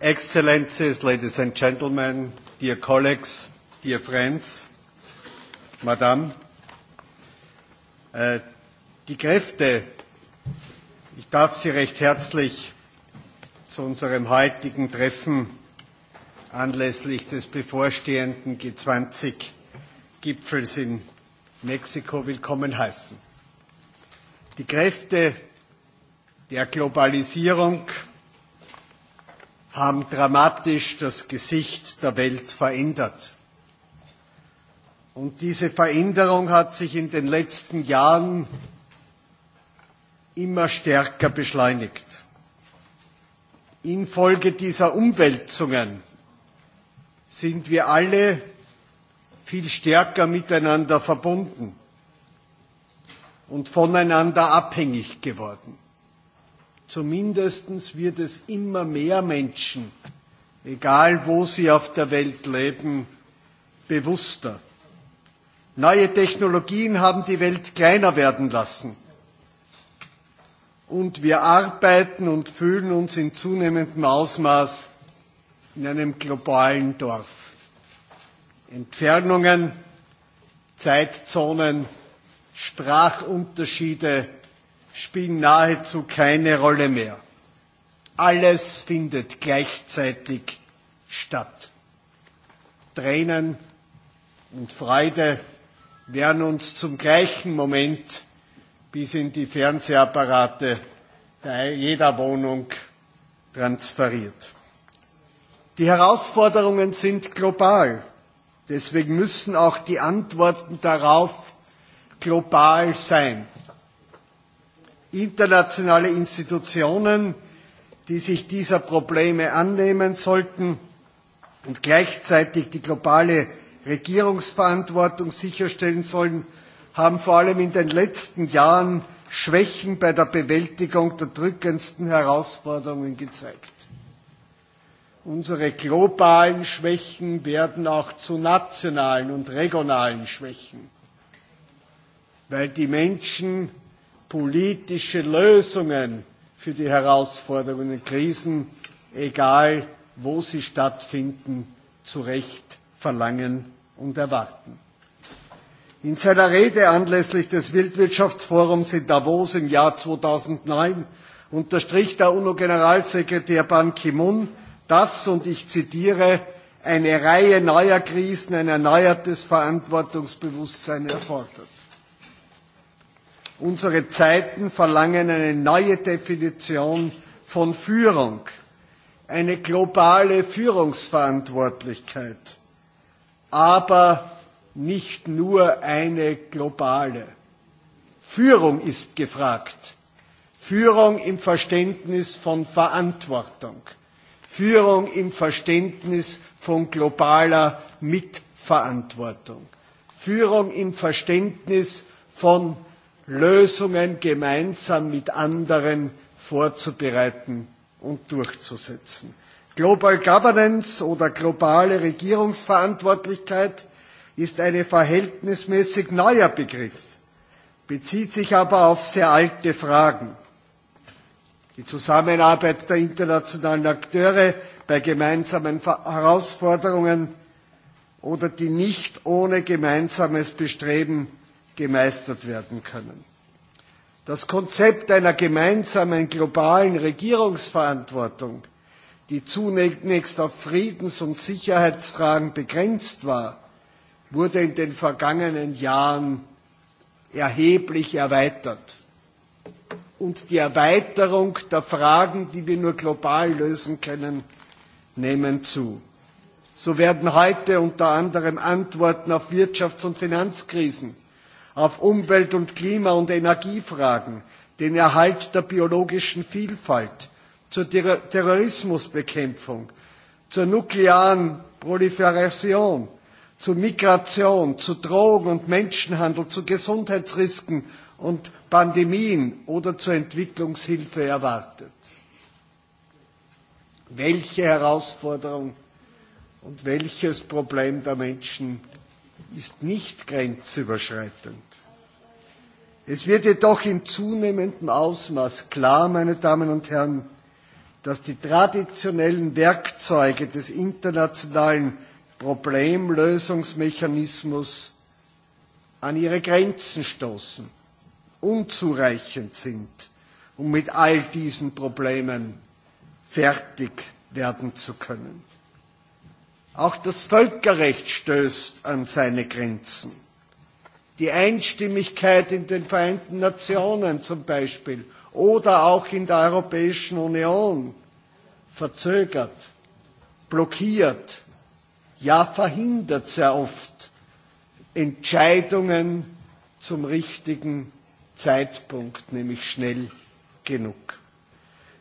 Excellencies, ladies and gentlemen, dear colleagues, dear friends, Madame, äh, die Kräfte, ich darf Sie recht herzlich zu unserem heutigen Treffen anlässlich des bevorstehenden G20-Gipfels in Mexiko willkommen heißen. Die Kräfte der Globalisierung, haben dramatisch das Gesicht der Welt verändert. Und diese Veränderung hat sich in den letzten Jahren immer stärker beschleunigt. Infolge dieser Umwälzungen sind wir alle viel stärker miteinander verbunden und voneinander abhängig geworden. Zumindest wird es immer mehr Menschen, egal wo sie auf der Welt leben, bewusster. Neue Technologien haben die Welt kleiner werden lassen. Und wir arbeiten und fühlen uns in zunehmendem Ausmaß in einem globalen Dorf. Entfernungen, Zeitzonen, Sprachunterschiede spielen nahezu keine Rolle mehr. Alles findet gleichzeitig statt. Tränen und Freude werden uns zum gleichen Moment bis in die Fernsehapparate jeder Wohnung transferiert. Die Herausforderungen sind global. Deswegen müssen auch die Antworten darauf global sein internationale Institutionen, die sich dieser Probleme annehmen sollten und gleichzeitig die globale Regierungsverantwortung sicherstellen sollen, haben vor allem in den letzten Jahren Schwächen bei der Bewältigung der drückendsten Herausforderungen gezeigt. Unsere globalen Schwächen werden auch zu nationalen und regionalen Schwächen, weil die Menschen politische Lösungen für die Herausforderungen und Krisen, egal wo sie stattfinden, zu Recht verlangen und erwarten. In seiner Rede anlässlich des Weltwirtschaftsforums in Davos im Jahr 2009 unterstrich der UNO-Generalsekretär Ban Ki-moon, dass, und ich zitiere, eine Reihe neuer Krisen ein erneuertes Verantwortungsbewusstsein erfordert. Unsere Zeiten verlangen eine neue Definition von Führung, eine globale Führungsverantwortlichkeit, aber nicht nur eine globale. Führung ist gefragt. Führung im Verständnis von Verantwortung. Führung im Verständnis von globaler Mitverantwortung. Führung im Verständnis von Lösungen gemeinsam mit anderen vorzubereiten und durchzusetzen. Global Governance oder globale Regierungsverantwortlichkeit ist ein verhältnismäßig neuer Begriff, bezieht sich aber auf sehr alte Fragen. Die Zusammenarbeit der internationalen Akteure bei gemeinsamen Herausforderungen oder die nicht ohne gemeinsames Bestreben gemeistert werden können. Das Konzept einer gemeinsamen globalen Regierungsverantwortung, die zunächst auf Friedens- und Sicherheitsfragen begrenzt war, wurde in den vergangenen Jahren erheblich erweitert. Und die Erweiterung der Fragen, die wir nur global lösen können, nehmen zu. So werden heute unter anderem Antworten auf Wirtschafts- und Finanzkrisen auf Umwelt- und Klima- und Energiefragen, den Erhalt der biologischen Vielfalt, zur Ter Terrorismusbekämpfung, zur nuklearen Proliferation, zu Migration, zu Drogen und Menschenhandel, zu Gesundheitsrisken und Pandemien oder zur Entwicklungshilfe erwartet. Welche Herausforderung und welches Problem der Menschen ist nicht grenzüberschreitend. Es wird jedoch in zunehmendem Ausmaß klar, meine Damen und Herren, dass die traditionellen Werkzeuge des internationalen Problemlösungsmechanismus an ihre Grenzen stoßen, unzureichend sind, um mit all diesen Problemen fertig werden zu können. Auch das Völkerrecht stößt an seine Grenzen. Die Einstimmigkeit in den Vereinten Nationen zum Beispiel oder auch in der Europäischen Union verzögert, blockiert, ja verhindert sehr oft Entscheidungen zum richtigen Zeitpunkt, nämlich schnell genug.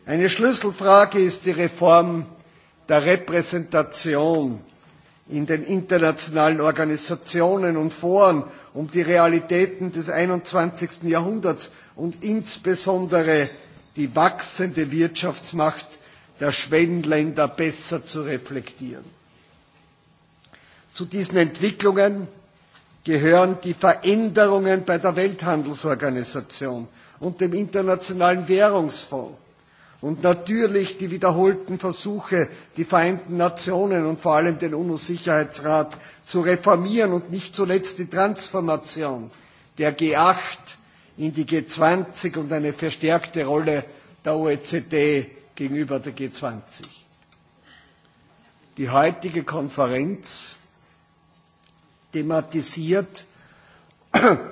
Eine Schlüsselfrage ist die Reform der Repräsentation in den internationalen Organisationen und Foren, um die Realitäten des 21. Jahrhunderts und insbesondere die wachsende Wirtschaftsmacht der Schwellenländer besser zu reflektieren. Zu diesen Entwicklungen gehören die Veränderungen bei der Welthandelsorganisation und dem Internationalen Währungsfonds, Und natürlich die wiederholten Versuche, die Vereinten Nationen und vor allem den UNO-Sicherheitsrat zu reformieren und nicht zuletzt die Transformation der G8 in die G20 und eine verstärkte Rolle der OECD gegenüber der G20. Die heutige Konferenz thematisiert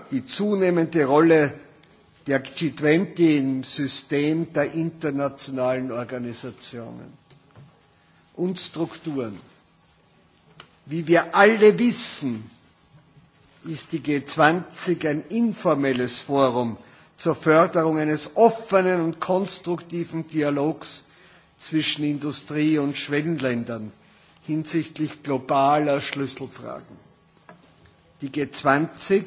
die zunehmende Rolle der G20 im System der internationalen Organisationen und Strukturen. Wie wir alle wissen, ist die G20 ein informelles Forum zur Förderung eines offenen und konstruktiven Dialogs zwischen Industrie und Schwellenländern hinsichtlich globaler Schlüsselfragen. Die G20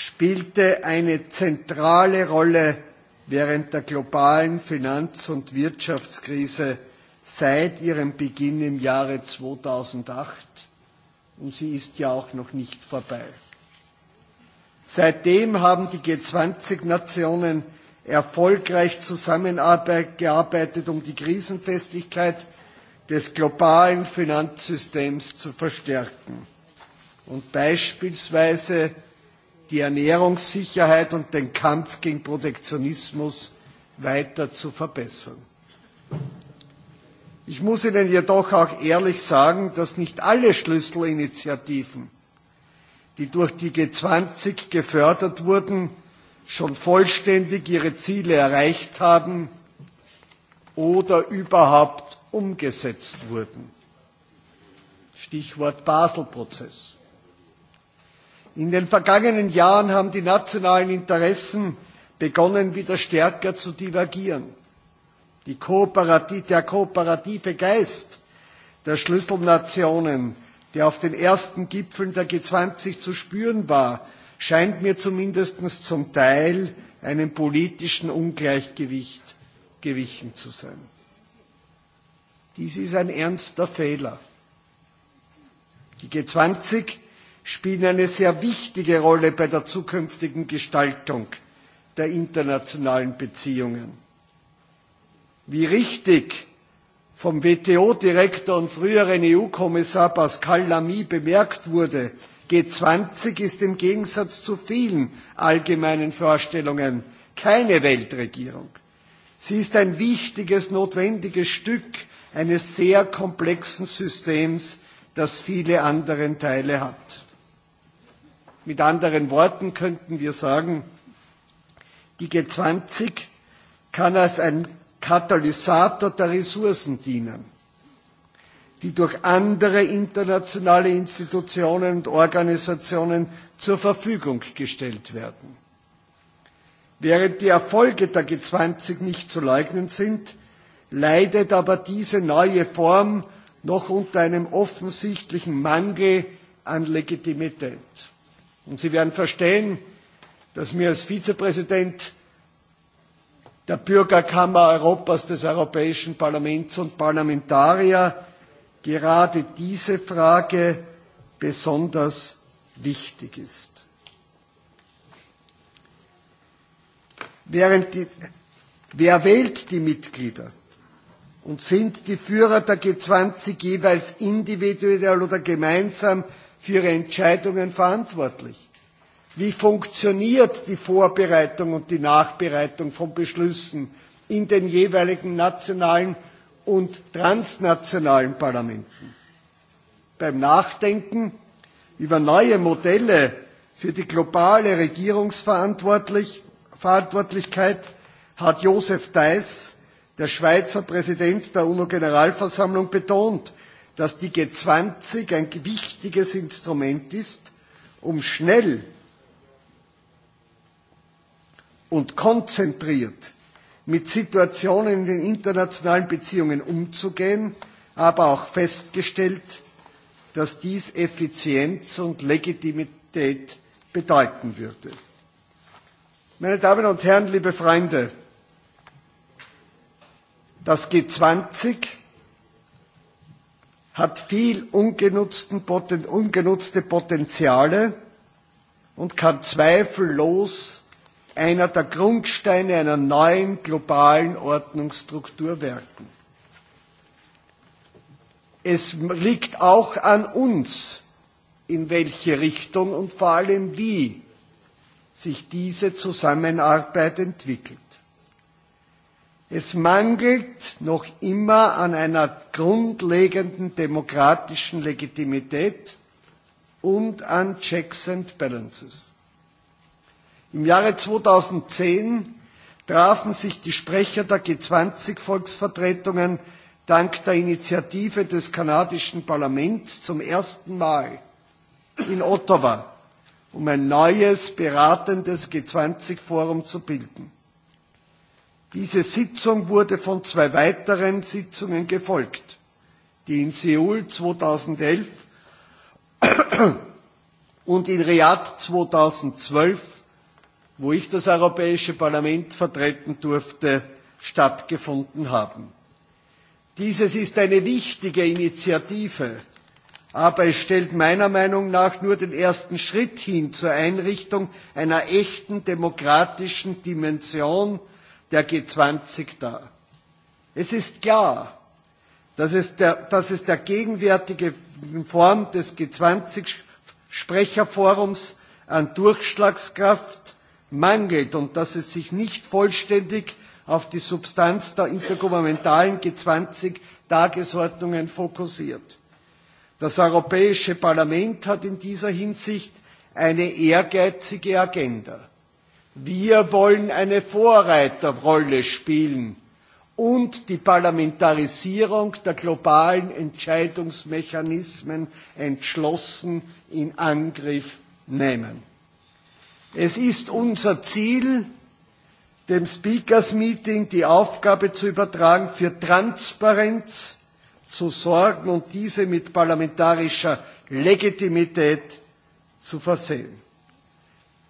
spielte eine zentrale Rolle während der globalen Finanz- und Wirtschaftskrise seit ihrem Beginn im Jahre 2008 und sie ist ja auch noch nicht vorbei. Seitdem haben die G20-Nationen erfolgreich zusammengearbeitet, um die Krisenfestigkeit des globalen Finanzsystems zu verstärken und beispielsweise die Ernährungssicherheit und den Kampf gegen Protektionismus weiter zu verbessern. Ich muss Ihnen jedoch auch ehrlich sagen, dass nicht alle Schlüsselinitiativen, die durch die G20 gefördert wurden, schon vollständig ihre Ziele erreicht haben oder überhaupt umgesetzt wurden. Stichwort Basel-Prozess. In den vergangenen Jahren haben die nationalen Interessen begonnen, wieder stärker zu divergieren. Die Kooperativ, der kooperative Geist der Schlüsselnationen, der auf den ersten Gipfeln der G20 zu spüren war, scheint mir zumindest zum Teil einem politischen Ungleichgewicht gewichen zu sein. Dies ist ein ernster Fehler. Die G20 spielen eine sehr wichtige Rolle bei der zukünftigen Gestaltung der internationalen Beziehungen. Wie richtig vom WTO-Direktor und früheren EU-Kommissar Pascal Lamy bemerkt wurde, G20 ist im Gegensatz zu vielen allgemeinen Vorstellungen keine Weltregierung. Sie ist ein wichtiges, notwendiges Stück eines sehr komplexen Systems, das viele andere Teile hat. Mit anderen Worten könnten wir sagen, die G20 kann als ein Katalysator der Ressourcen dienen, die durch andere internationale Institutionen und Organisationen zur Verfügung gestellt werden. Während die Erfolge der G20 nicht zu leugnen sind, leidet aber diese neue Form noch unter einem offensichtlichen Mangel an Legitimität. Und Sie werden verstehen, dass mir als Vizepräsident der Bürgerkammer Europas des Europäischen Parlaments und Parlamentarier gerade diese Frage besonders wichtig ist. Während die, wer wählt die Mitglieder und sind die Führer der G20 jeweils individuell oder gemeinsam für ihre Entscheidungen verantwortlich? Wie funktioniert die Vorbereitung und die Nachbereitung von Beschlüssen in den jeweiligen nationalen und transnationalen Parlamenten? Beim Nachdenken über neue Modelle für die globale Regierungsverantwortlichkeit hat Josef Deiss, der Schweizer Präsident der UNO-Generalversammlung, betont, dass die G20 ein wichtiges Instrument ist, um schnell und konzentriert mit Situationen in den internationalen Beziehungen umzugehen, aber auch festgestellt, dass dies Effizienz und Legitimität bedeuten würde. Meine Damen und Herren, liebe Freunde, das G20 hat viel ungenutzten, ungenutzte Potenziale und kann zweifellos einer der Grundsteine einer neuen globalen Ordnungsstruktur werden. Es liegt auch an uns, in welche Richtung und vor allem wie sich diese Zusammenarbeit entwickelt. Es mangelt noch immer an einer grundlegenden demokratischen Legitimität und an Checks and Balances. Im Jahre 2010 trafen sich die Sprecher der G20-Volksvertretungen dank der Initiative des kanadischen Parlaments zum ersten Mal in Ottawa, um ein neues beratendes G20-Forum zu bilden. Diese Sitzung wurde von zwei weiteren Sitzungen gefolgt, die in Seoul 2011 und in Riyadh 2012, wo ich das Europäische Parlament vertreten durfte, stattgefunden haben. Dieses ist eine wichtige Initiative, aber es stellt meiner Meinung nach nur den ersten Schritt hin zur Einrichtung einer echten demokratischen Dimension der G20 dar. Es ist klar, dass es, der, dass es der gegenwärtige Form des G20-Sprecherforums an Durchschlagskraft mangelt und dass es sich nicht vollständig auf die Substanz der intergouvernementalen G20-Tagesordnungen fokussiert. Das Europäische Parlament hat in dieser Hinsicht eine ehrgeizige Agenda. Wir wollen eine Vorreiterrolle spielen und die Parlamentarisierung der globalen Entscheidungsmechanismen entschlossen in Angriff nehmen. Es ist unser Ziel, dem Speakers Meeting die Aufgabe zu übertragen, für Transparenz zu sorgen und diese mit parlamentarischer Legitimität zu versehen.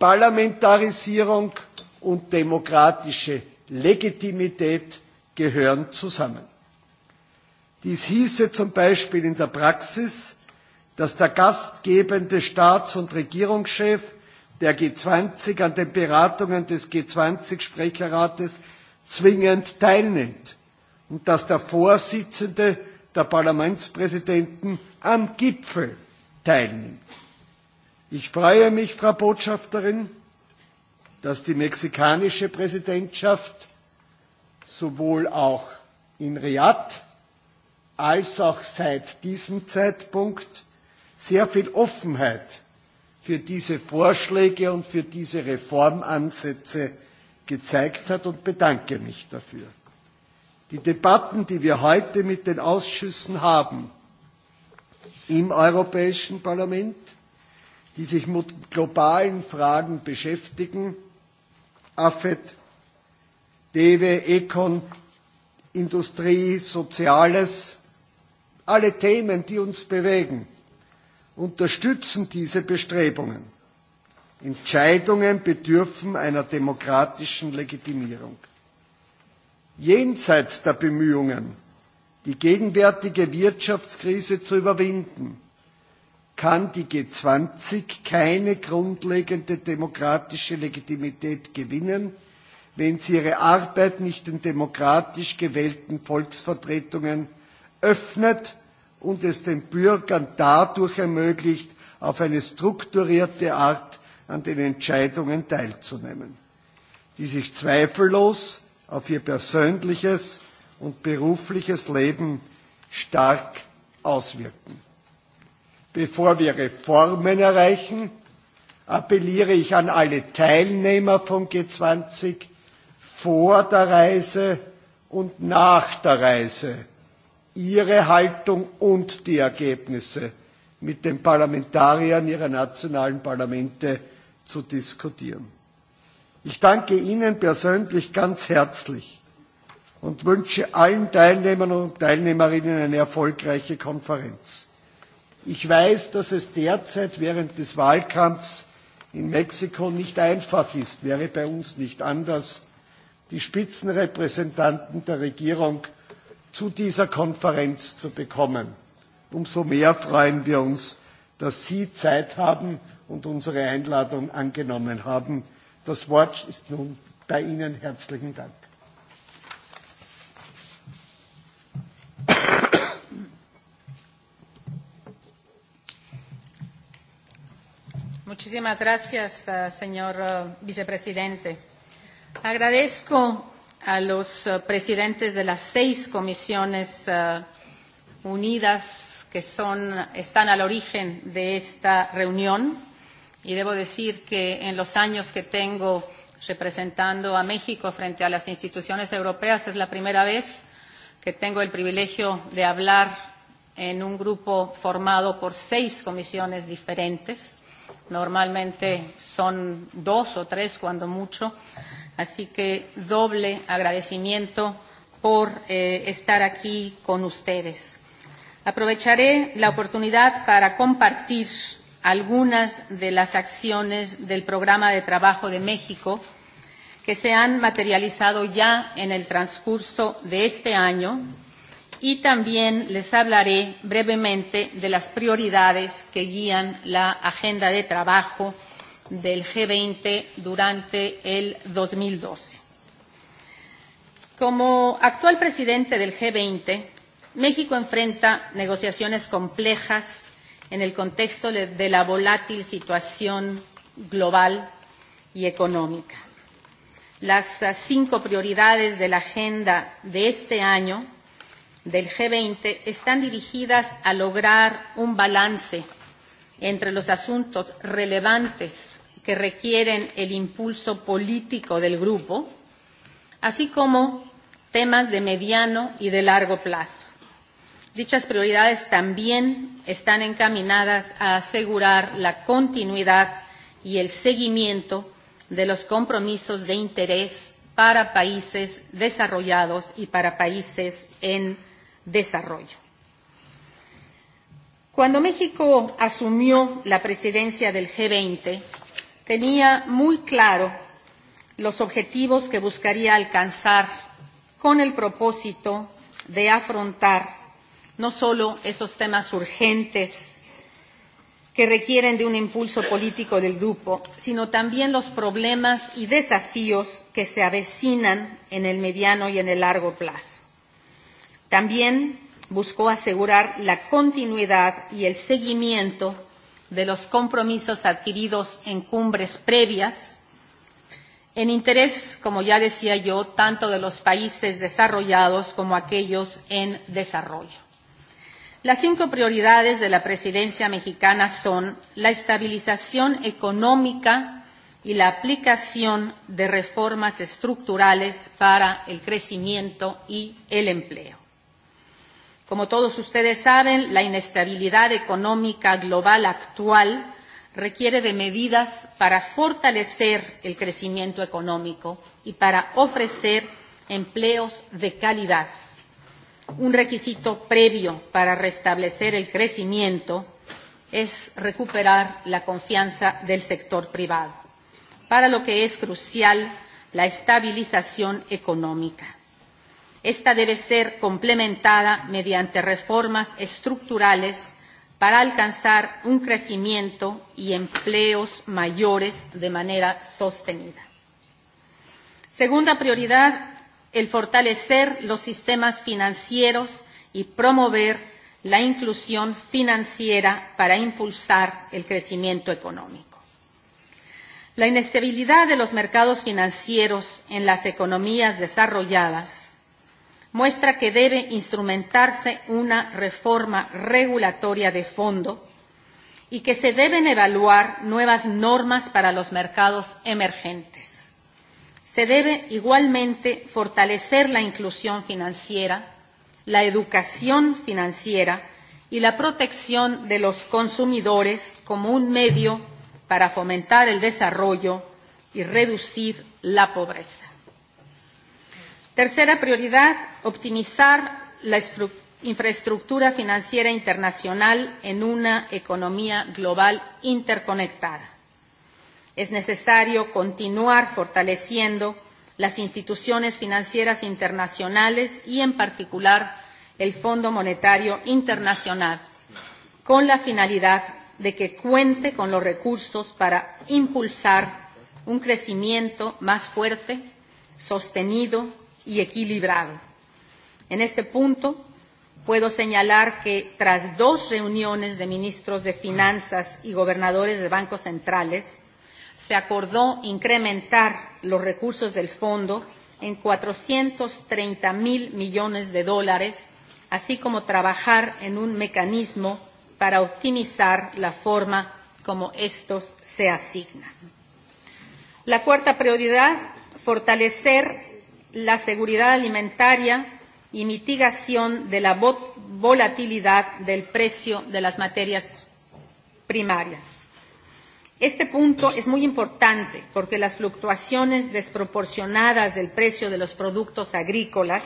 Parlamentarisierung und demokratische Legitimität gehören zusammen. Dies hieße zum Beispiel in der Praxis, dass der gastgebende Staats- und Regierungschef der G20 an den Beratungen des G20-Sprecherrates zwingend teilnimmt und dass der Vorsitzende der Parlamentspräsidenten am Gipfel teilnimmt. Ich freue mich, Frau Botschafterin, dass die mexikanische Präsidentschaft sowohl auch in Riad als auch seit diesem Zeitpunkt sehr viel Offenheit für diese Vorschläge und für diese Reformansätze gezeigt hat und bedanke mich dafür. Die Debatten, die wir heute mit den Ausschüssen haben im Europäischen Parlament, die sich mit globalen Fragen beschäftigen, AFET, DEWE, ECON, Industrie, Soziales, alle Themen, die uns bewegen, unterstützen diese Bestrebungen. Entscheidungen bedürfen einer demokratischen Legitimierung. Jenseits der Bemühungen, die gegenwärtige Wirtschaftskrise zu überwinden, kann die G20 keine grundlegende demokratische Legitimität gewinnen, wenn sie ihre Arbeit nicht den demokratisch gewählten Volksvertretungen öffnet und es den Bürgern dadurch ermöglicht, auf eine strukturierte Art an den Entscheidungen teilzunehmen, die sich zweifellos auf ihr persönliches und berufliches Leben stark auswirken. Bevor wir Reformen erreichen, appelliere ich an alle Teilnehmer von G20 vor der Reise und nach der Reise, ihre Haltung und die Ergebnisse mit den Parlamentariern ihrer nationalen Parlamente zu diskutieren. Ich danke Ihnen persönlich ganz herzlich und wünsche allen Teilnehmern und Teilnehmerinnen eine erfolgreiche Konferenz. Ich weiß, dass es derzeit während des Wahlkampfs in Mexiko nicht einfach ist, wäre bei uns nicht anders, die Spitzenrepräsentanten der Regierung zu dieser Konferenz zu bekommen. Umso mehr freuen wir uns, dass Sie Zeit haben und unsere Einladung angenommen haben. Das Wort ist nun bei Ihnen. Herzlichen Dank. Muchísimas gracias, eh, señor eh, vicepresidente. Agradezco a los eh, presidentes de las seis comisiones unidas que son, están al origen de esta reunión y debo decir que en los años que tengo representando a México frente a las instituciones europeas es la primera vez que tengo el privilegio de hablar en un grupo formado por seis comisiones diferentes Normalmente son dos o tres cuando mucho. Así que doble agradecimiento por eh, estar aquí con ustedes. Aprovecharé la oportunidad para compartir algunas de las acciones del Programa de Trabajo de México que se han materializado ya en el transcurso de este año y también les hablaré brevemente de las prioridades que guían la agenda de trabajo del G20 durante el 2012. Como actual presidente del G20, México enfrenta negociaciones complejas en el contexto de la volátil situación global y económica. Las cinco prioridades de la agenda de este año del G20 están dirigidas a lograr un balance entre los asuntos relevantes que requieren el impulso político del grupo, así como temas de mediano y de largo plazo. Dichas prioridades también están encaminadas a asegurar la continuidad y el seguimiento de los compromisos de interés para países desarrollados y para países en desarrollo. Cuando México asumió la presidencia del G20, tenía muy claro los objetivos que buscaría alcanzar con el propósito de afrontar no solo esos temas urgentes que requieren de un impulso político del grupo, sino también los problemas y desafíos que se avecinan en el mediano y en el largo plazo. También buscó asegurar la continuidad y el seguimiento de los compromisos adquiridos en cumbres previas, en interés, como ya decía yo, tanto de los países desarrollados como aquellos en desarrollo. Las cinco prioridades de la presidencia mexicana son la estabilización económica y la aplicación de reformas estructurales para el crecimiento y el empleo. Como todos ustedes saben, la inestabilidad económica global actual requiere de medidas para fortalecer el crecimiento económico y para ofrecer empleos de calidad. Un requisito previo para restablecer el crecimiento es recuperar la confianza del sector privado, para lo que es crucial la estabilización económica. Esta debe ser complementada mediante reformas estructurales para alcanzar un crecimiento y empleos mayores de manera sostenida. Segunda prioridad, el fortalecer los sistemas financieros y promover la inclusión financiera para impulsar el crecimiento económico. La inestabilidad de los mercados financieros en las economías desarrolladas muestra que debe instrumentarse una reforma regulatoria de fondo y que se deben evaluar nuevas normas para los mercados emergentes. Se debe igualmente fortalecer la inclusión financiera, la educación financiera y la protección de los consumidores como un medio para fomentar el desarrollo y reducir la pobreza. Tercera prioridad, optimizar la infraestructura financiera internacional en una economía global interconectada. Es necesario continuar fortaleciendo las instituciones financieras internacionales y, en particular, el Fondo Monetario Internacional, con la finalidad de que cuente con los recursos para impulsar un crecimiento más fuerte, sostenido y equilibrado. En este punto, puedo señalar que tras dos reuniones de ministros de Finanzas y gobernadores de bancos centrales, se acordó incrementar los recursos del fondo en 430 mil millones de dólares, así como trabajar en un mecanismo para optimizar la forma como estos se asignan. La cuarta prioridad, fortalecer la seguridad alimentaria y mitigación de la volatilidad del precio de las materias primarias. Este punto es muy importante porque las fluctuaciones desproporcionadas del precio de los productos agrícolas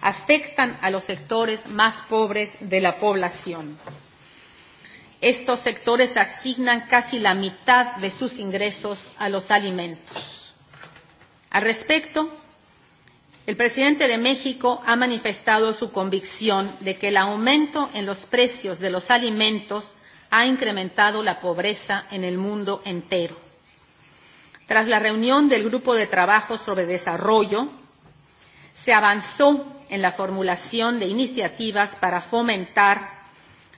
afectan a los sectores más pobres de la población. Estos sectores asignan casi la mitad de sus ingresos a los alimentos. Al respecto, El presidente de México ha manifestado su convicción de que el aumento en los precios de los alimentos ha incrementado la pobreza en el mundo entero. Tras la reunión del Grupo de Trabajo sobre Desarrollo, se avanzó en la formulación de iniciativas para fomentar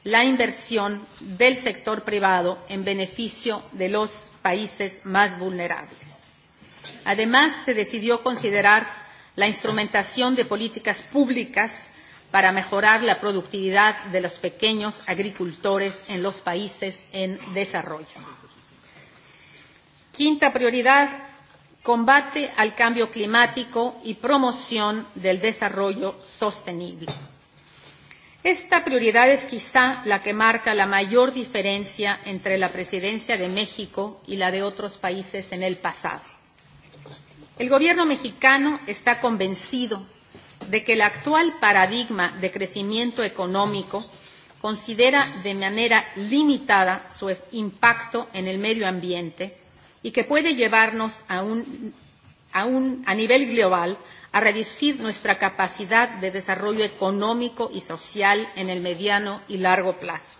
la inversión del sector privado en beneficio de los países más vulnerables. Además, se decidió considerar la instrumentación de políticas públicas para mejorar la productividad de los pequeños agricultores en los países en desarrollo. Quinta prioridad, combate al cambio climático y promoción del desarrollo sostenible. Esta prioridad es quizá la que marca la mayor diferencia entre la presidencia de México y la de otros países en el pasado. El gobierno mexicano está convencido de que el actual paradigma de crecimiento económico considera de manera limitada su impacto en el medio ambiente y que puede llevarnos a, un, a, un, a nivel global a reducir nuestra capacidad de desarrollo económico y social en el mediano y largo plazo.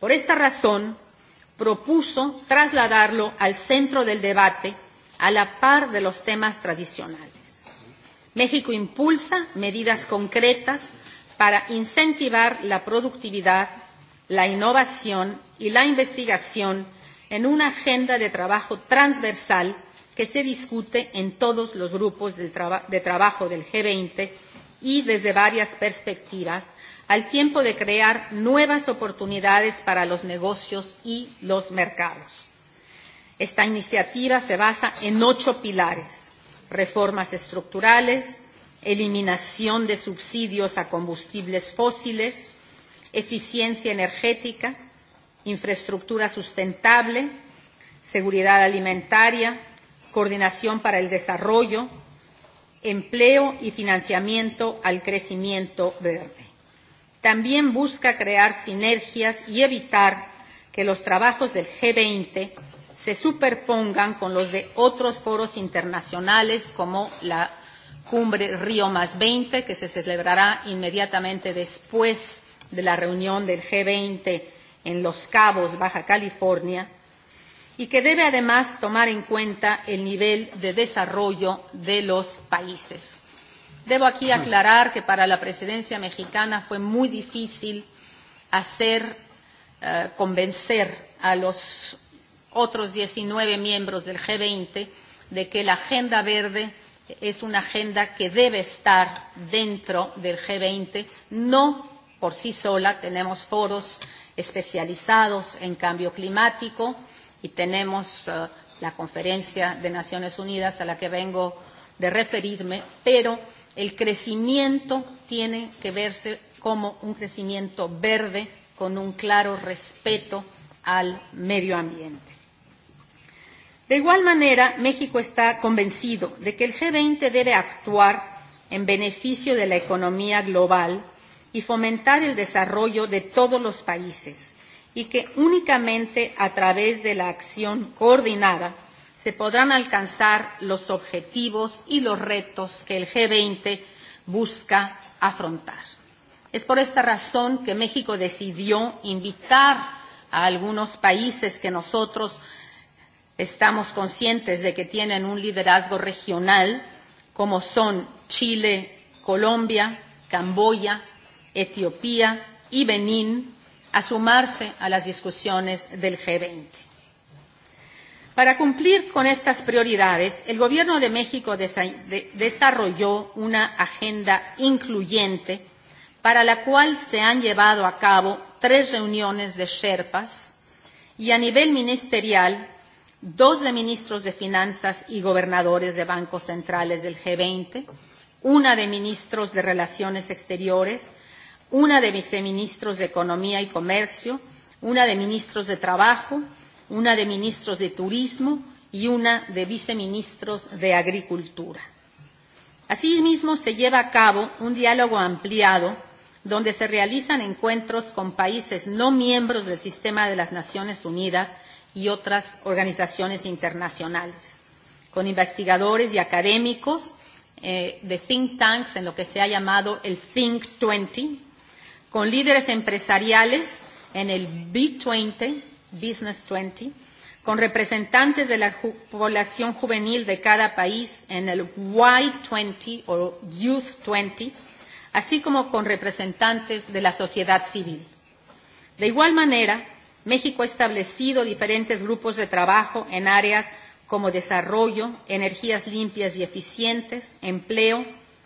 Por esta razón, propuso trasladarlo al centro del debate a la par de los temas tradicionales. México impulsa medidas concretas para incentivar la productividad, la innovación y la investigación en una agenda de trabajo transversal que se discute en todos los grupos de, traba de trabajo del G20 y desde varias perspectivas, al tiempo de crear nuevas oportunidades para los negocios y los mercados. Esta iniciativa se basa en ocho pilares. Reformas estructurales, eliminación de subsidios a combustibles fósiles, eficiencia energética, infraestructura sustentable, seguridad alimentaria, coordinación para el desarrollo, empleo y financiamiento al crecimiento verde. También busca crear sinergias y evitar que los trabajos del G20 se superpongan con los de otros foros internacionales como la cumbre Río más 20, que se celebrará inmediatamente después de la reunión del G20 en Los Cabos, Baja California, y que debe además tomar en cuenta el nivel de desarrollo de los países. Debo aquí aclarar que para la presidencia mexicana fue muy difícil hacer, eh, convencer a los otros 19 miembros del G20 de que la agenda verde es una agenda que debe estar dentro del G20, no por sí sola, tenemos foros especializados en cambio climático y tenemos uh, la conferencia de Naciones Unidas a la que vengo de referirme, pero el crecimiento tiene que verse como un crecimiento verde con un claro respeto al medio ambiente. De igual manera, México está convencido de que el G20 debe actuar en beneficio de la economía global y fomentar el desarrollo de todos los países y que únicamente a través de la acción coordinada se podrán alcanzar los objetivos y los retos que el G20 busca afrontar. Es por esta razón que México decidió invitar a algunos países que nosotros Estamos conscientes de que tienen un liderazgo regional como son Chile, Colombia, Camboya, Etiopía y Benín a sumarse a las discusiones del G20. Para cumplir con estas prioridades, el Gobierno de México desarrolló una agenda incluyente para la cual se han llevado a cabo tres reuniones de Sherpas y a nivel ministerial 12 ministros de finanzas y gobernadores de bancos centrales del G20, una de ministros de Relaciones Exteriores, una de viceministros de Economía y Comercio, una de ministros de Trabajo, una de ministros de Turismo y una de viceministros de Agricultura. Asimismo, se lleva a cabo un diálogo ampliado donde se realizan encuentros con países no miembros del sistema de las Naciones Unidas y otras organizaciones internacionales, con investigadores y académicos eh, de think tanks en lo que se ha llamado el Think 20, con líderes empresariales en el B20, Business 20, con representantes de la ju población juvenil de cada país en el Y20 o Youth 20, así como con representantes de la sociedad civil. De igual manera, México ha establecido diferentes grupos de trabajo en áreas como desarrollo, energías limpias y eficientes, empleo,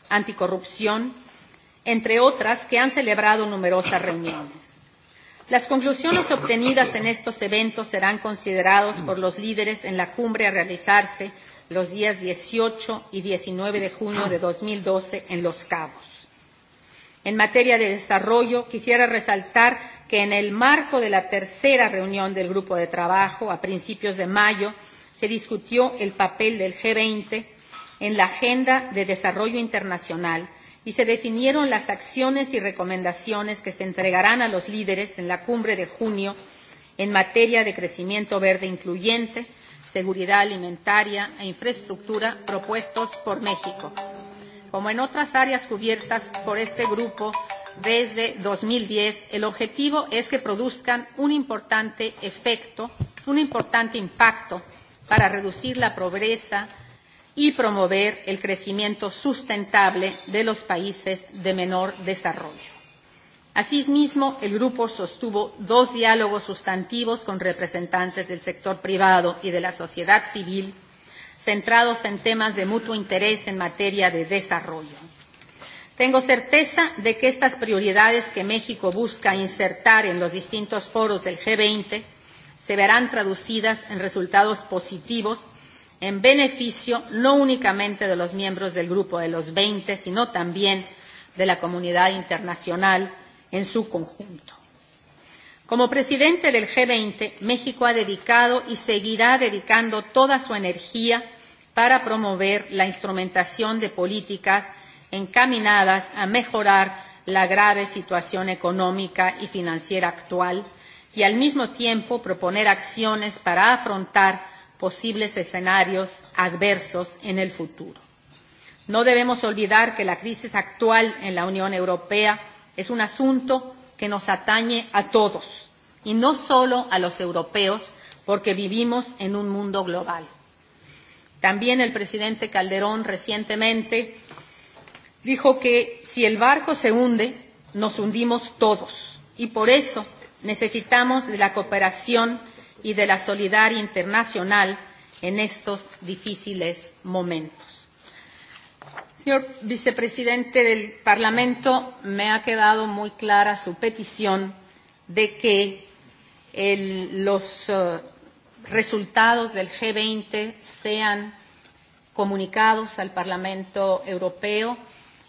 anticorrupción, entre otras que han celebrado numerosas reuniones. Las conclusiones obtenidas en estos eventos serán considerados por los líderes en la cumbre a realizarse los días 18 y 19 de junio de 2012 en Los Cabos. En materia de desarrollo, quisiera resaltar que en el marco de la tercera reunión del grupo de trabajo a principios de mayo se discutió el papel del G20 en la Agenda de Desarrollo Internacional y se definieron las acciones y recomendaciones que se entregarán a los líderes en la cumbre de junio en materia de crecimiento verde incluyente, seguridad alimentaria e infraestructura propuestos por México. Como en otras áreas cubiertas por este grupo, desde 2010, el objetivo es que produzcan un importante efecto, un importante impacto para reducir la pobreza y promover el crecimiento sustentable de los países de menor desarrollo. Asimismo, el grupo sostuvo dos diálogos sustantivos con representantes del sector privado y de la sociedad civil, centrados en temas de mutuo interés en materia de desarrollo. Tengo certeza de que estas prioridades que México busca insertar en los distintos foros del G20 se verán traducidas en resultados positivos en beneficio no únicamente de los miembros del Grupo de los 20, sino también de la comunidad internacional en su conjunto. Como presidente del G20, México ha dedicado y seguirá dedicando toda su energía para promover la instrumentación de políticas encaminadas a mejorar la grave situación económica y financiera actual y al mismo tiempo proponer acciones para afrontar posibles escenarios adversos en el futuro. No debemos olvidar que la crisis actual en la Unión Europea es un asunto que nos atañe a todos y no solo a los europeos porque vivimos en un mundo global. También el presidente Calderón recientemente dijo que si el barco se hunde, nos hundimos todos y por eso necesitamos de la cooperación y de la solidaridad internacional en estos difíciles momentos. Señor vicepresidente del Parlamento, me ha quedado muy clara su petición de que el, los uh, resultados del G20 sean comunicados al Parlamento Europeo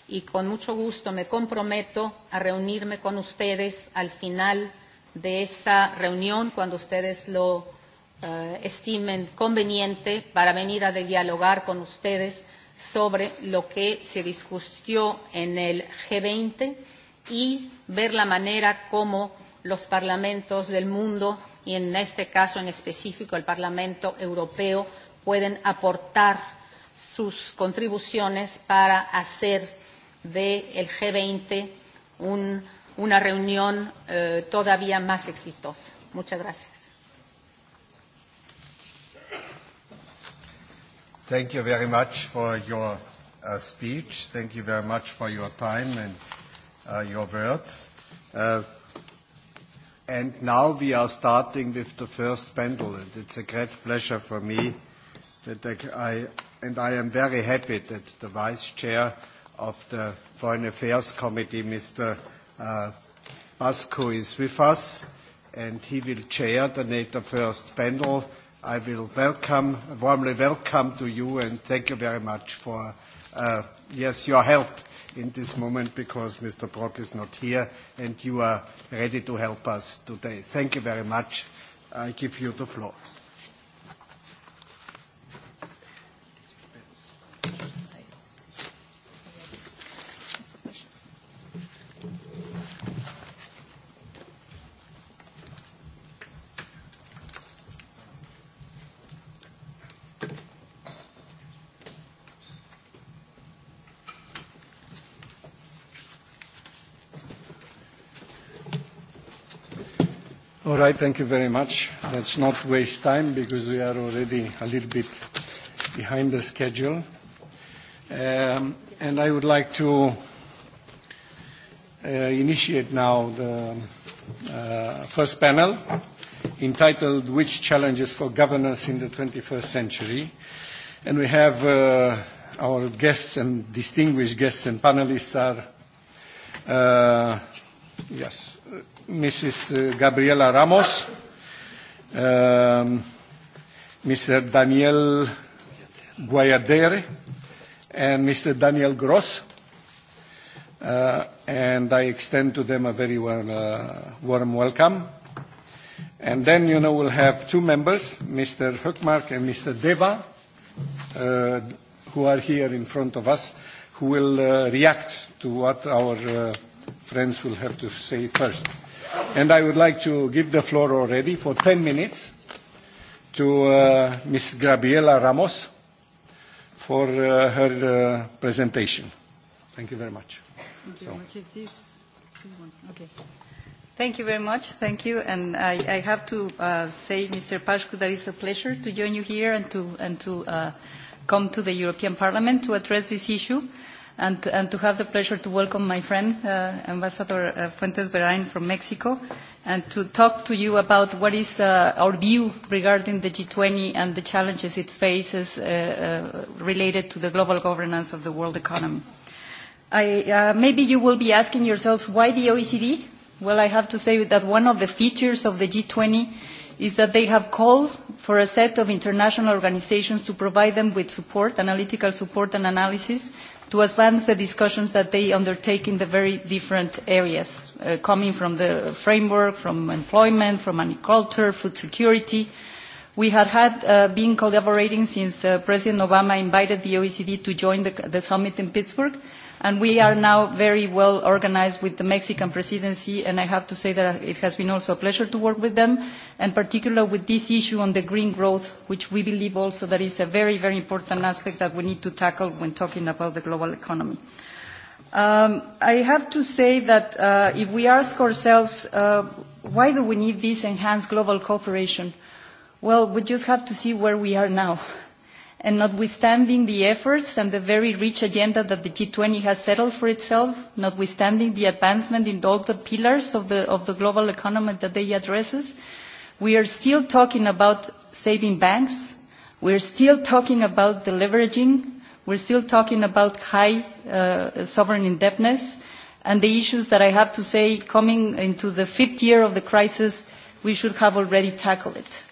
y con mucho gusto me comprometo a reunirme con ustedes al final de esa reunión cuando ustedes lo uh, estimen conveniente para venir a dialogar con ustedes sobre lo que se discutió en el G20 y ver la manera como los parlamentos del mundo y en este caso en específico el Parlamento Europeo pueden aportar sus contribuciones para hacer del G20 un, una reunión eh, todavía más exitosa. Muchas gracias. Thank you very much for your uh, speech. Thank you very much for your time and uh, your words. Uh, and now we are starting with the first panel, and it's a great pleasure for me that I, and I am very happy that the Vice Chair of the Foreign Affairs Committee, Mr. Uh, Basco is with us, and he will chair the NATO First panel. I will welcome, warmly welcome to you, and thank you very much for, uh, yes, your help in this moment because Mr. Brock is not here and you are ready to help us today. Thank you very much. I give you the floor. All right, thank you very much. Let's not waste time because we are already a little bit behind the schedule. Um, and I would like to uh, initiate now the uh, first panel entitled Which Challenges for Governance in the 21st Century? And we have uh, our guests and distinguished guests and panelists are, uh, yes, Mrs. Eh, Gabriela Ramos, um, ehm, Mr. Daniel Guayadere, and Mr. Daniel Gross. Uh, and I extend to them a very warm, uh, warm welcome. And then, you know, we'll have two members, Mr. Hookmark and Mr. Deva, uh, who are here in front of us, who will uh, react to what our uh, friends will have to say first. And I would like to give the floor already for 10 minutes to uh, Ms. Gabriela Ramos for uh, her uh, presentation. Thank you very much. Thank you so. very much. Is this, one? Okay. Thank you very much. Thank you. And I, I have to uh, say, Mr. Pashku, that it's a pleasure to join you here and to, and to uh, come to the European Parliament to address this issue and, and to have the pleasure to welcome my friend, uh, Ambassador uh, Fuentes Verain from Mexico, and to talk to you about what is uh, our view regarding the G20 and the challenges it faces uh, uh, related to the global governance of the world economy. I, uh, maybe you will be asking yourselves why the OECD? Well, I have to say that one of the features of the G20 is that they have called for a set of international organizations to provide them with support, analytical support and analysis to advance the discussions that they undertake in the very different areas, uh, coming from the framework, from employment, from agriculture, food security. We had had uh, been collaborating since uh, President Obama invited the OECD to join the, the summit in Pittsburgh, And we are now very well organized with the Mexican presidency, and I have to say that it has been also a pleasure to work with them, and particularly with this issue on the green growth, which we believe also that is a very, very important aspect that we need to tackle when talking about the global economy. Um, I have to say that uh, if we ask ourselves, uh, why do we need this enhanced global cooperation? Well, we just have to see where we are now and notwithstanding the efforts and the very rich agenda that the G20 has settled for itself, notwithstanding the advancement in all the pillars of the, of the global economy that they addresses, we are still talking about saving banks, we are still talking about the leveraging, we're still talking about high uh, sovereign indebtedness, and the issues that I have to say coming into the fifth year of the crisis, we should have already tackled it.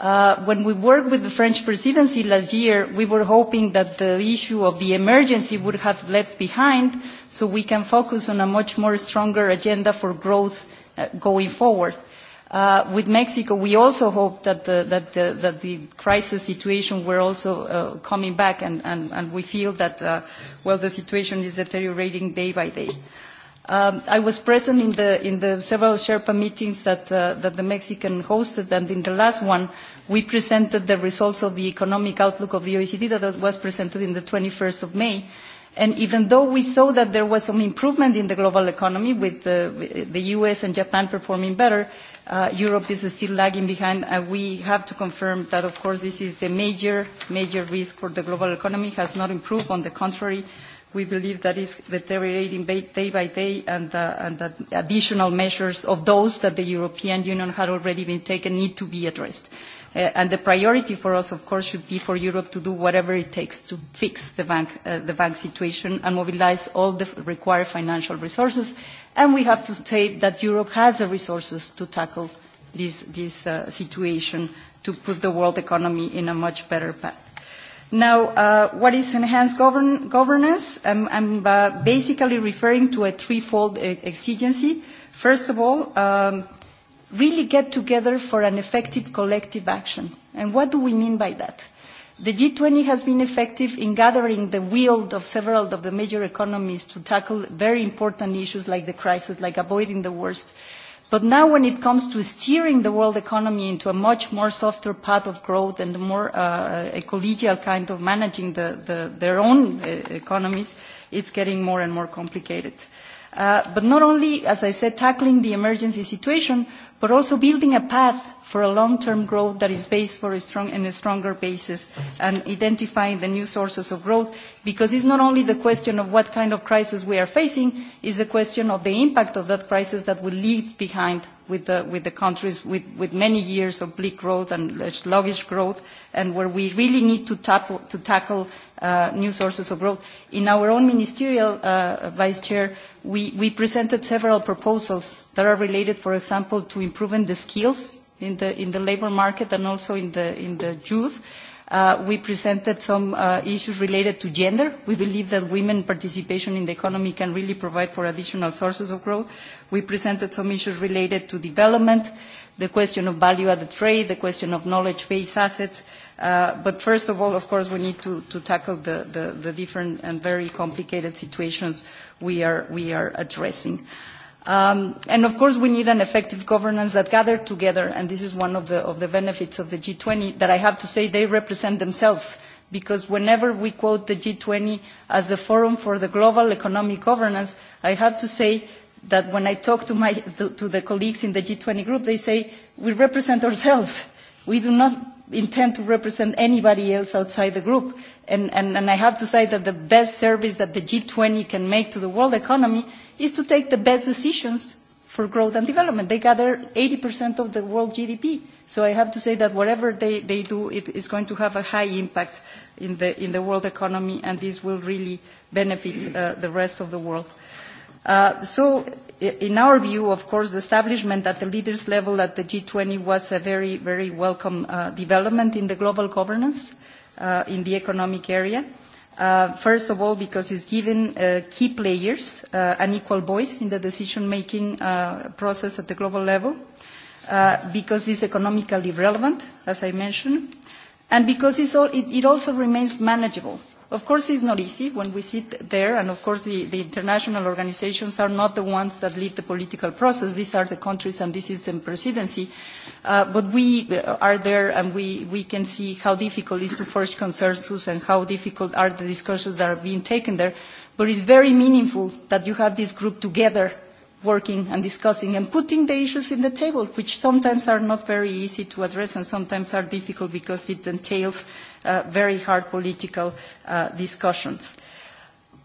Uh, when we worked with the French presidency last year, we were hoping that the issue of the emergency would have left behind so we can focus on a much more stronger agenda for growth uh, going forward. Uh, with Mexico, we also hope that the, that the, that the crisis situation were also uh, coming back, and, and, and we feel that, uh, well, the situation is deteriorating day by day. Uh, Um, I was present in the, in the several Sherpa meetings that, uh, that the Mexican hosted, and in the last one, we presented the results of the economic outlook of the OECD that was presented in the 21st of May. And even though we saw that there was some improvement in the global economy with the, the US and Japan performing better, uh, Europe is still lagging behind, and we have to confirm that, of course, this is the major, major risk for the global economy, has not improved. On the contrary, we believe that is deteriorating day by day and, uh, and that additional measures of those that the European Union had already been taken need to be addressed. Uh, and the priority for us, of course, should be for Europe to do whatever it takes to fix the bank, uh, the bank situation and mobilize all the required financial resources. And we have to state that Europe has the resources to tackle this, this uh, situation to put the world economy in a much better path. Now, uh, what is enhanced govern governance? I'm, I'm uh, basically referring to a threefold e, exigency. First of all, um, really get together for an effective collective action. And what do we mean by that? The G20 has been effective in gathering the will of several of the major economies to tackle very important issues like the crisis, like avoiding the worst. But now when it comes to steering the world economy into a much more softer path of growth and more uh, uh, a collegial kind of managing the, the, their own uh, economies, it's getting more and more complicated. Uh, but not only, as I said, tackling the emergency situation, but also building a path for a long-term growth that is based for a strong and a stronger basis and identifying the new sources of growth because it's not only the question of what kind of crisis we are facing, it's a question of the impact of that crisis that will leave behind with the, with the countries with, with many years of bleak growth and sluggish growth and where we really need to, tap, to tackle uh, new sources of growth. In our own ministerial uh, vice chair, we, we presented several proposals that are related, for example, to improving the skills in the, in the labor market and also in the, in the youth. Uh, we presented some uh, issues related to gender. We believe that women participation in the economy can really provide for additional sources of growth. We presented some issues related to development, the question of value-added trade, the question of knowledge-based assets. Uh, but first of all, of course, we need to, to tackle the, the, the different and very complicated situations we are, we are addressing. Uh, Um, and of course, we need an effective governance that gathered together, and this is one of the, of the benefits of the G20 that I have to say they represent themselves, because whenever we quote the G20 as the forum for the global economic governance, I have to say that when I talk to, my, to, to the colleagues in the G20 group, they say, we represent ourselves. We do not intend to represent anybody else outside the group. And, and, and I have to say that the best service that the G20 can make to the world economy is to take the best decisions for growth and development. They gather 80% of the world GDP. So I have to say that whatever they, they do, it is going to have a high impact in the, in the world economy, and this will really benefit uh, the rest of the world. Uh, so in our view, of course, the establishment at the leaders level at the G20 was a very, very welcome uh, development in the global governance uh, in the economic area. Uh, Uh, first of all, because it's given uh, key players uh, an equal voice in the decision-making uh, process at the global level, uh, because it's economically relevant, as I mentioned, and because it's all, it, it also remains manageable Of course, it's not easy when we sit there, and of course, the, the international organizations are not the ones that lead the political process. These are the countries, and this is the presidency. Uh, but we uh, are there, and we, we can see how difficult it is to forge consensus and how difficult are the discussions that are being taken there. But it's very meaningful that you have this group together working and discussing and putting the issues in the table, which sometimes are not very easy to address and sometimes are difficult because it entails uh, very hard political uh, discussions.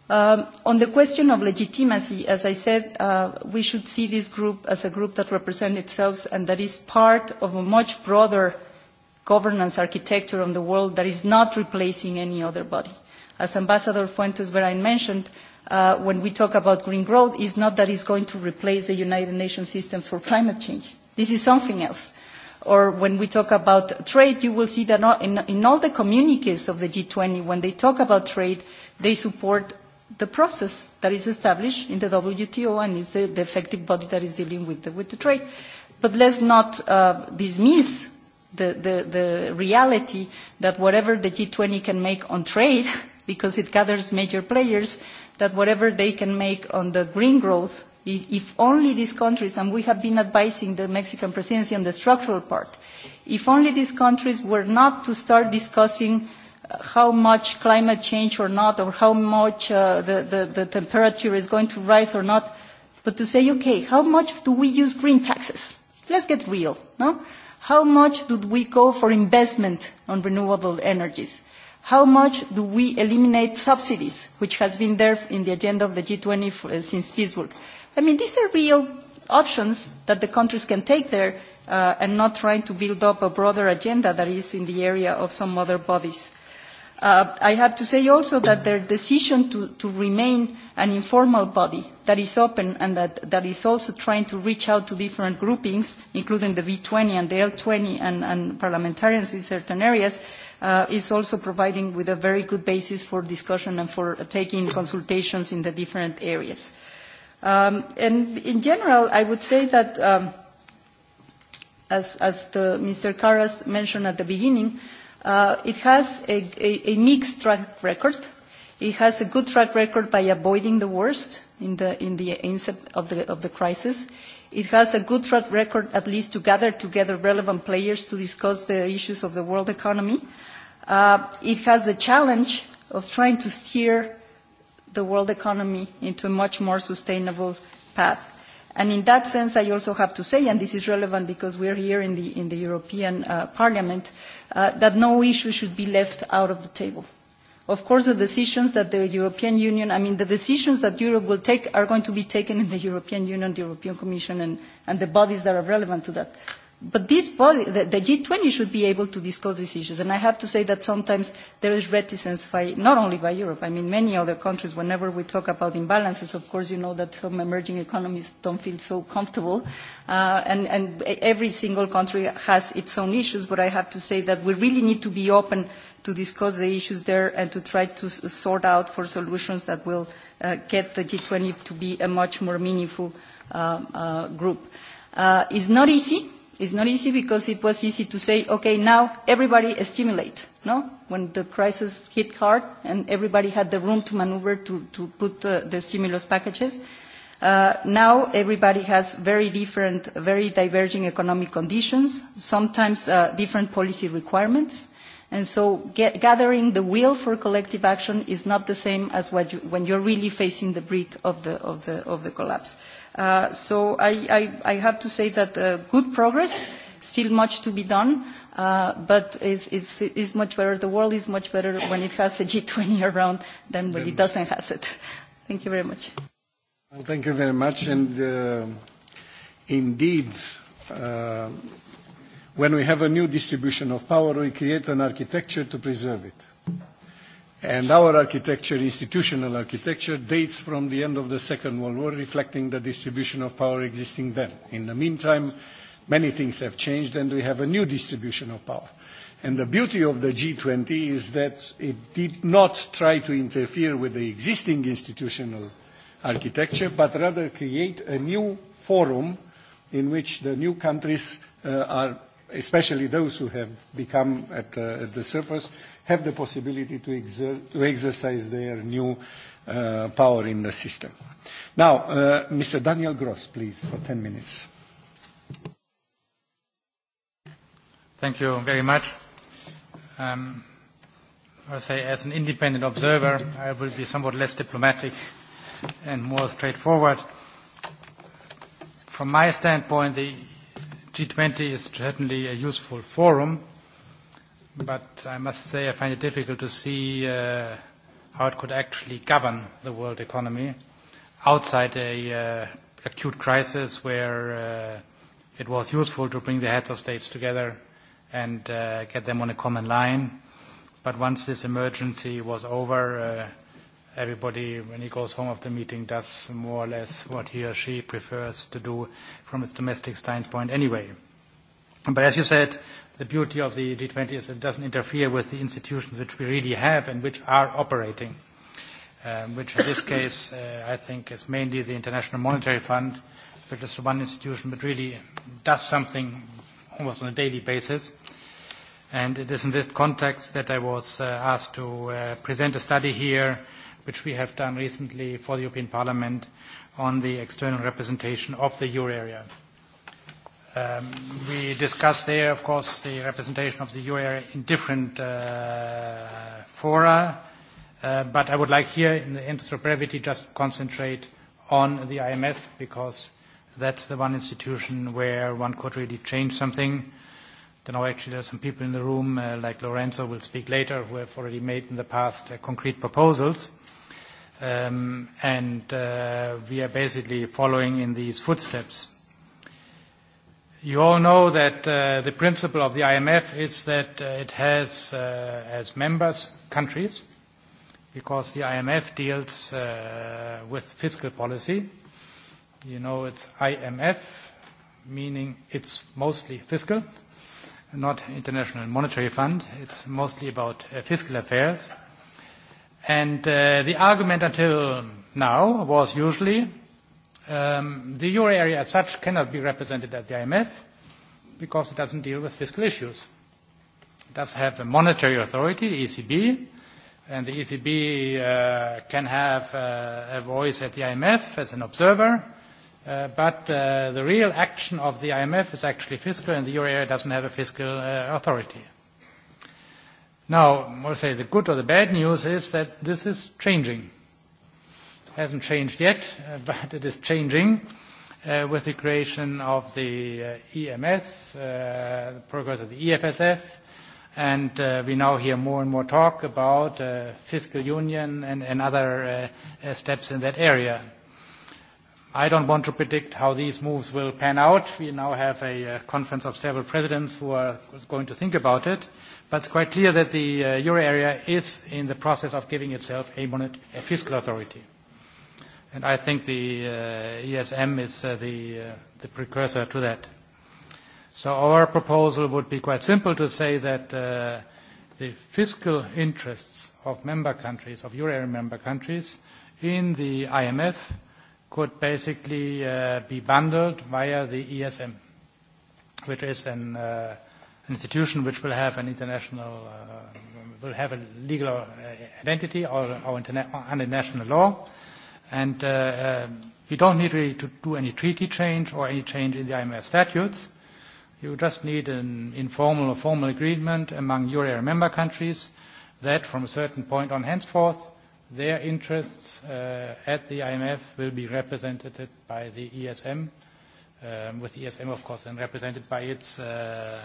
Um, on the question of legitimacy, as I said, uh, we should see this group as a group that represents itself and that is part of a much broader governance architecture on the world that is not replacing any other body. As Ambassador Fuentes Verain mentioned, uh, when we talk about green growth, it's not that it's going to replace the United Nations systems for climate change. This is something else or when we talk about trade, you will see that in, in all the communiques of the G20, when they talk about trade, they support the process that is established in the WTO and is the, the effective body that is dealing with the, with the trade. But let's not uh, dismiss the, the, the reality that whatever the G20 can make on trade, because it gathers major players, that whatever they can make on the green growth If only these countries, and we have been advising the Mexican presidency on the structural part, if only these countries were not to start discussing uh, how much climate change or not, or how much uh, the, the, the temperature is going to rise or not, but to say, okay, how much do we use green taxes? Let's get real, no? How much do we go for investment on renewable energies? How much do we eliminate subsidies, which has been there in the agenda of the G20 for, uh, since Pittsburgh? I mean, these are real options that the countries can take there uh, and not trying to build up a broader agenda that is in the area of some other bodies. Uh, I have to say also that their decision to, to remain an informal body that is open and that, that is also trying to reach out to different groupings, including the V 20 and the L20 and, and parliamentarians in certain areas, uh, is also providing with a very good basis for discussion and for taking consultations in the different areas. Um, and in general, I would say that, um, as, as the, Mr. Karas mentioned at the beginning, uh, it has a, a, a mixed track record. It has a good track record by avoiding the worst in the, in the inset of the, of the crisis. It has a good track record, at least to gather together relevant players to discuss the issues of the world economy. Uh, it has the challenge of trying to steer the world economy into a much more sustainable path. And in that sense, I also have to say, and this is relevant because we're here in the, in the European uh, Parliament, uh, that no issue should be left out of the table. Of course, the decisions that the European Union, I mean, the decisions that Europe will take are going to be taken in the European Union, the European Commission, and, and the bodies that are relevant to that. But this body, the, the G20 should be able to discuss these issues. And I have to say that sometimes there is reticence, by, not only by Europe, I mean many other countries, whenever we talk about imbalances, of course you know that some emerging economies don't feel so comfortable. Uh, and, and every single country has its own issues, but I have to say that we really need to be open to discuss the issues there and to try to sort out for solutions that will uh, get the G20 to be a much more meaningful uh, uh, group. Uh, it's not easy It's not easy because it was easy to say, okay, now everybody stimulate, no? When the crisis hit hard and everybody had the room to maneuver to, to put uh, the stimulus packages. Uh, now everybody has very different, very diverging economic conditions, sometimes uh, different policy requirements. And so get, gathering the will for collective action is not the same as what you, when you're really facing the brink of the, of the, of the collapse. Uh, Uh, so I, I, I have to say that uh, good progress, still much to be done, uh, but is, is, is much better. The world is much better when it has a G20 around than when it doesn't have it. Thank you very much. Well, thank you very much. And uh, indeed, uh, when we have a new distribution of power, we create an architecture to preserve it. And our architecture, institutional architecture, dates from the end of the Second World War, reflecting the distribution of power existing then. In the meantime, many things have changed and we have a new distribution of power. And the beauty of the G20 is that it did not try to interfere with the existing institutional architecture, but rather create a new forum in which the new countries uh, are, especially those who have become at, uh, at the surface, have the possibility to, exer to exercise their new uh, power in the system. Now, uh, Mr. Daniel Gross, please, for 10 minutes. Thank you very much. Um, I say as an independent observer, I will be somewhat less diplomatic and more straightforward. From my standpoint, the G20 is certainly a useful forum but I must say I find it difficult to see uh, how it could actually govern the world economy outside a uh, acute crisis where uh, it was useful to bring the heads of states together and uh, get them on a common line. But once this emergency was over, uh, everybody, when he goes home after the meeting, does more or less what he or she prefers to do from its domestic standpoint anyway. But as you said, the beauty of the G20 is it doesn't interfere with the institutions which we really have and which are operating, um, which in this case uh, I think is mainly the International Monetary Fund, which is one institution but really does something almost on a daily basis. And it is in this context that I was uh, asked to uh, present a study here, which we have done recently for the European Parliament, on the external representation of the euro area. Um, we discussed there, of course, the representation of the euro area in different uh, fora, uh, but I would like here, in the interest of brevity, just concentrate on the IMF because that's the one institution where one could really change something. I know actually there are some people in the room, uh, like Lorenzo will speak later, who have already made in the past uh, concrete proposals. Um, and uh, we are basically following in these footsteps. You all know that uh, the principle of the IMF is that uh, it has, uh, as members, countries, because the IMF deals uh, with fiscal policy. You know it's IMF, meaning it's mostly fiscal, not International Monetary Fund. It's mostly about uh, fiscal affairs. And uh, the argument until now was usually Um, the euro area as such cannot be represented at the IMF because it doesn't deal with fiscal issues. It does have a monetary authority, the ECB, and the ECB uh, can have uh, a voice at the IMF as an observer, uh, but uh, the real action of the IMF is actually fiscal, and the euro area doesn't have a fiscal uh, authority. Now, we'll say the good or the bad news is that this is changing hasn't changed yet, uh, but it is changing uh, with the creation of the uh, EMS, uh, the progress of the EFSF, and uh, we now hear more and more talk about uh, fiscal union and, and other uh, uh, steps in that area. I don't want to predict how these moves will pan out. We now have a uh, conference of several presidents who are going to think about it. But it's quite clear that the uh, euro area is in the process of giving itself a, monet, a fiscal authority. And I think the uh, ESM is uh, the, uh, the precursor to that. So our proposal would be quite simple to say that uh, the fiscal interests of member countries, of euro area member countries, in the IMF could basically uh, be bundled via the ESM, which is an uh, institution which will have an international, uh, will have a legal uh, identity or, or, interna or under national law And uh, uh, you don't need really to do any treaty change or any change in the IMF statutes. You just need an informal or formal agreement among your area member countries that from a certain point on henceforth, their interests uh, at the IMF will be represented by the ESM, um, with the ESM, of course, and represented by its uh,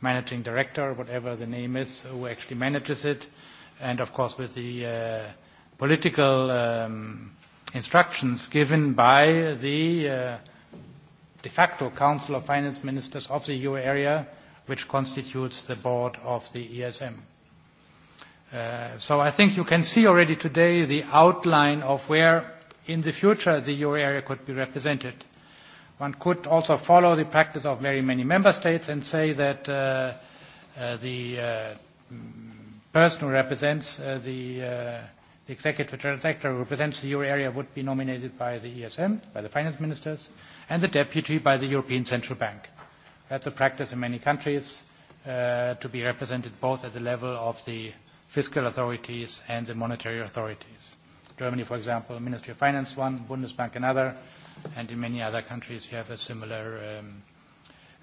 managing director, whatever the name is, who actually manages it, and, of course, with the uh, political um, instructions given by the uh, de facto Council of Finance Ministers of the EU area, which constitutes the board of the ESM. Uh, so I think you can see already today the outline of where in the future the euro area could be represented. One could also follow the practice of very many member states and say that uh, uh, the uh, person who represents uh, the uh, the executive director who represents the euro area would be nominated by the ESM, by the finance ministers, and the deputy by the European Central Bank. That's a practice in many countries uh, to be represented both at the level of the fiscal authorities and the monetary authorities. Germany, for example, Ministry of Finance one, Bundesbank another, and in many other countries you have a similar, um,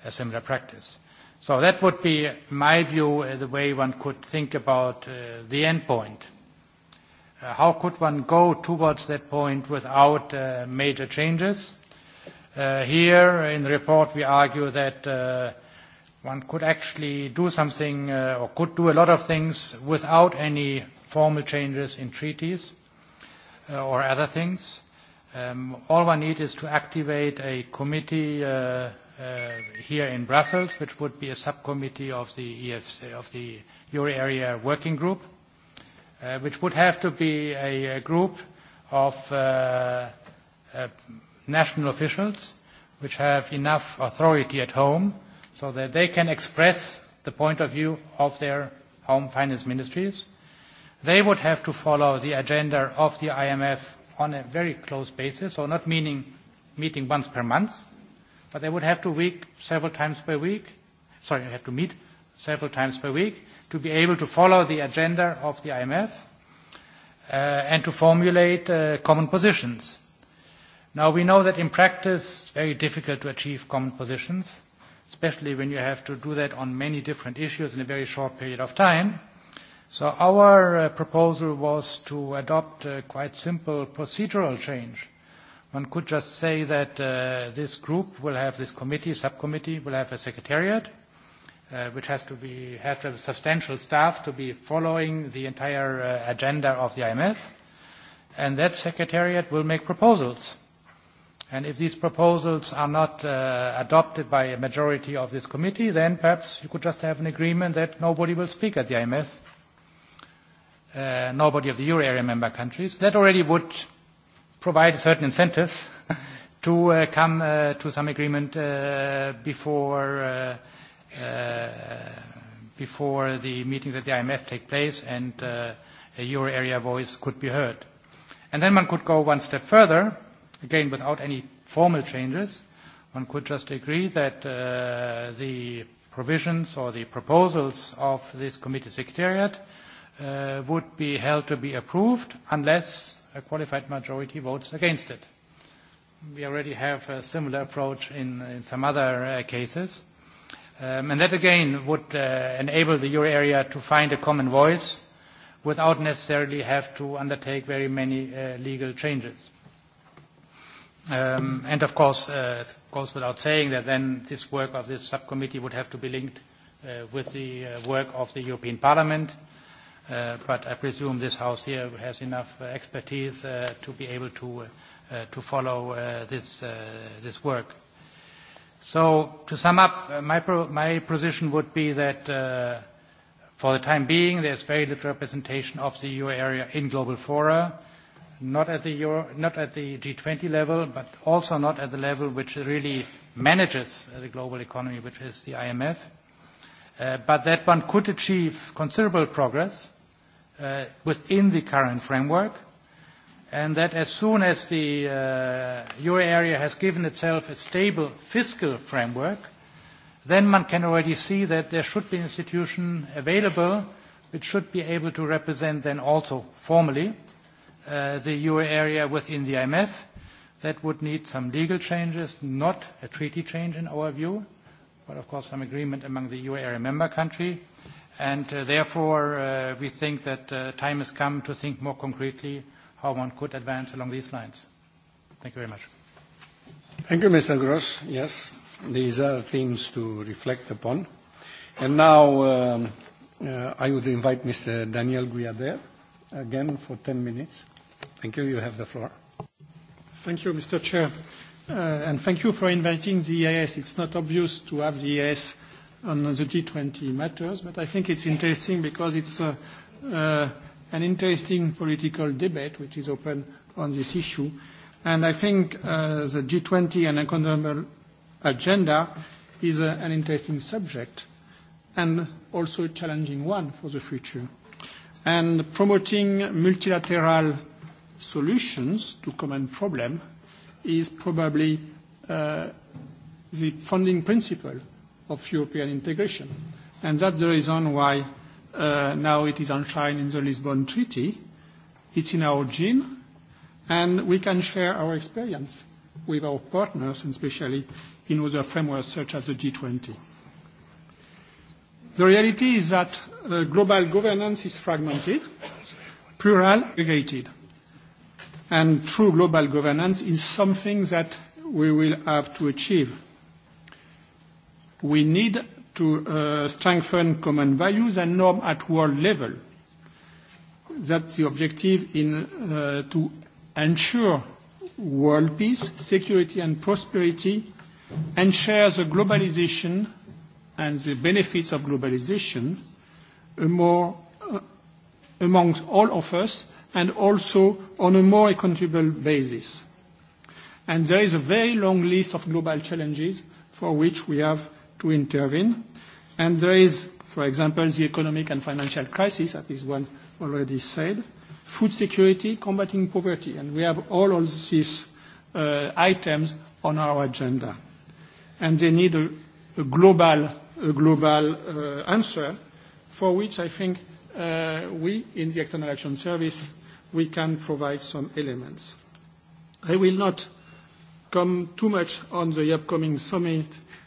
a similar practice. So that would be, my view, uh, the way one could think about uh, the end point Uh, how could one go towards that point without uh, major changes? Uh, here in the report we argue that uh, one could actually do something uh, or could do a lot of things without any formal changes in treaties uh, or other things. Um, all one needs is to activate a committee uh, uh, here in Brussels, which would be a subcommittee of the, EFC, of the Euro Area Working Group, uh, which would have to be a, a group of uh, uh, national officials which have enough authority at home so that they can express the point of view of their home finance ministries. They would have to follow the agenda of the IMF on a very close basis, so not meaning meeting once per month, but they would have to week several times per week, sorry, have to meet several times per week, to be able to follow the agenda of the IMF uh, and to formulate uh, common positions. Now we know that in practice it's very difficult to achieve common positions, especially when you have to do that on many different issues in a very short period of time. So our uh, proposal was to adopt a quite simple procedural change. One could just say that uh, this group will have this committee, subcommittee, will have a secretariat, uh, which has to be have to have substantial staff to be following the entire uh, agenda of the IMF, and that secretariat will make proposals. And if these proposals are not uh, adopted by a majority of this committee, then perhaps you could just have an agreement that nobody will speak at the IMF, uh, nobody of the euro area member countries. That already would provide a certain incentive to uh, come uh, to some agreement uh, before. Uh, uh, before the meetings at the IMF take place and uh, a euro area voice could be heard. And then one could go one step further, again without any formal changes. One could just agree that uh, the provisions or the proposals of this committee secretariat uh, would be held to be approved unless a qualified majority votes against it. We already have a similar approach in, in some other uh, cases. Uh, Um, and that again would uh, enable the euro area to find a common voice without necessarily have to undertake very many uh, legal changes. Um, and of course, uh, it goes without saying that then this work of this subcommittee would have to be linked uh, with the uh, work of the European Parliament. Uh, but I presume this House here has enough uh, expertise uh, to be able to, uh, uh, to follow uh, this, uh, this work. So to sum up, uh, my, pro my position would be that uh, for the time being, there's very little representation of the EU area in global fora, not at the, Euro, not at the G20 level, but also not at the level which really manages the global economy, which is the IMF. Uh, but that one could achieve considerable progress uh, within the current framework, and that as soon as the uh, euro area has given itself a stable fiscal framework, then one can already see that there should be an institution available which should be able to represent then also formally uh, the euro area within the IMF. That would need some legal changes, not a treaty change in our view, but of course some agreement among the euro area member country. And uh, therefore, uh, we think that uh, time has come to think more concretely how one could advance along these lines. Thank you very much. Thank you, Mr. Gross. Yes, these are themes to reflect upon. And now um, uh, I would invite Mr. Daniel Guyader again for 10 minutes. Thank you. You have the floor. Thank you, Mr. Chair. Uh, and thank you for inviting the EIS. It's not obvious to have the EIS on the G20 matters, but I think it's interesting because it's uh, uh, an interesting political debate which is open on this issue. And I think uh, the G20 and economic agenda is a, uh, an interesting subject and also a challenging one for the future. And promoting multilateral solutions to common problem is probably uh, the founding principle of European integration. And that's the reason why Uh, now it is enshrined in the Lisbon Treaty. It's in our gene, and we can share our experience with our partners, and especially in other frameworks such as the G20. The reality is that uh, global governance is fragmented, plural, aggregated. And true global governance is something that we will have to achieve. We need to uh, strengthen common values and norms at world level. That's the objective in, uh, to ensure world peace, security and prosperity, and share the globalization and the benefits of globalization more, uh, amongst all of us and also on a more equitable basis. And there is a very long list of global challenges for which we have to intervene. And there is, for example, the economic and financial crisis, that is one already said, food security, combating poverty, and we have all of these uh, items on our agenda. And they need a, a global, a global uh, answer, for which I think uh, we in the External Action Service we can provide some elements. I will not come too much on the upcoming summit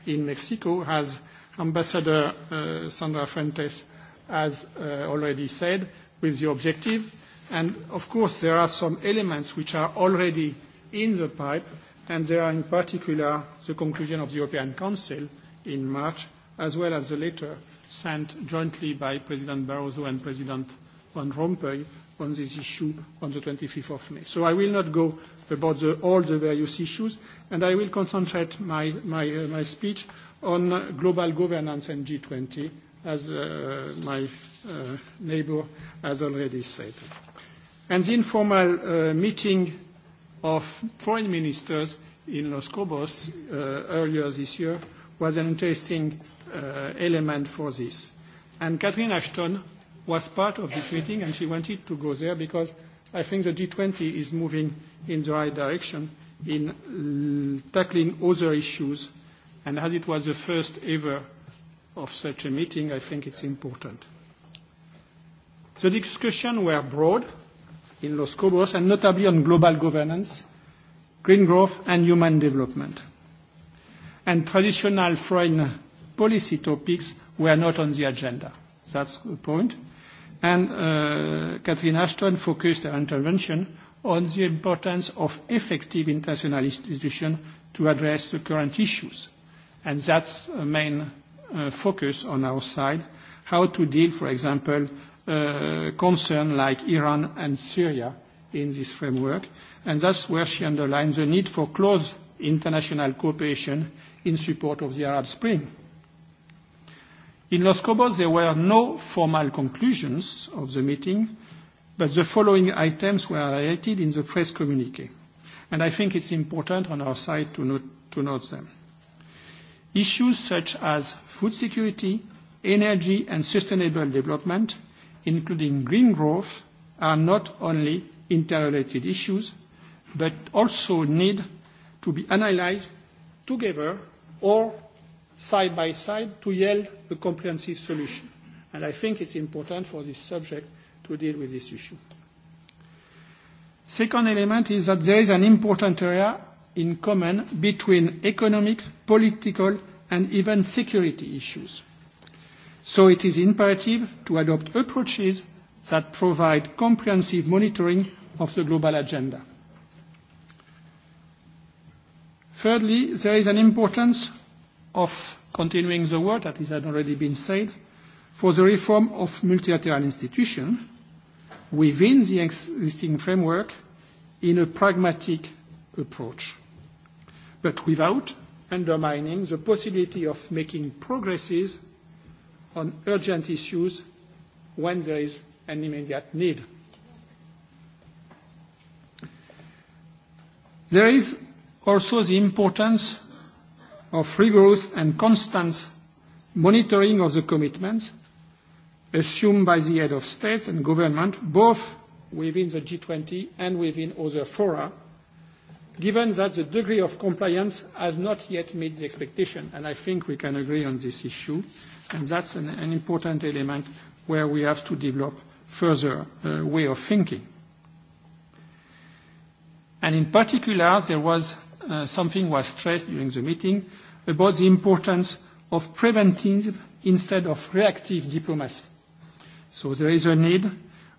in Mexico, as Ambassador uh, Sandra Fuentes has uh, already said, with the objective. And of course, there are some elements which are already in the pipe, and there are in particular the conclusion of the European Council in March, as well as the letter sent jointly by President Barroso and President Van Rompuy on this issue on the 25th of May. So I will not go about the, all the various issues, and I will concentrate my, my, uh, my speech on global governance and G20, as uh, my uh, neighbor has already said. And the informal uh, meeting of foreign ministers in Los Cobos uh, earlier this year was an interesting uh, element for this. And Catherine Ashton was part of this meeting and she wanted to go there because I think the G20 is moving in the right direction in tackling other issues. And as it was the first ever of such a meeting, I think it's important. The discussions were broad in Los Cobos and notably on global governance, green growth and human development. And traditional foreign policy topics were not on the agenda. That's the point. And uh, Catherine Ashton focused her intervention on the importance of effective international institutions to address the current issues. And that's a main uh, focus on our side, how to deal, for example, uh, concern like Iran and Syria in this framework. And that's where she underlines the need for close international cooperation in support of the Arab Spring. In Los Cobos, there were no formal conclusions of the meeting, But the following items were highlighted in the press communique, and I think it's important on our side to note, to note them. Issues such as food security, energy and sustainable development, including green growth, are not only interrelated issues, but also need to be analyzed together or side by side to yield a comprehensive solution. And I think it's important for this subject to deal with this issue. Second element is that there is an important area in common between economic, political, and even security issues. So it is imperative to adopt approaches that provide comprehensive monitoring of the global agenda. Thirdly, there is an importance of continuing the work that has already been said for the reform of multilateral institutions within the existing framework in a pragmatic approach, but without undermining the possibility of making progresses on urgent issues when there is an immediate need. There is also the importance of rigorous and constant monitoring of the commitments assumed by the head of states and government, both within the G20 and within other fora, given that the degree of compliance has not yet met the expectation. And I think we can agree on this issue, and that's an, an important element where we have to develop further uh, way of thinking. And in particular, there was uh, something was stressed during the meeting about the importance of preventive instead of reactive diplomacy. So there is a need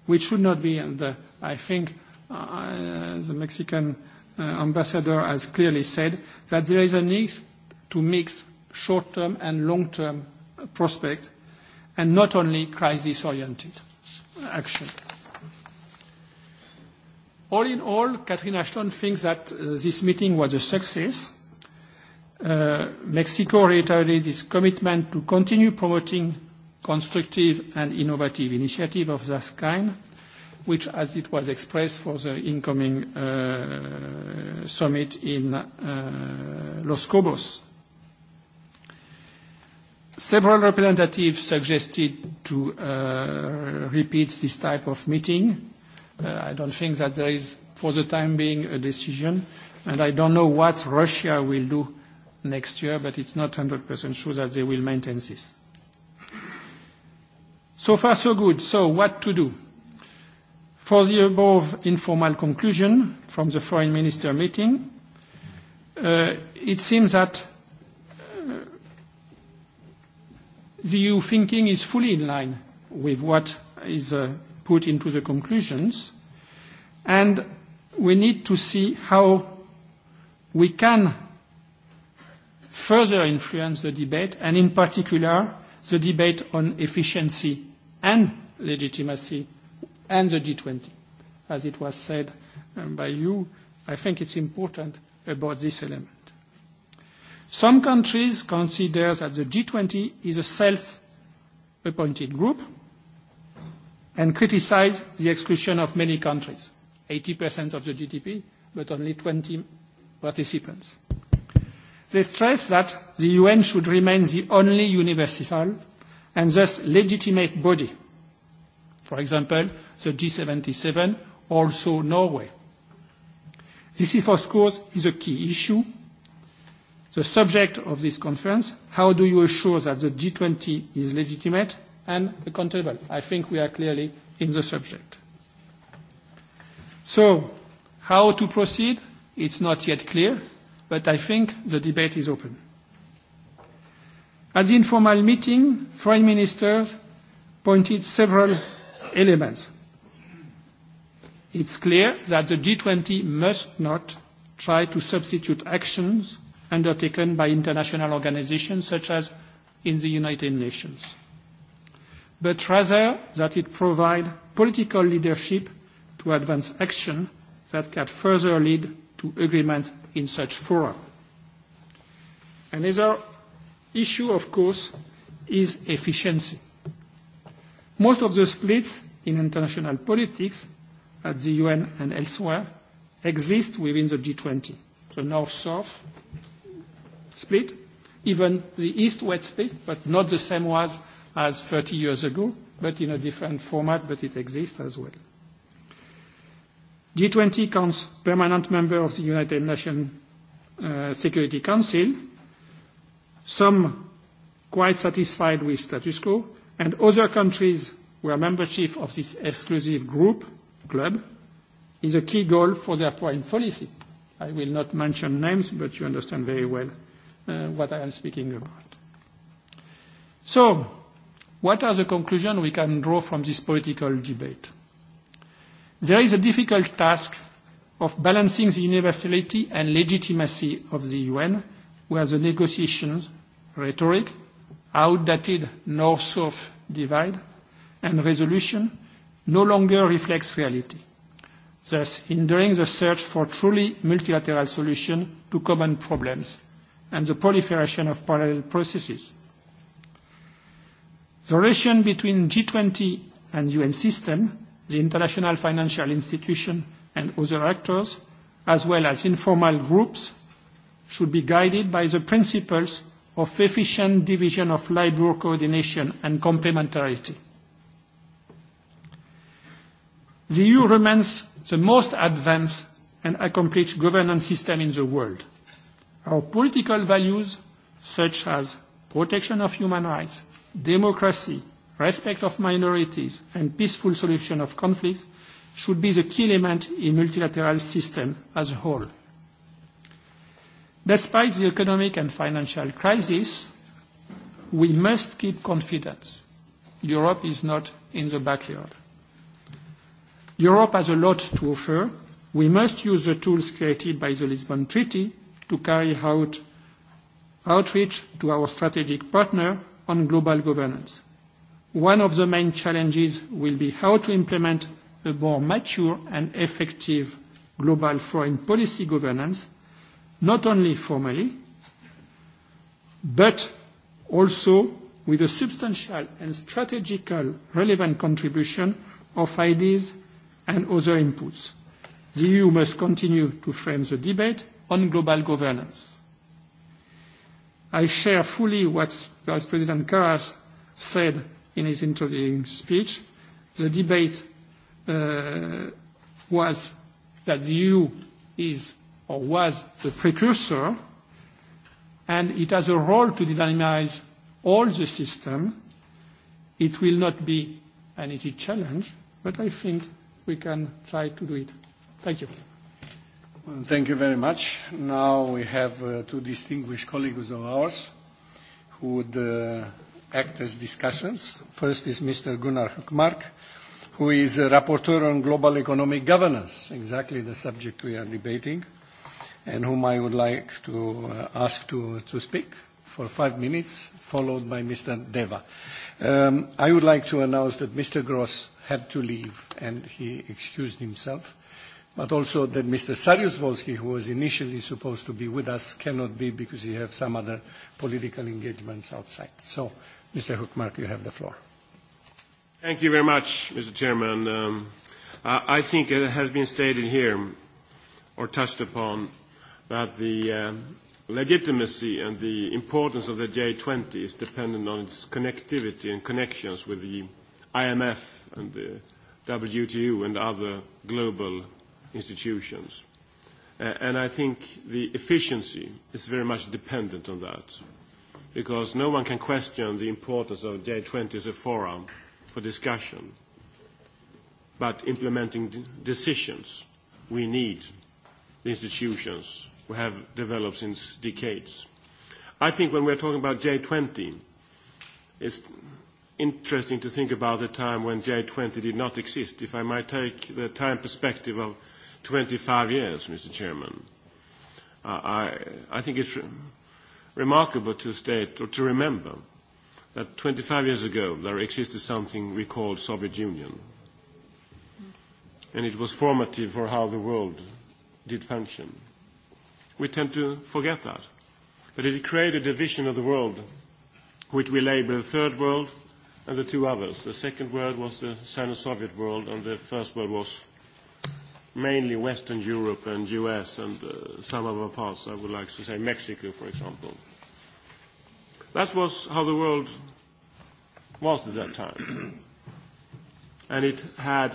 which should not be, and uh, I think uh, uh, the Mexican uh, ambassador has clearly said, that there is a need to mix short-term and long-term prospects and not only crisis-oriented action. All in all, Catherine Ashton thinks that uh, this meeting was a success. Uh, Mexico reiterated its commitment to continue promoting constructive and innovative initiative of this kind, which, as it was expressed for the incoming uh, summit in uh, Los Cobos. Several representatives suggested to uh, repeat this type of meeting. Uh, I don't think that there is, for the time being, a decision, and I don't know what Russia will do next year, but it's not 100% sure that they will maintain this. So far, so good. So what to do? For the above informal conclusion from the foreign minister meeting, uh, it seems that uh, the EU thinking is fully in line with what is uh, put into the conclusions, and we need to see how we can further influence the debate, and in particular, the debate on efficiency and legitimacy and the G20. As it was said um, by you, I think it's important about this element. Some countries consider that the G20 is a self-appointed group and criticize the exclusion of many countries, 80% of the GDP, but only 20 participants. They stress that the UN should remain the only universal and thus legitimate body. For example, the G77, also Norway. This, if of course, is a key issue. The subject of this conference, how do you assure that the G20 is legitimate and accountable? I think we are clearly in the subject. So, how to proceed? It's not yet clear, but I think the debate is open. At the informal meeting, foreign ministers pointed several elements. It's clear that the G20 must not try to substitute actions undertaken by international organizations such as in the United Nations, but rather that it provide political leadership to advance action that can further lead to agreement in such forum. Another issue, of course, is efficiency. Most of the splits in international politics at the UN and elsewhere exist within the G20. The North-South split, even the East-West split, but not the same ones as 30 years ago, but in a different format, but it exists as well. G20 counts permanent member of the United Nations uh, Security Council, some quite satisfied with status quo, and other countries where membership of this exclusive group, club, is a key goal for their foreign policy. I will not mention names, but you understand very well uh, what I am speaking about. So, what are the conclusions we can draw from this political debate? There is a difficult task of balancing the universality and legitimacy of the UN, where the negotiations rhetoric, outdated north-south divide, and resolution no longer reflects reality, thus hindering the search for truly multilateral solutions to common problems and the proliferation of parallel processes. The relation between G20 and UN system, the international financial institution and other actors, as well as informal groups, should be guided by the principles of efficient division of labour coordination and complementarity. The EU remains the most advanced and accomplished governance system in the world. Our political values, such as protection of human rights, democracy, respect of minorities, and peaceful solution of conflicts, should be the key element in multilateral system as a whole. Despite the economic and financial crisis, we must keep confidence. Europe is not in the backyard. Europe has a lot to offer. We must use the tools created by the Lisbon Treaty to carry out outreach to our strategic partner on global governance. One of the main challenges will be how to implement a more mature and effective global foreign policy governance not only formally, but also with a substantial and strategical relevant contribution of ideas and other inputs. The EU must continue to frame the debate on global governance. I share fully what Vice President Karas said in his introducing speech. The debate uh, was that the EU is or was the precursor, and it has a role to dynamize all the system. It will not be an easy challenge, but I think we can try to do it. Thank you. Thank you very much. Now we have uh, two distinguished colleagues of ours who would uh, act as discussants. First is Mr. Gunnar Hökmark, who is a rapporteur on global economic governance, exactly the subject we are debating and whom I would like to uh, ask to, to speak for five minutes, followed by Mr. Deva. Um, I would like to announce that Mr. Gross had to leave and he excused himself, but also that Mr. Sarius Volsky, who was initially supposed to be with us, cannot be because he has some other political engagements outside. So, Mr. Hookmark, you have the floor. Thank you very much, Mr. Chairman. Um, I think it has been stated here or touched upon that the uh, legitimacy and the importance of the J20 is dependent on its connectivity and connections with the IMF and the WTO and other global institutions. Uh, and I think the efficiency is very much dependent on that, because no one can question the importance of J20 as a forum for discussion. But implementing decisions, we need the institutions have developed since decades. I think when we're talking about J20, it's interesting to think about the time when J20 did not exist. If I might take the time perspective of 25 years, Mr. Chairman, uh, I, I think it's re remarkable to state or to remember that 25 years ago there existed something we called Soviet Union. And it was formative for how the world did function we tend to forget that. But it created a division of the world, which we label the third world and the two others. The second world was the Sino-Soviet world, and the first world was mainly Western Europe and US and uh, some other parts, I would like to say Mexico, for example. That was how the world was at that time. and it had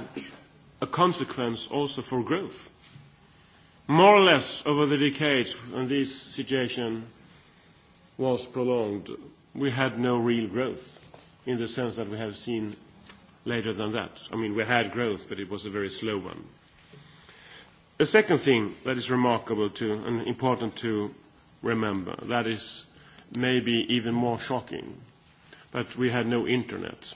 a consequence also for growth more or less over the decades when this situation was prolonged, we had no real growth in the sense that we have seen later than that. I mean, we had growth, but it was a very slow one. A second thing that is remarkable to, and important to remember, that is maybe even more shocking, that we had no internet.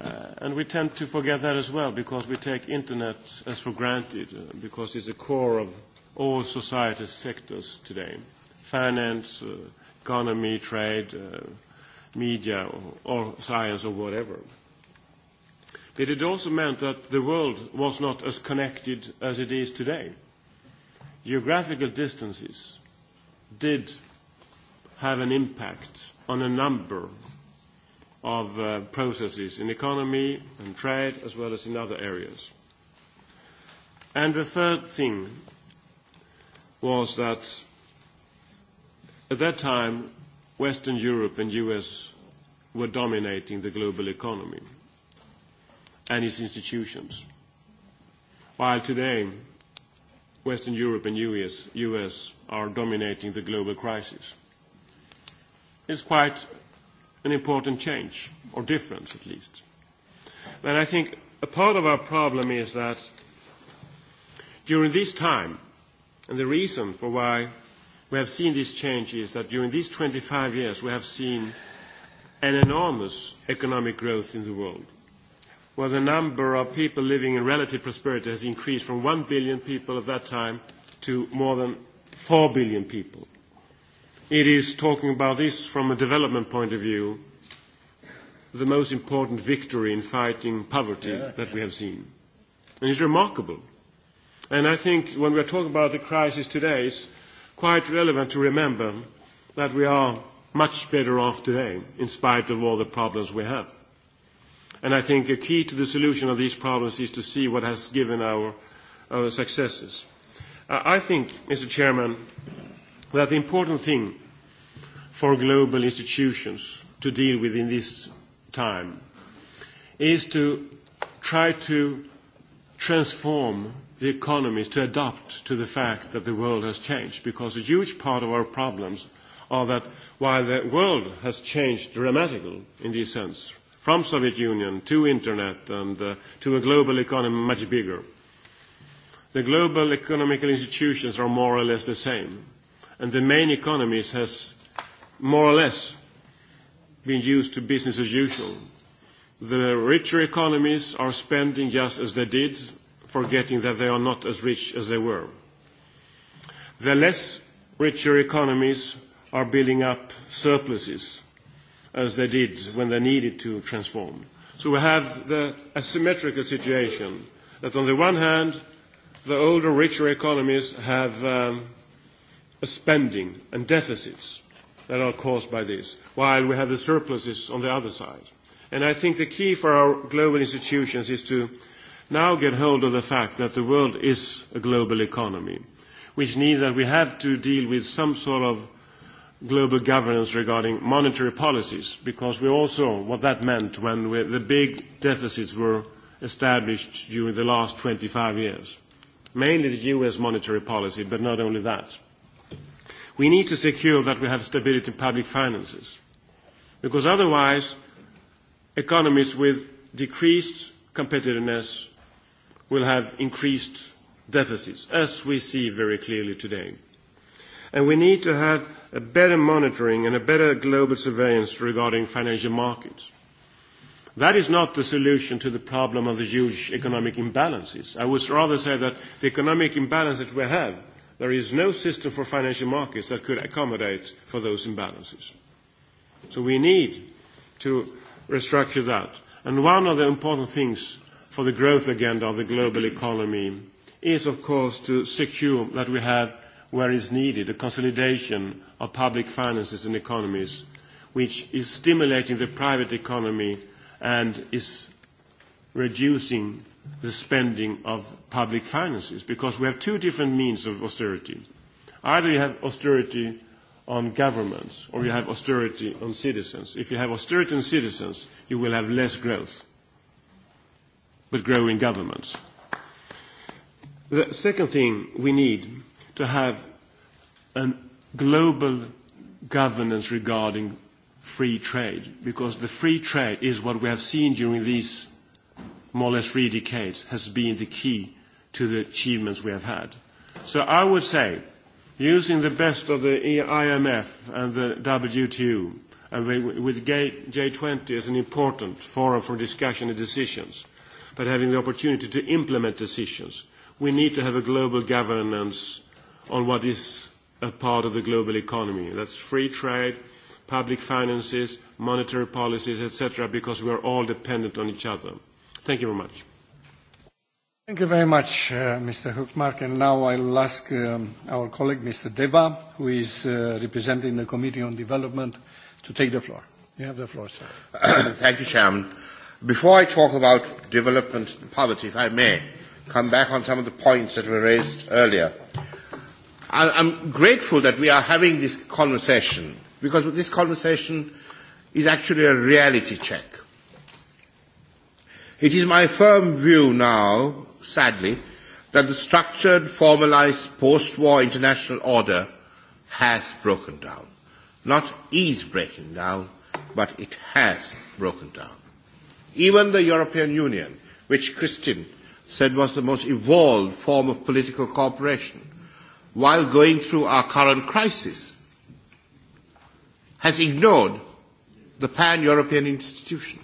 Uh, and we tend to forget that as well because we take internet as for granted uh, because it's the core of all society's sectors today. Finance, uh, economy, trade, uh, media, or, or science or whatever. But it also meant that the world was not as connected as it is today. Geographical distances did have an impact on a number of uh, processes in economy and trade as well as in other areas. And the third thing was that at that time Western Europe and US were dominating the global economy and its institutions. While today Western Europe and US, US are dominating the global crisis. It's quite an important change, or difference at least. And I think a part of our problem is that during this time, and the reason for why we have seen this change is that during these 25 years we have seen an enormous economic growth in the world, where the number of people living in relative prosperity has increased from 1 billion people at that time to more than 4 billion people it is talking about this from a development point of view, the most important victory in fighting poverty yeah. that we have seen. And it's remarkable. And I think when we are talking about the crisis today, it's quite relevant to remember that we are much better off today in spite of all the problems we have. And I think a key to the solution of these problems is to see what has given our, our successes. Uh, I think, Mr. Chairman, Well, the important thing for global institutions to deal with in this time is to try to transform the economies to adapt to the fact that the world has changed because a huge part of our problems are that while the world has changed dramatically in this sense from Soviet Union to internet and uh, to a global economy much bigger the global economic institutions are more or less the same and the main economies has more or less been used to business as usual. The richer economies are spending just as they did, forgetting that they are not as rich as they were. The less richer economies are building up surpluses as they did when they needed to transform. So we have the asymmetrical situation that on the one hand, the older, richer economies have um, spending and deficits that are caused by this, while we have the surpluses on the other side. And I think the key for our global institutions is to now get hold of the fact that the world is a global economy, which means that we have to deal with some sort of global governance regarding monetary policies, because we all saw what that meant when we, the big deficits were established during the last 25 years, mainly the U.S. monetary policy, but not only that. We need to secure that we have stability in public finances, because otherwise economies with decreased competitiveness will have increased deficits, as we see very clearly today. And we need to have a better monitoring and a better global surveillance regarding financial markets. That is not the solution to the problem of the huge economic imbalances. I would rather say that the economic imbalances we have There is no system for financial markets that could accommodate for those imbalances. So we need to restructure that. And one of the important things for the growth agenda of the global economy is, of course, to secure that we have, where is needed, a consolidation of public finances and economies, which is stimulating the private economy and is reducing the spending of public finances because we have two different means of austerity. Either you have austerity on governments or you have austerity on citizens. If you have austerity on citizens, you will have less growth, but growing governments. The second thing we need to have a global governance regarding free trade because the free trade is what we have seen during these more or less three decades, has been the key to the achievements we have had. So I would say, using the best of the IMF and the WTO, and with J20 as an important forum for discussion and decisions, but having the opportunity to implement decisions, we need to have a global governance on what is a part of the global economy. That's free trade, public finances, monetary policies, etc., because we are all dependent on each other. Thank you very much. Thank you very much, uh, Mr. Hookmark. And now I'll ask um, our colleague, Mr. Deva, who is uh, representing the Committee on Development, to take the floor. You have the floor, sir. Thank you, Chairman. Before I talk about development and poverty, if I may, come back on some of the points that were raised earlier. I, I'm grateful that we are having this conversation because this conversation is actually a reality check. It is my firm view now, sadly, that the structured, formalized post-war international order has broken down. Not is breaking down, but it has broken down. Even the European Union, which Christian said was the most evolved form of political cooperation, while going through our current crisis, has ignored the pan-European institutions.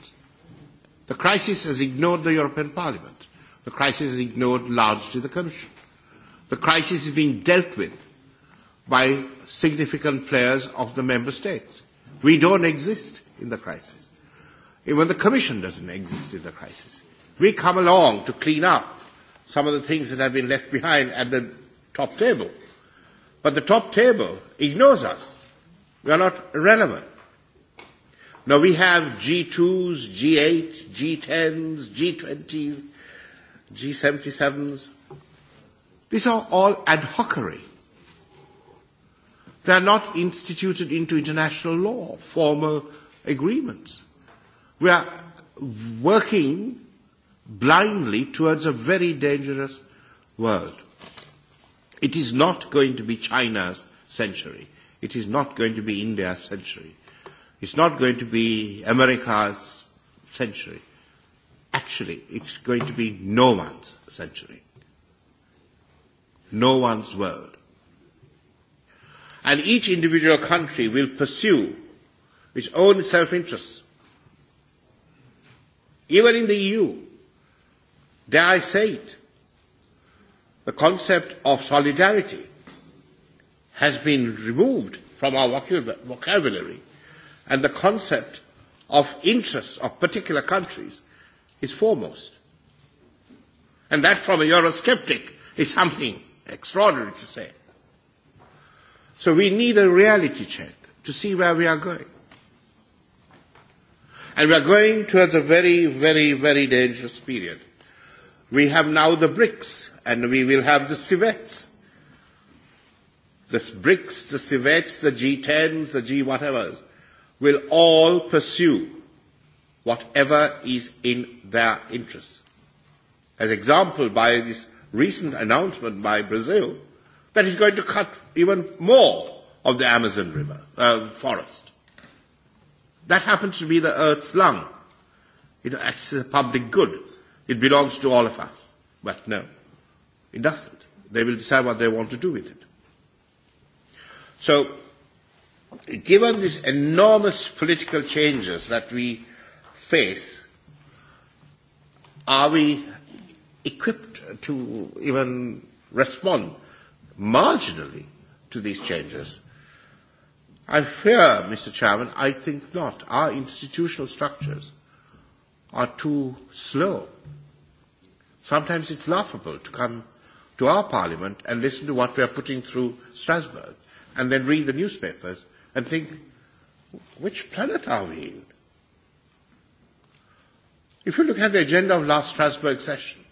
The crisis has ignored the European Parliament. The crisis has ignored largely the Commission. The crisis is being dealt with by significant players of the member states. We don't exist in the crisis. Even the Commission doesn't exist in the crisis. We come along to clean up some of the things that have been left behind at the top table. But the top table ignores us. We are not relevant. No, we have G2s, G8s, G10s, G20s, G77s. These are all ad hocery. They are not instituted into international law, formal agreements. We are working blindly towards a very dangerous world. It is not going to be China's century. It is not going to be India's century. It's not going to be America's century. Actually, it's going to be no one's century. No one's world. And each individual country will pursue its own self-interest. Even in the EU, dare I say it, the concept of solidarity has been removed from our vocabulary and the concept of interests of particular countries is foremost. And that from a Eurosceptic is something extraordinary to say. So we need a reality check to see where we are going. And we are going towards a very, very, very dangerous period. We have now the BRICS, and we will have the CIVETs. The BRICS, the CIVETs, the G10s, the G whatevers will all pursue whatever is in their interests. As example, by this recent announcement by Brazil, that is going to cut even more of the Amazon River uh, forest. That happens to be the Earth's lung. It acts as a public good. It belongs to all of us. But no, it doesn't. They will decide what they want to do with it. So given these enormous political changes that we face, are we equipped to even respond marginally to these changes? I fear, Mr. Chairman, I think not. Our institutional structures are too slow. Sometimes it's laughable to come to our parliament and listen to what we are putting through Strasbourg and then read the newspapers and think, which planet are we in? If you look at the agenda of last Strasbourg session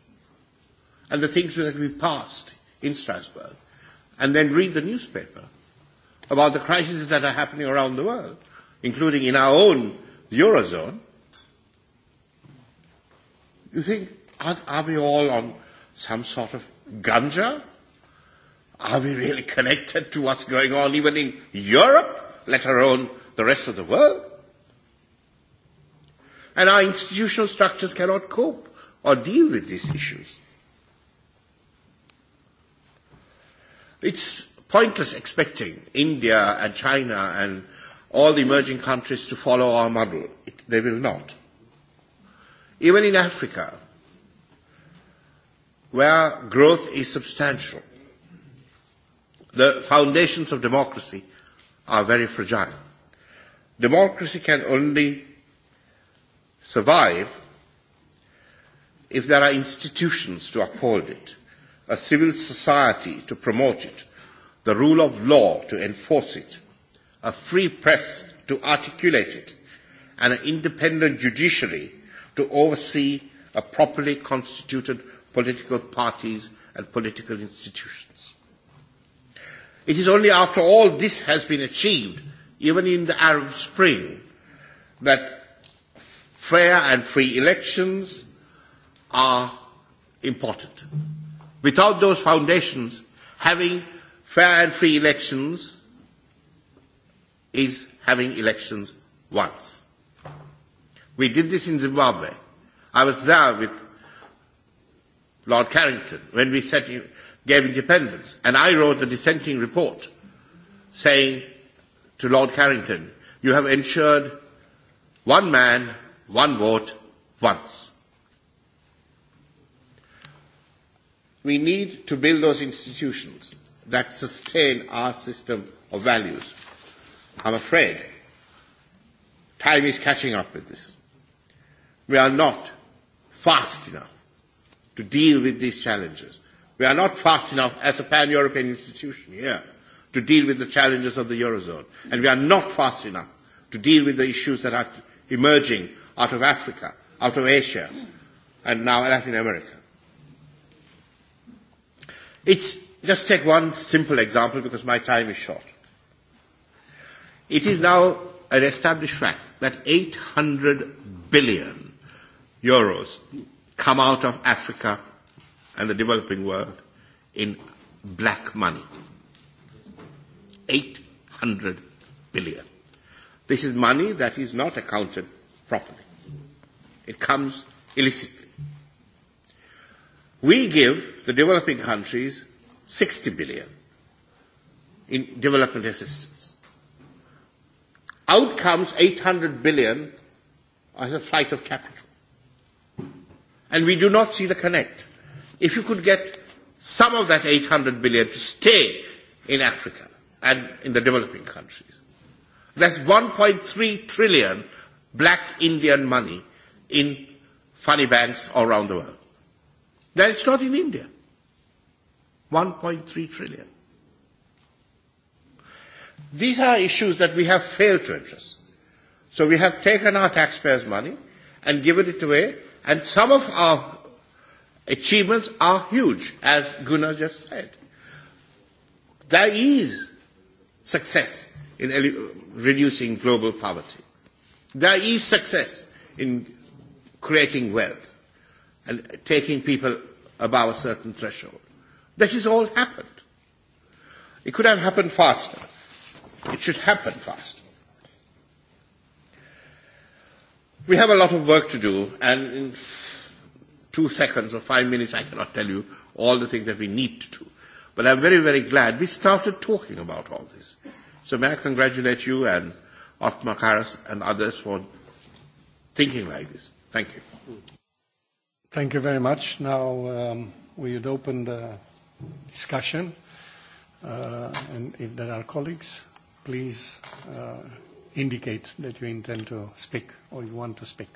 and the things that we passed in Strasbourg, and then read the newspaper about the crises that are happening around the world, including in our own Eurozone, you think, are, are we all on some sort of ganja? Are we really connected to what's going on even in Europe? let alone the rest of the world. And our institutional structures cannot cope or deal with these issues. It's pointless expecting India and China and all the emerging countries to follow our model. It, they will not. Even in Africa, where growth is substantial, the foundations of democracy are very fragile. Democracy can only survive if there are institutions to uphold it, a civil society to promote it, the rule of law to enforce it, a free press to articulate it, and an independent judiciary to oversee a properly constituted political parties and political institutions. It is only after all this has been achieved, even in the Arab Spring, that fair and free elections are important. Without those foundations, having fair and free elections is having elections once. We did this in Zimbabwe. I was there with Lord Carrington when we set gave independence. And I wrote a dissenting report saying to Lord Carrington, you have ensured one man, one vote, once. We need to build those institutions that sustain our system of values. I'm afraid time is catching up with this. We are not fast enough to deal with these challenges. We are not fast enough as a pan-European institution here to deal with the challenges of the Eurozone. And we are not fast enough to deal with the issues that are emerging out of Africa, out of Asia, and now Latin America. It's, just take one simple example because my time is short. It is now an established fact that 800 billion euros come out of Africa and the developing world in black money. 800 billion. This is money that is not accounted properly. It comes illicitly. We give the developing countries 60 billion in development assistance. Out comes 800 billion as a flight of capital. And we do not see the connect. If you could get some of that 800 billion to stay in Africa and in the developing countries, that's 1.3 trillion black Indian money in funny banks all around the world. That is not in India. 1.3 trillion. These are issues that we have failed to address. So we have taken our taxpayers' money and given it away, and some of our achievements are huge, as Gunnar just said. There is success in reducing global poverty. There is success in creating wealth and taking people above a certain threshold. That has all happened. It could have happened faster. It should happen faster. We have a lot of work to do, and in two seconds or five minutes, I cannot tell you all the things that we need to do. But I'm very, very glad we started talking about all this. So may I congratulate you and Otmar Karas and others for thinking like this. Thank you. Thank you very much. Now um, we would open the discussion. Uh, and if there are colleagues, please uh, indicate that you intend to speak or you want to speak.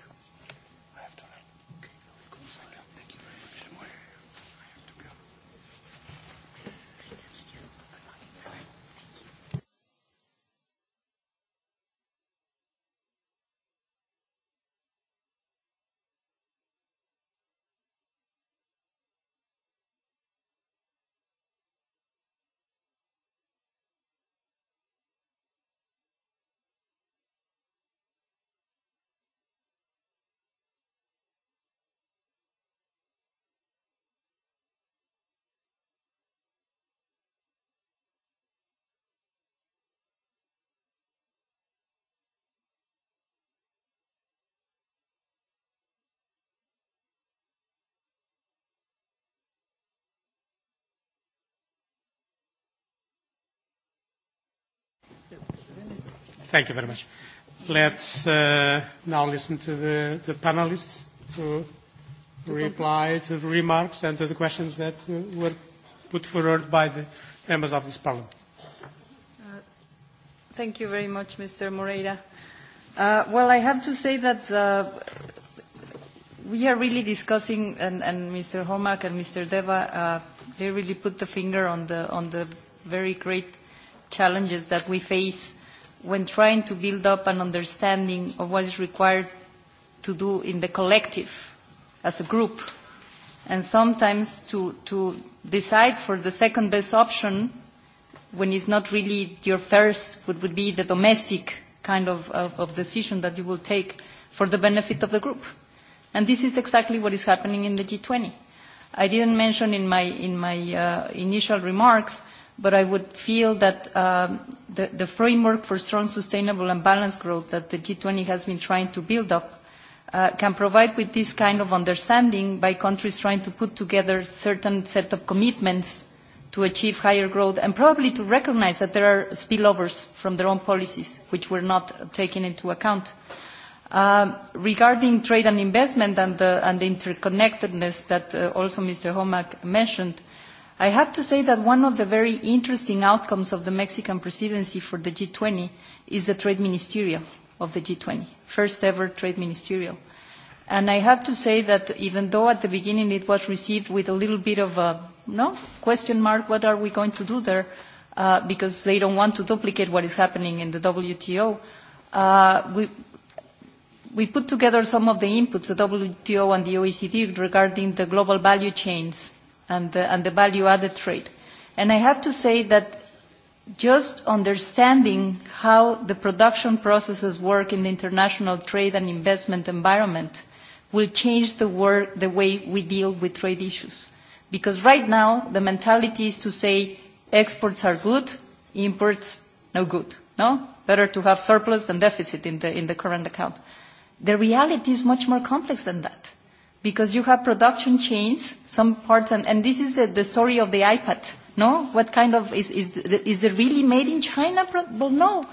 Thank you very much. Let's uh, now listen to the, the panelists to reply to the remarks and to the questions that uh, were put forward by the members of this parliament. Uh, thank you very much, Mr. Moreira. Uh, well, I have to say that uh, we are really discussing, and, and Mr. Homak and Mr. Deva, uh, they really put the finger on the, on the very great challenges that we face when trying to build up an understanding of what is required to do in the collective, as a group, and sometimes to, to decide for the second best option when it's not really your first, but would be the domestic kind of, of, of decision that you will take for the benefit of the group. And this is exactly what is happening in the G20. I didn't mention in my, in my uh, initial remarks but I would feel that um, the, the framework for strong, sustainable and balanced growth that the G20 has been trying to build up uh, can provide with this kind of understanding by countries trying to put together certain set of commitments to achieve higher growth and probably to recognize that there are spillovers from their own policies which were not taken into account. Uh, regarding trade and investment and the, and the interconnectedness that uh, also Mr. Homack mentioned, I have to say that one of the very interesting outcomes of the Mexican presidency for the G20 is the trade ministerial of the G20, first ever trade ministerial. And I have to say that even though at the beginning it was received with a little bit of a no question mark, what are we going to do there? Uh, because they don't want to duplicate what is happening in the WTO. Uh, we, we put together some of the inputs, the WTO and the OECD, regarding the global value chains and the, and the value-added trade. And I have to say that just understanding how the production processes work in the international trade and investment environment will change the, work, the way we deal with trade issues. Because right now, the mentality is to say exports are good, imports no good, no? Better to have surplus than deficit in the, in the current account. The reality is much more complex than that because you have production chains, some parts, and, and this is the, the story of the iPad, no? What kind of, is, is, is it really made in China? Well, no.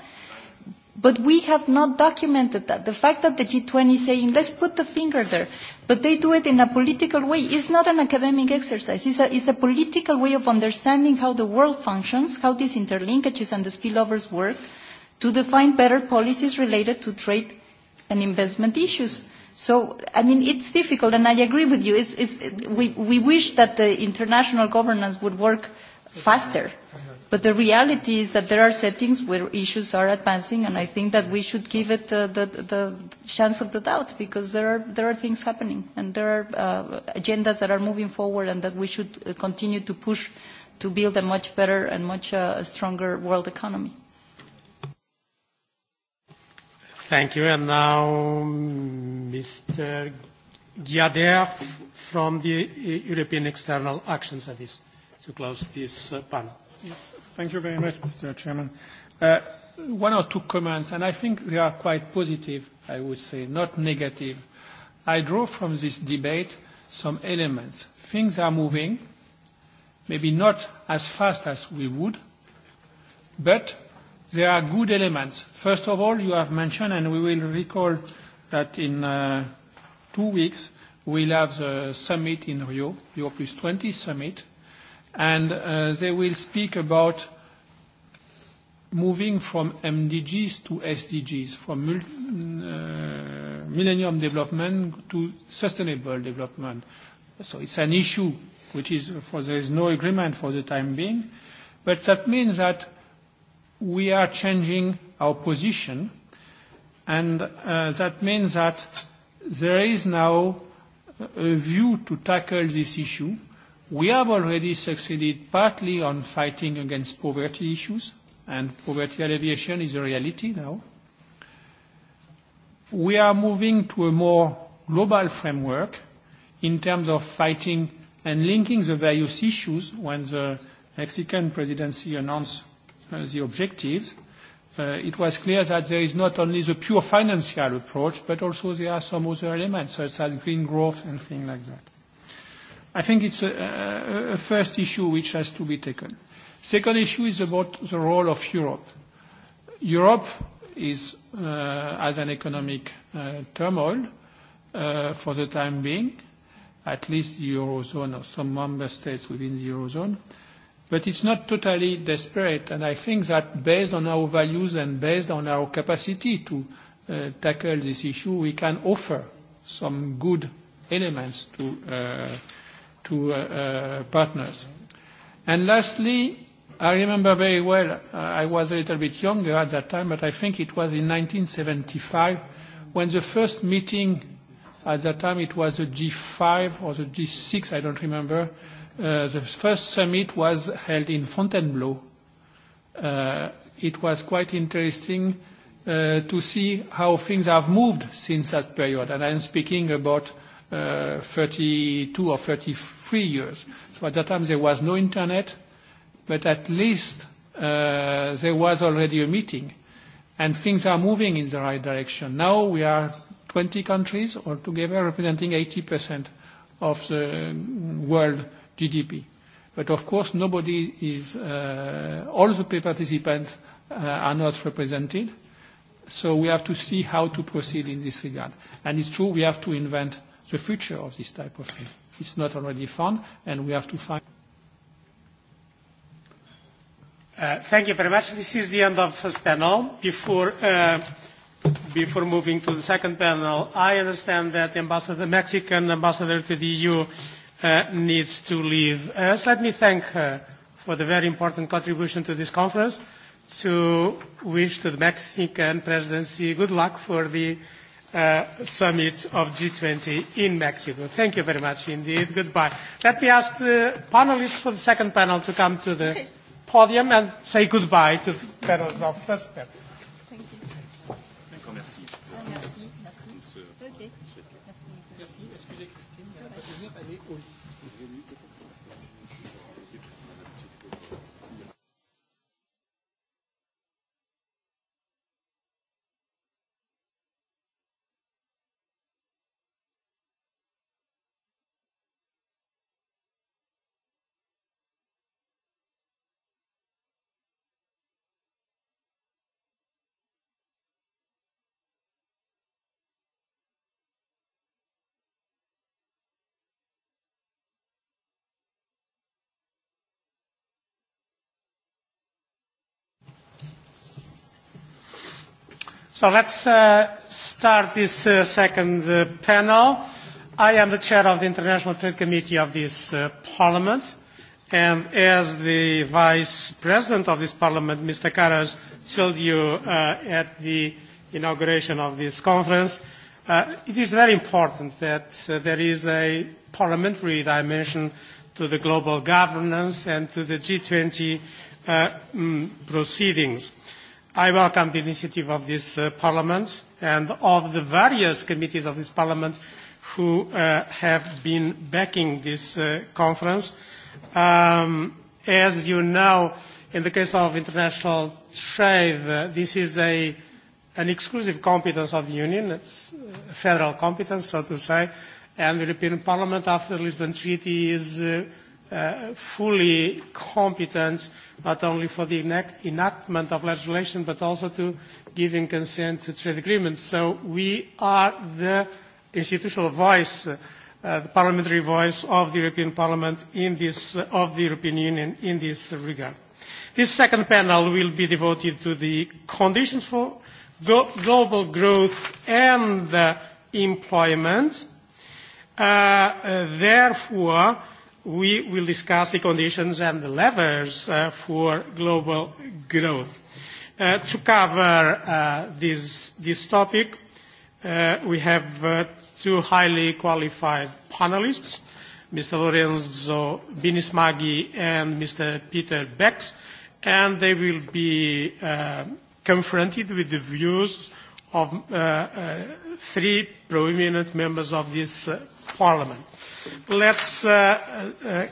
But we have not documented that. The fact that the G20 is saying, let's put the finger there, but they do it in a political way. It's not an academic exercise. It's a, it's a political way of understanding how the world functions, how these interlinkages and the spillovers work, to define better policies related to trade and investment issues. So, I mean, it's difficult, and I agree with you. It's, it's, we, we wish that the international governance would work faster. But the reality is that there are settings where issues are advancing, and I think that we should give it uh, the, the chance of the doubt because there are, there are things happening, and there are uh, agendas that are moving forward, and that we should uh, continue to push to build a much better and much uh, stronger world economy. Thank you. And now Mr. Giader from the European External Action Service to close this uh, panel. Yes, thank you very much, Mr. Chairman. Uh, one or two comments, and I think they are quite positive, I would say, not negative. I draw from this debate some elements. Things are moving, maybe not as fast as we would, but There are good elements. First of all, you have mentioned, and we will recall that in uh, two weeks we'll have the summit in Rio, Rio Plus 20 summit, and uh, they will speak about moving from MDGs to SDGs, from mul uh, Millennium Development to Sustainable Development. So it's an issue which is, for there is no agreement for the time being, but that means that we are changing our position, and uh, that means that there is now a view to tackle this issue. We have already succeeded partly on fighting against poverty issues, and poverty alleviation is a reality now. We are moving to a more global framework in terms of fighting and linking the various issues when the Mexican presidency announced the objectives, uh, it was clear that there is not only the pure financial approach, but also there are some other elements, such as green growth and things like that. I think it's a, a, a first issue which has to be taken. Second issue is about the role of Europe. Europe is uh, as an economic uh, turmoil uh, for the time being, at least the Eurozone or some member states within the Eurozone. Uh, But it's not totally desperate, and I think that based on our values and based on our capacity to uh, tackle this issue, we can offer some good elements to, uh, to uh, uh, partners. And lastly, I remember very well, uh, I was a little bit younger at that time, but I think it was in 1975 when the first meeting, at that time it was the G5 or the G6, I don't remember, Uh, the first summit was held in Fontainebleau. Uh, it was quite interesting uh, to see how things have moved since that period, and I'm speaking about uh, 32 or 33 years. So at that time there was no internet, but at least uh, there was already a meeting, and things are moving in the right direction. Now we are 20 countries altogether representing 80% of the mm, world GDP. But of course, nobody is, uh, all the participants uh, are not represented. So we have to see how to proceed in this regard. And it's true, we have to invent the future of this type of thing. It's not already found, and we have to find. Uh, thank you very much. This is the end of the first panel. Before, uh, before moving to the second panel, I understand that the Ambassador, the Mexican ambassador to the EU uh, needs to leave us. Let me thank her for the very important contribution to this conference, to wish to the Mexican presidency good luck for the uh, summit of G20 in Mexico. Thank you very much indeed. Goodbye. Let me ask the panelists for the second panel to come to the podium and say goodbye to the panels of first panel. So let's uh, start this uh, second uh, panel. I am the chair of the International Trade Committee of this uh, parliament. And as the vice president of this parliament, Mr. Karas told you uh, at the inauguration of this conference, uh, it is very important that uh, there is a parliamentary dimension to the global governance and to the G20 uh, mm, proceedings. I welcome the initiative of this uh, Parliament and of the various committees of this Parliament who uh, have been backing this uh, conference. Um, as you know, in the case of international trade, uh, this is a, an exclusive competence of the Union, it's a federal competence, so to say, and the European Parliament after the Lisbon Treaty is uh, Uh, fully competent not only for the enact enactment of legislation but also to giving consent to trade agreements. So we are the institutional voice, uh, the parliamentary voice of the European Parliament in this, uh, of the European Union in this regard. This second panel will be devoted to the conditions for global growth and uh, employment. Uh, uh, therefore, we will discuss the conditions and the levers uh, for global growth. Uh, to cover uh, this, this topic, uh, we have uh, two highly qualified panelists, Mr. Lorenzo Binismaghi and Mr. Peter Becks, and they will be uh, confronted with the views of uh, uh, three prominent members of this uh, parliament. Let's uh, uh,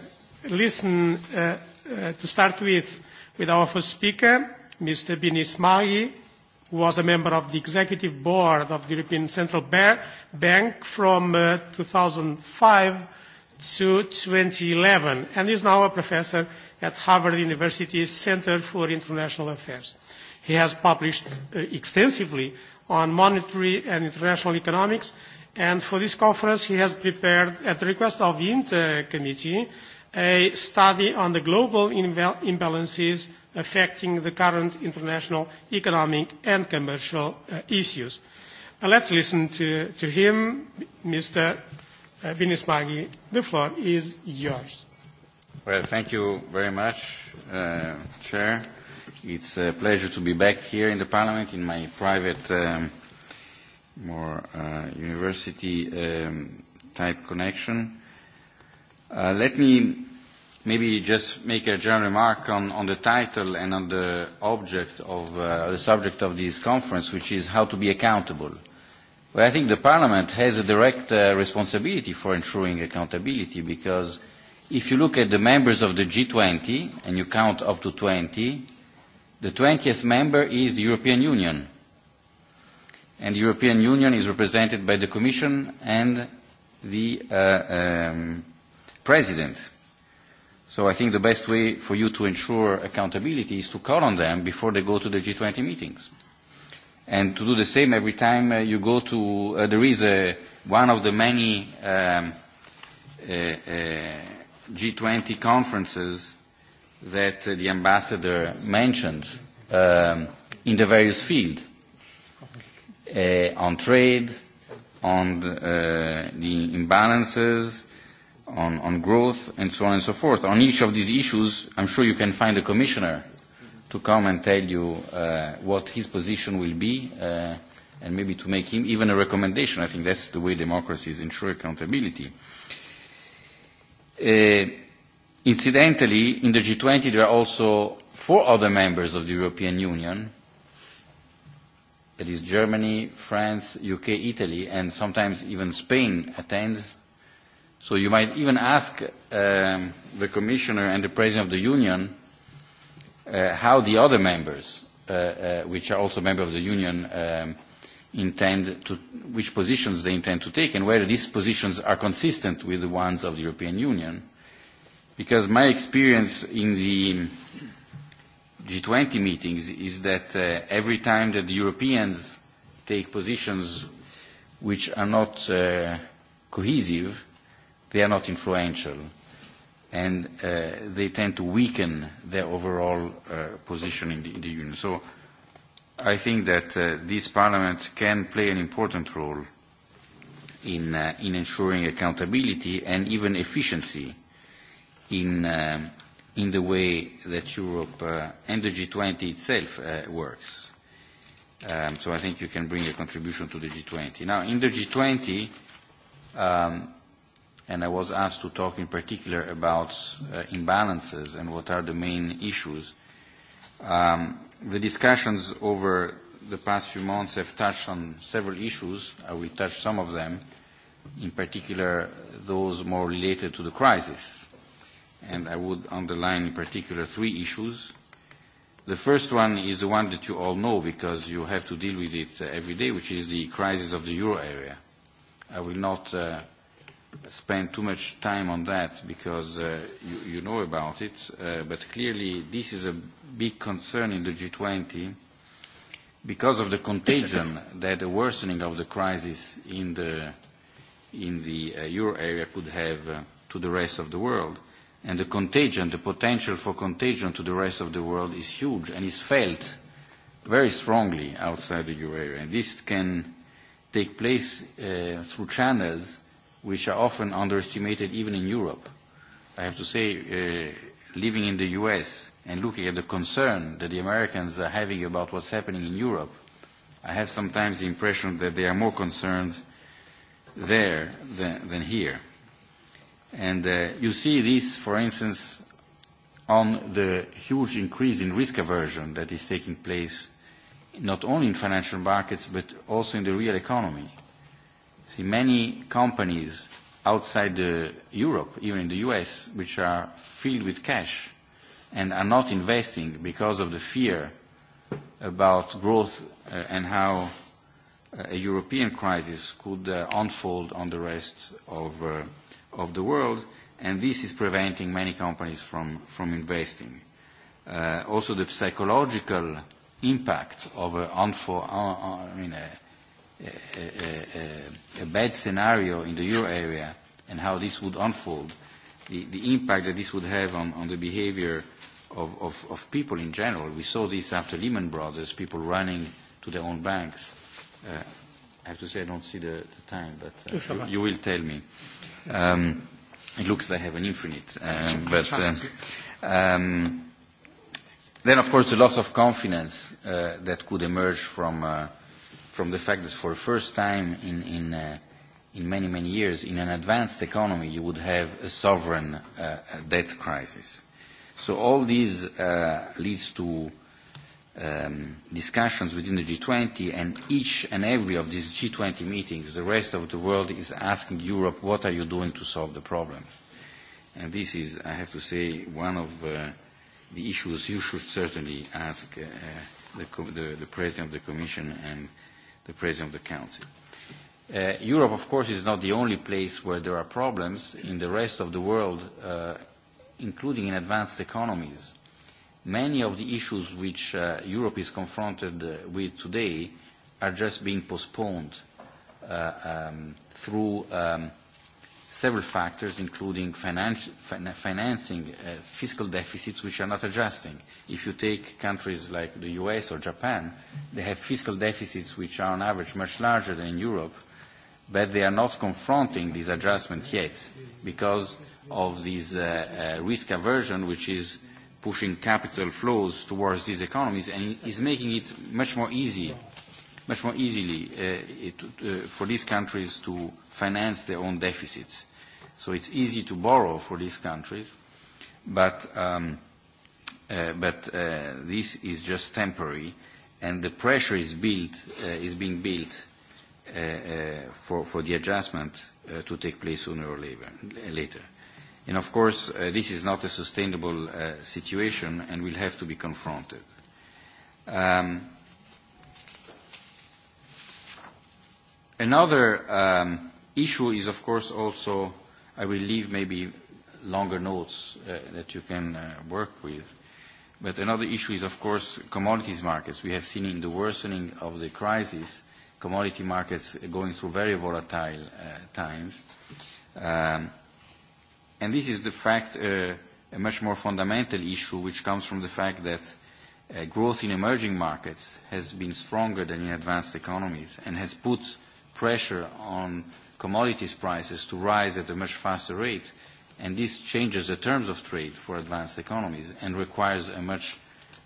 listen uh, uh, to start with, with our first speaker, Mr. Binis Ismail, who was a member of the Executive Board of the European Central Bank from uh, 2005 to 2011, and is now a professor at Harvard University's Center for International Affairs. He has published uh, extensively on monetary and international economics, And for this conference, he has prepared, at the request of the Inter committee, a study on the global imbalances affecting the current international economic and commercial uh, issues. Uh, let's listen to, to him, Mr. Binismagi, uh, The floor is yours. Well, thank you very much, uh, Chair. It's a pleasure to be back here in the Parliament in my private um, more uh, university um, type connection. Uh, let me maybe just make a general remark on, on the title and on the object of uh, the subject of this conference, which is how to be accountable. Well, I think the Parliament has a direct uh, responsibility for ensuring accountability because if you look at the members of the G20 and you count up to 20, the 20th member is the European Union and the European Union is represented by the Commission and the uh, um, President. So I think the best way for you to ensure accountability is to call on them before they go to the G20 meetings. And to do the same every time uh, you go to, uh, there is a, one of the many um, uh, uh, G20 conferences that uh, the ambassador mentioned um, in the various fields uh, on trade, on the, uh, the imbalances, on, on growth, and so on and so forth. On each of these issues, I'm sure you can find a commissioner to come and tell you uh, what his position will be uh, and maybe to make him even a recommendation. I think that's the way democracies ensure accountability. Uh, incidentally, in the G20 there are also four other members of the European Union It is Germany, France, UK, Italy, and sometimes even Spain attends. So you might even ask um, the Commissioner and the President of the Union uh, how the other members, uh, uh, which are also members of the Union, um, intend to, which positions they intend to take and whether these positions are consistent with the ones of the European Union. Because my experience in the G20 meetings is that uh, every time that the Europeans take positions which are not uh, cohesive, they are not influential and uh, they tend to weaken their overall uh, position in the, in the Union. So I think that uh, this Parliament can play an important role in, uh, in ensuring accountability and even efficiency in uh, in the way that Europe uh, and the G20 itself uh, works. Um, so I think you can bring a contribution to the G20. Now, in the G20, um, and I was asked to talk in particular about uh, imbalances and what are the main issues, um, the discussions over the past few months have touched on several issues. I will touch some of them, in particular those more related to the crisis and I would underline in particular three issues. The first one is the one that you all know because you have to deal with it uh, every day, which is the crisis of the euro area. I will not uh, spend too much time on that because uh, you, you know about it, uh, but clearly this is a big concern in the G20 because of the contagion that the worsening of the crisis in the, in the uh, euro area could have uh, to the rest of the world and the contagion, the potential for contagion to the rest of the world is huge and is felt very strongly outside the euro area. And this can take place uh, through channels which are often underestimated even in Europe. I have to say, uh, living in the US and looking at the concern that the Americans are having about what's happening in Europe, I have sometimes the impression that they are more concerned there than, than here. And uh, you see this, for instance, on the huge increase in risk aversion that is taking place not only in financial markets but also in the real economy. See, many companies outside the Europe, even in the US, which are filled with cash and are not investing because of the fear about growth uh, and how uh, a European crisis could uh, unfold on the rest of uh, of the world, and this is preventing many companies from, from investing. Uh, also, the psychological impact of a, unfor, uh, uh, I mean a, a, a, a bad scenario in the euro area and how this would unfold, the, the impact that this would have on, on the behavior of, of, of people in general. We saw this after Lehman Brothers, people running to their own banks. Uh, I have to say I don't see the, the time, but uh, you, you will tell me. Um, it looks they have an infinite. Um, but um, um, then, of course, the loss of confidence uh, that could emerge from, uh, from the fact that for the first time in, in, uh, in many, many years, in an advanced economy, you would have a sovereign uh, debt crisis. So all these uh, leads to um, discussions within the G20 and each and every of these G20 meetings, the rest of the world is asking Europe, what are you doing to solve the problem? And this is, I have to say, one of uh, the issues you should certainly ask uh, the, the, the President of the Commission and the President of the Council. Uh, Europe, of course, is not the only place where there are problems. In the rest of the world, uh, including in advanced economies, many of the issues which uh, Europe is confronted uh, with today are just being postponed uh, um, through um, several factors, including finance, financing, uh, fiscal deficits, which are not adjusting. If you take countries like the US or Japan, they have fiscal deficits which are on average much larger than in Europe, but they are not confronting this adjustment yet because of this uh, uh, risk aversion which is pushing capital flows towards these economies and is making it much more easy, much more easily uh, it, uh, for these countries to finance their own deficits. So it's easy to borrow for these countries, but, um, uh, but uh, this is just temporary and the pressure is, built, uh, is being built uh, uh, for, for the adjustment uh, to take place sooner or later. later. And of course, uh, this is not a sustainable uh, situation and will have to be confronted. Um, another um, issue is, of course, also, I will leave maybe longer notes uh, that you can uh, work with. But another issue is, of course, commodities markets. We have seen in the worsening of the crisis commodity markets going through very volatile uh, times. Um, And this is, the fact, uh, a much more fundamental issue which comes from the fact that uh, growth in emerging markets has been stronger than in advanced economies and has put pressure on commodities prices to rise at a much faster rate. And this changes the terms of trade for advanced economies and requires a much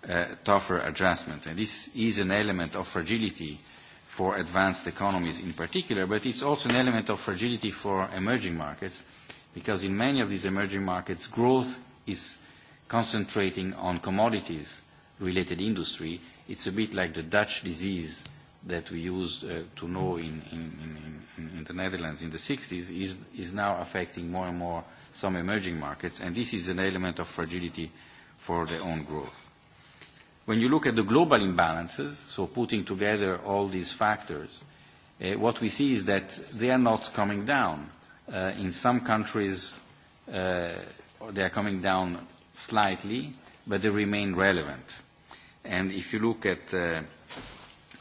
uh, tougher adjustment. And this is an element of fragility for advanced economies in particular, but it's also an element of fragility for emerging markets because in many of these emerging markets, growth is concentrating on commodities-related industry. It's a bit like the Dutch disease that we used uh, to know in, in, in, in the Netherlands in the 60s is, is now affecting more and more some emerging markets, and this is an element of fragility for their own growth. When you look at the global imbalances, so putting together all these factors, uh, what we see is that they are not coming down Uh, in some countries, uh, they are coming down slightly, but they remain relevant. And if you look at uh,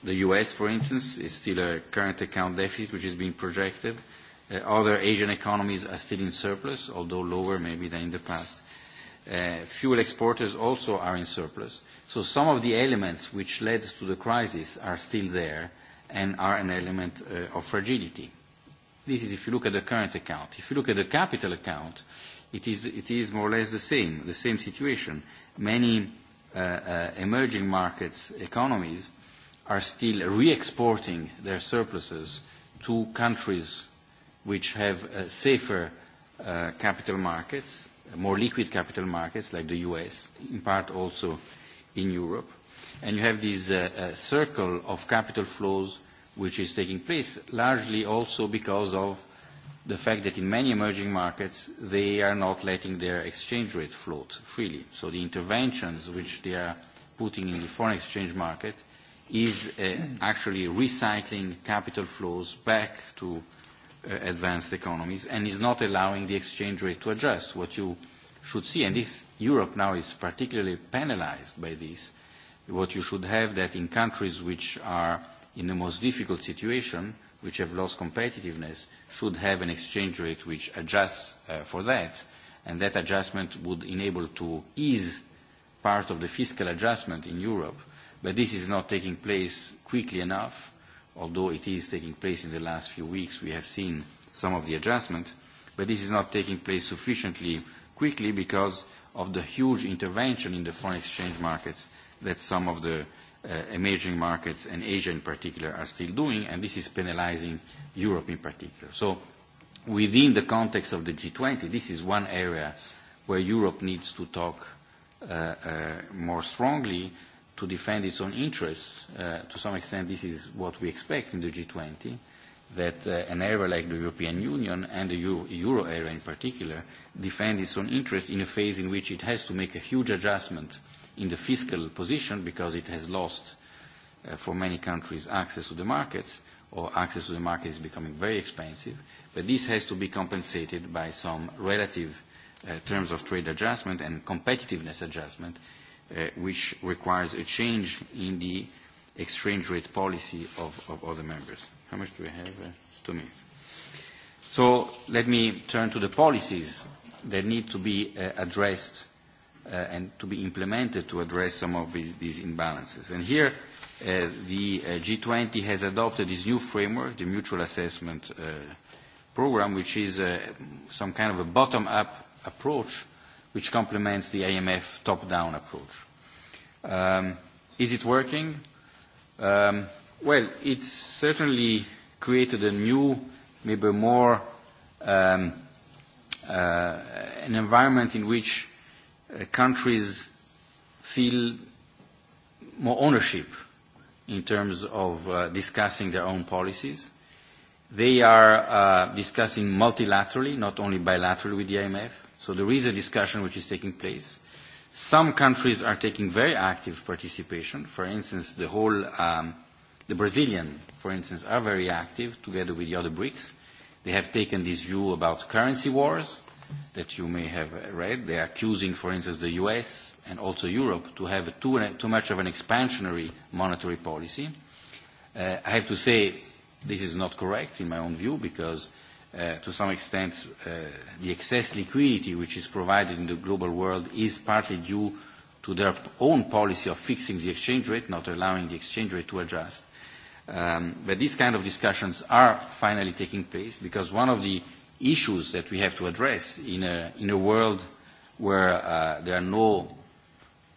the U.S., for instance, is still a current account deficit which is being projected. Uh, other Asian economies are still in surplus, although lower maybe than in the past. Uh, fuel exporters also are in surplus. So some of the elements which led to the crisis are still there and are an element uh, of fragility. This is if you look at the current account. If you look at the capital account, it is, it is more or less the same, the same situation. Many uh, uh, emerging markets economies are still re-exporting their surpluses to countries which have uh, safer uh, capital markets, more liquid capital markets like the US, in part also in Europe. And you have this uh, uh, circle of capital flows which is taking place, largely also because of the fact that in many emerging markets they are not letting their exchange rate float freely. So the interventions which they are putting in the foreign exchange market is uh, actually recycling capital flows back to uh, advanced economies and is not allowing the exchange rate to adjust. What you should see, and this Europe now is particularly penalized by this, what you should have that in countries which are in the most difficult situation, which have lost competitiveness, should have an exchange rate which adjusts uh, for that, and that adjustment would enable to ease part of the fiscal adjustment in Europe, but this is not taking place quickly enough, although it is taking place in the last few weeks. We have seen some of the adjustment, but this is not taking place sufficiently quickly because of the huge intervention in the foreign exchange markets that some of the uh, emerging markets and Asia in particular are still doing, and this is penalizing Europe in particular. So within the context of the G20, this is one area where Europe needs to talk uh, uh, more strongly to defend its own interests. Uh, to some extent, this is what we expect in the G20, that uh, an area like the European Union and the Euro, Euro area in particular defend its own interests in a phase in which it has to make a huge adjustment – in the fiscal position because it has lost uh, for many countries access to the markets or access to the market is becoming very expensive. But this has to be compensated by some relative uh, terms of trade adjustment and competitiveness adjustment, uh, which requires a change in the exchange rate policy of, of other members. How much do we have? Uh, two minutes. So let me turn to the policies that need to be uh, addressed uh, and to be implemented to address some of these, these imbalances. And here uh, the uh, G20 has adopted this new framework, the mutual assessment uh, program, which is uh, some kind of a bottom-up approach which complements the IMF top-down approach. Um, is it working? Um, well, it's certainly created a new, maybe more, um, uh, an environment in which Uh, countries feel more ownership in terms of uh, discussing their own policies. They are uh, discussing multilaterally, not only bilaterally with the IMF. So there is a discussion which is taking place. Some countries are taking very active participation. For instance, the whole, um, the Brazilian, for instance, are very active together with the other BRICS. They have taken this view about currency wars, that you may have read. They are accusing, for instance, the US and also Europe to have too, too much of an expansionary monetary policy. Uh, I have to say this is not correct in my own view because uh, to some extent uh, the excess liquidity which is provided in the global world is partly due to their own policy of fixing the exchange rate, not allowing the exchange rate to adjust. Um, but these kind of discussions are finally taking place because one of the issues that we have to address in a, in a world where uh, there are no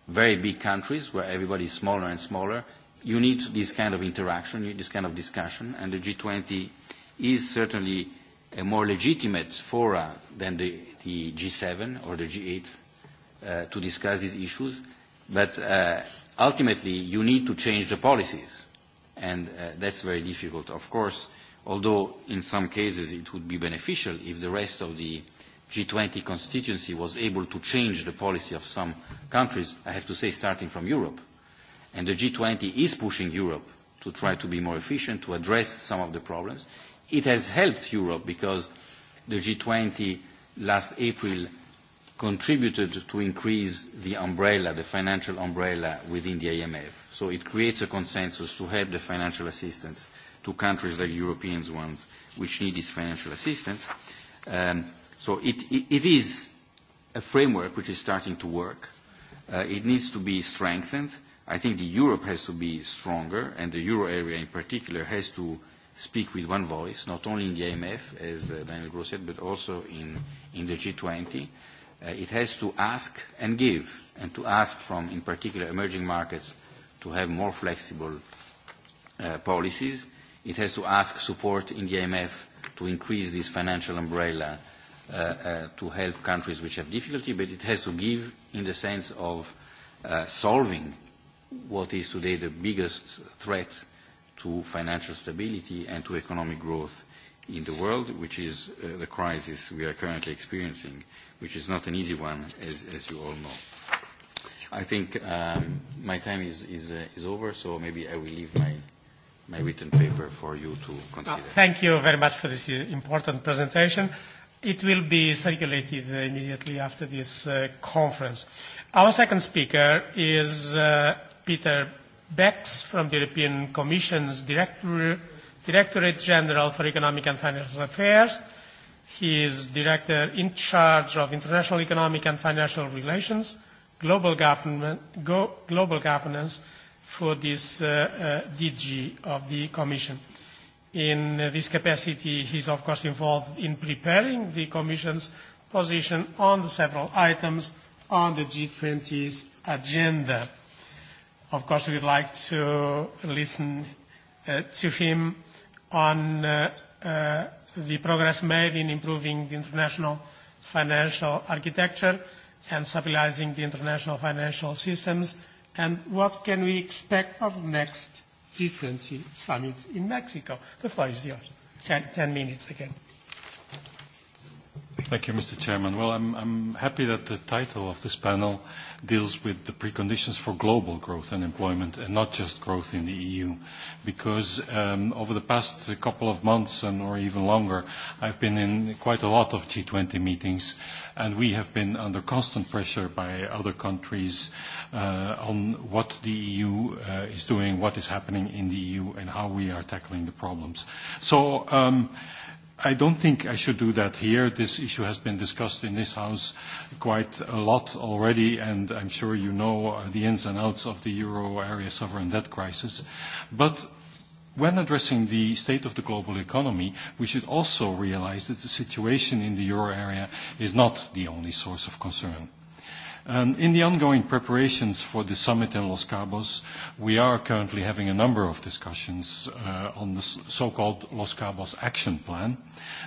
very big countries, where everybody is smaller and smaller, you need this kind of interaction, you need this kind of discussion, and the G20 is certainly a more legitimate fora than the, the G7 or the G8 uh, to discuss these issues, but uh, ultimately you need to change the policies, and uh, that's very difficult. Of course, although in some cases it would be beneficial if the rest of the G20 constituency was able to change the policy of some countries, I have to say starting from Europe. And the G20 is pushing Europe to try to be more efficient, to address some of the problems. It has helped Europe because the G20 last April contributed to increase the umbrella, the financial umbrella within the IMF. So it creates a consensus to help the financial assistance to countries like European ones which need this financial assistance. Um, so it, it, it is a framework which is starting to work. Uh, it needs to be strengthened. I think the Europe has to be stronger, and the euro area in particular has to speak with one voice, not only in the IMF, as uh, Daniel Gross said, but also in, in the G20. Uh, it has to ask and give, and to ask from, in particular, emerging markets to have more flexible uh, policies, it has to ask support in the IMF to increase this financial umbrella uh, uh, to help countries which have difficulty, but it has to give in the sense of uh, solving what is today the biggest threat to financial stability and to economic growth in the world, which is uh, the crisis we are currently experiencing, which is not an easy one, as, as you all know. I think um, my time is, is, uh, is over, so maybe I will leave my my written paper for you to consider. Ah, thank you very much for this uh, important presentation. It will be circulated uh, immediately after this uh, conference. Our second speaker is uh, Peter Bex from the European Commission's Director, Directorate General for Economic and Financial Affairs. He is Director in charge of International Economic and Financial Relations, Global, Government, Go, Global Governance, for this uh, uh, DG of the Commission. In uh, this capacity, he's of course involved in preparing the Commission's position on the several items on the G20's agenda. Of course, we'd like to listen uh, to him on uh, uh, the progress made in improving the international financial architecture and stabilizing the international financial systems and what can we expect of the next G20 summit in Mexico? The floor is yours. Ten, ten minutes again. Thank you, Mr. Chairman. Well, I'm, I'm happy that the title of this panel deals with the preconditions for global growth and employment and not just growth in the EU. Because um, over the past couple of months and or even longer, I've been in quite a lot of G20 meetings and we have been under constant pressure by other countries uh, on what the EU uh, is doing, what is happening in the EU and how we are tackling the problems. So, um, I don't think I should do that here. This issue has been discussed in this House quite a lot already, and I'm sure you know uh, the ins and outs of the euro area sovereign debt crisis. But when addressing the state of the global economy, we should also realize that the situation in the euro area is not the only source of concern in the ongoing preparations for the summit in Los Cabos, we are currently having a number of discussions uh, on the so-called Los Cabos Action Plan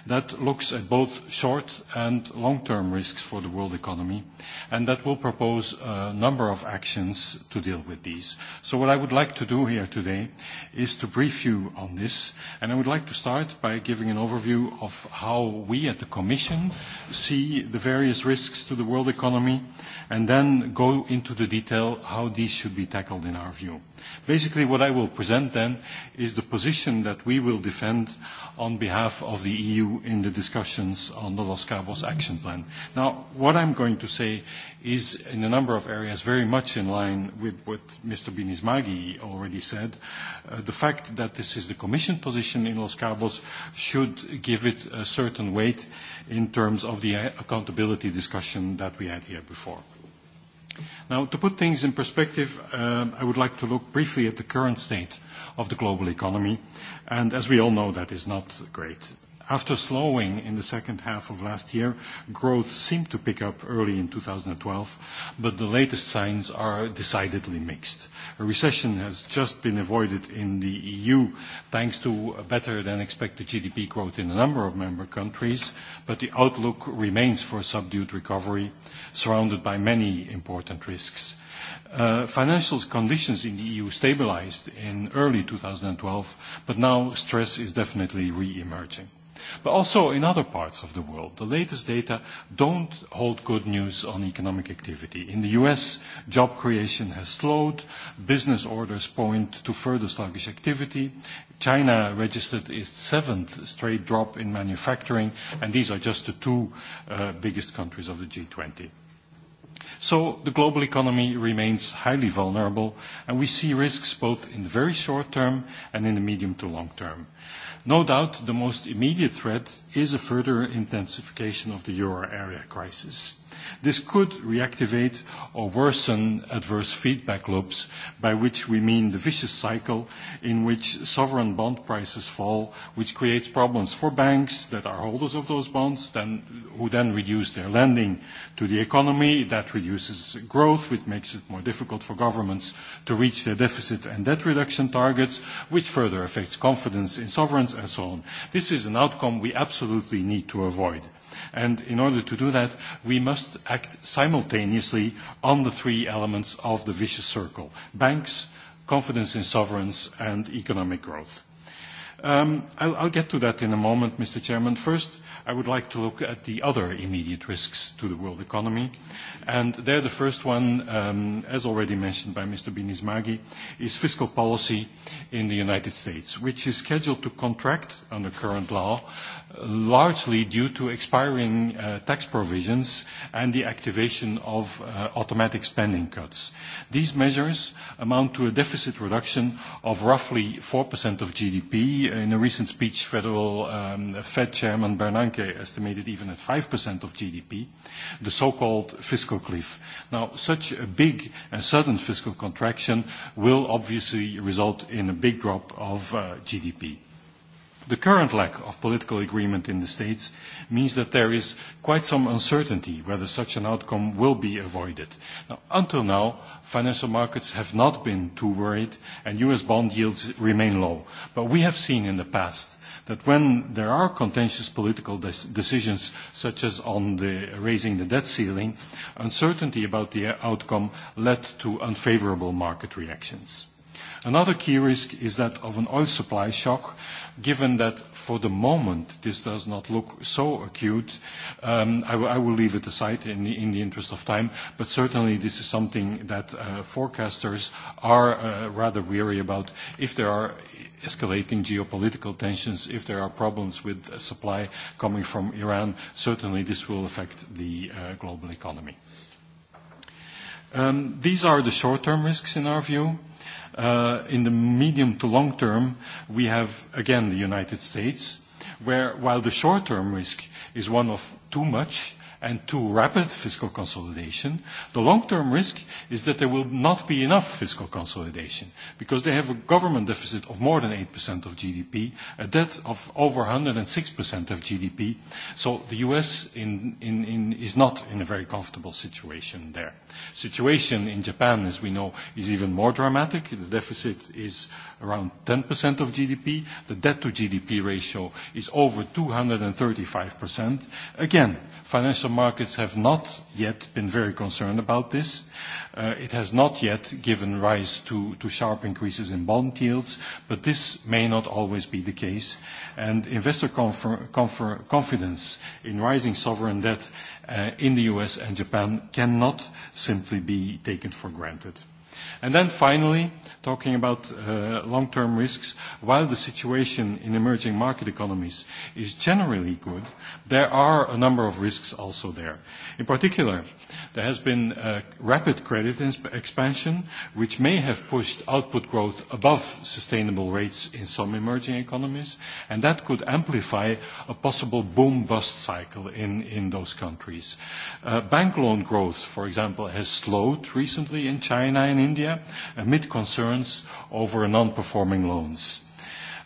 that looks at both short and long-term risks for the world economy, and that will propose a number of actions to deal with these. So what I would like to do here today is to brief you on this, and I would like to start by giving an overview of how we at the Commission see the various risks to the world economy and then go into the detail how these should be tackled in our view. Basically, what I will present then is the position that we will defend on behalf of the EU in the discussions on the Los Cabos Action Plan. Now, what I'm going to say is, in a number of areas, very much in line with what Mr. Binismagi already said. Uh, the fact that this is the Commission position in Los Cabos should give it a certain weight in terms of the accountability discussion that we had here before. Now, to put things in perspective, uh, I would like to look briefly at the current state of the global economy, and as we all know, that is not great. After slowing in the second half of last year, growth seemed to pick up early in 2012, but the latest signs are decidedly mixed. A recession has just been avoided in the EU thanks to a better than expected GDP growth in a number of member countries, but the outlook remains for subdued recovery, surrounded by many important risks. Uh, financial conditions in the EU stabilized in early 2012, but now stress is definitely re-emerging. But also in other parts of the world, the latest data don't hold good news on economic activity. In the US, job creation has slowed, business orders point to further sluggish activity, China registered its seventh straight drop in manufacturing, and these are just the two uh, biggest countries of the G20. So the global economy remains highly vulnerable, and we see risks both in the very short term and in the medium to long term. No doubt the most immediate threat is a further intensification of the euro area crisis. This could reactivate or worsen adverse feedback loops, by which we mean the vicious cycle in which sovereign bond prices fall, which creates problems for banks that are holders of those bonds, then, who then reduce their lending to the economy. That reduces growth, which makes it more difficult for governments to reach their deficit and debt reduction targets, which further affects confidence in sovereigns and so on. This is an outcome we absolutely need to avoid. And in order to do that, we must act simultaneously on the three elements of the vicious circle, banks, confidence in sovereigns, and economic growth. Um, I'll, I'll get to that in a moment, Mr. Chairman. First, I would like to look at the other immediate risks to the world economy. And there the first one, um, as already mentioned by Mr. Binismagi, is fiscal policy in the United States, which is scheduled to contract under current law largely due to expiring uh, tax provisions and the activation of uh, automatic spending cuts. These measures amount to a deficit reduction of roughly 4% of GDP. In a recent speech, Federal um, Fed Chairman Bernanke estimated even at 5% of GDP, the so-called fiscal cliff. Now, such a big and sudden fiscal contraction will obviously result in a big drop of uh, GDP. The current lack of political agreement in the States means that there is quite some uncertainty whether such an outcome will be avoided. Now, until now, financial markets have not been too worried and U.S. bond yields remain low. But we have seen in the past that when there are contentious political des decisions, such as on the raising the debt ceiling, uncertainty about the outcome led to unfavorable market reactions. Another key risk is that of an oil supply shock, given that for the moment this does not look so acute. Um, I, I will leave it aside in the, in the interest of time, but certainly this is something that uh, forecasters are uh, rather weary about if there are escalating geopolitical tensions, if there are problems with supply coming from Iran, certainly this will affect the uh, global economy. Um, these are the short-term risks in our view uh, in the medium to long term, we have, again, the United States, where while the short-term risk is one of too much, and too rapid fiscal consolidation, the long-term risk is that there will not be enough fiscal consolidation because they have a government deficit of more than 8% of GDP, a debt of over 106% of GDP. So the US in, in, in, is not in a very comfortable situation there. Situation in Japan, as we know, is even more dramatic. The deficit is around 10% of GDP. The debt to GDP ratio is over 235%. Again, Financial markets have not yet been very concerned about this. Uh, it has not yet given rise to, to sharp increases in bond yields, but this may not always be the case. And investor confer, confer confidence in rising sovereign debt uh, in the US and Japan cannot simply be taken for granted. And then finally, talking about uh, long-term risks, while the situation in emerging market economies is generally good, there are a number of risks also there. In particular, there has been a uh, rapid credit expansion, which may have pushed output growth above sustainable rates in some emerging economies, and that could amplify a possible boom-bust cycle in, in those countries. Uh, bank loan growth, for example, has slowed recently in China and India, India amid uh, concerns over non-performing loans.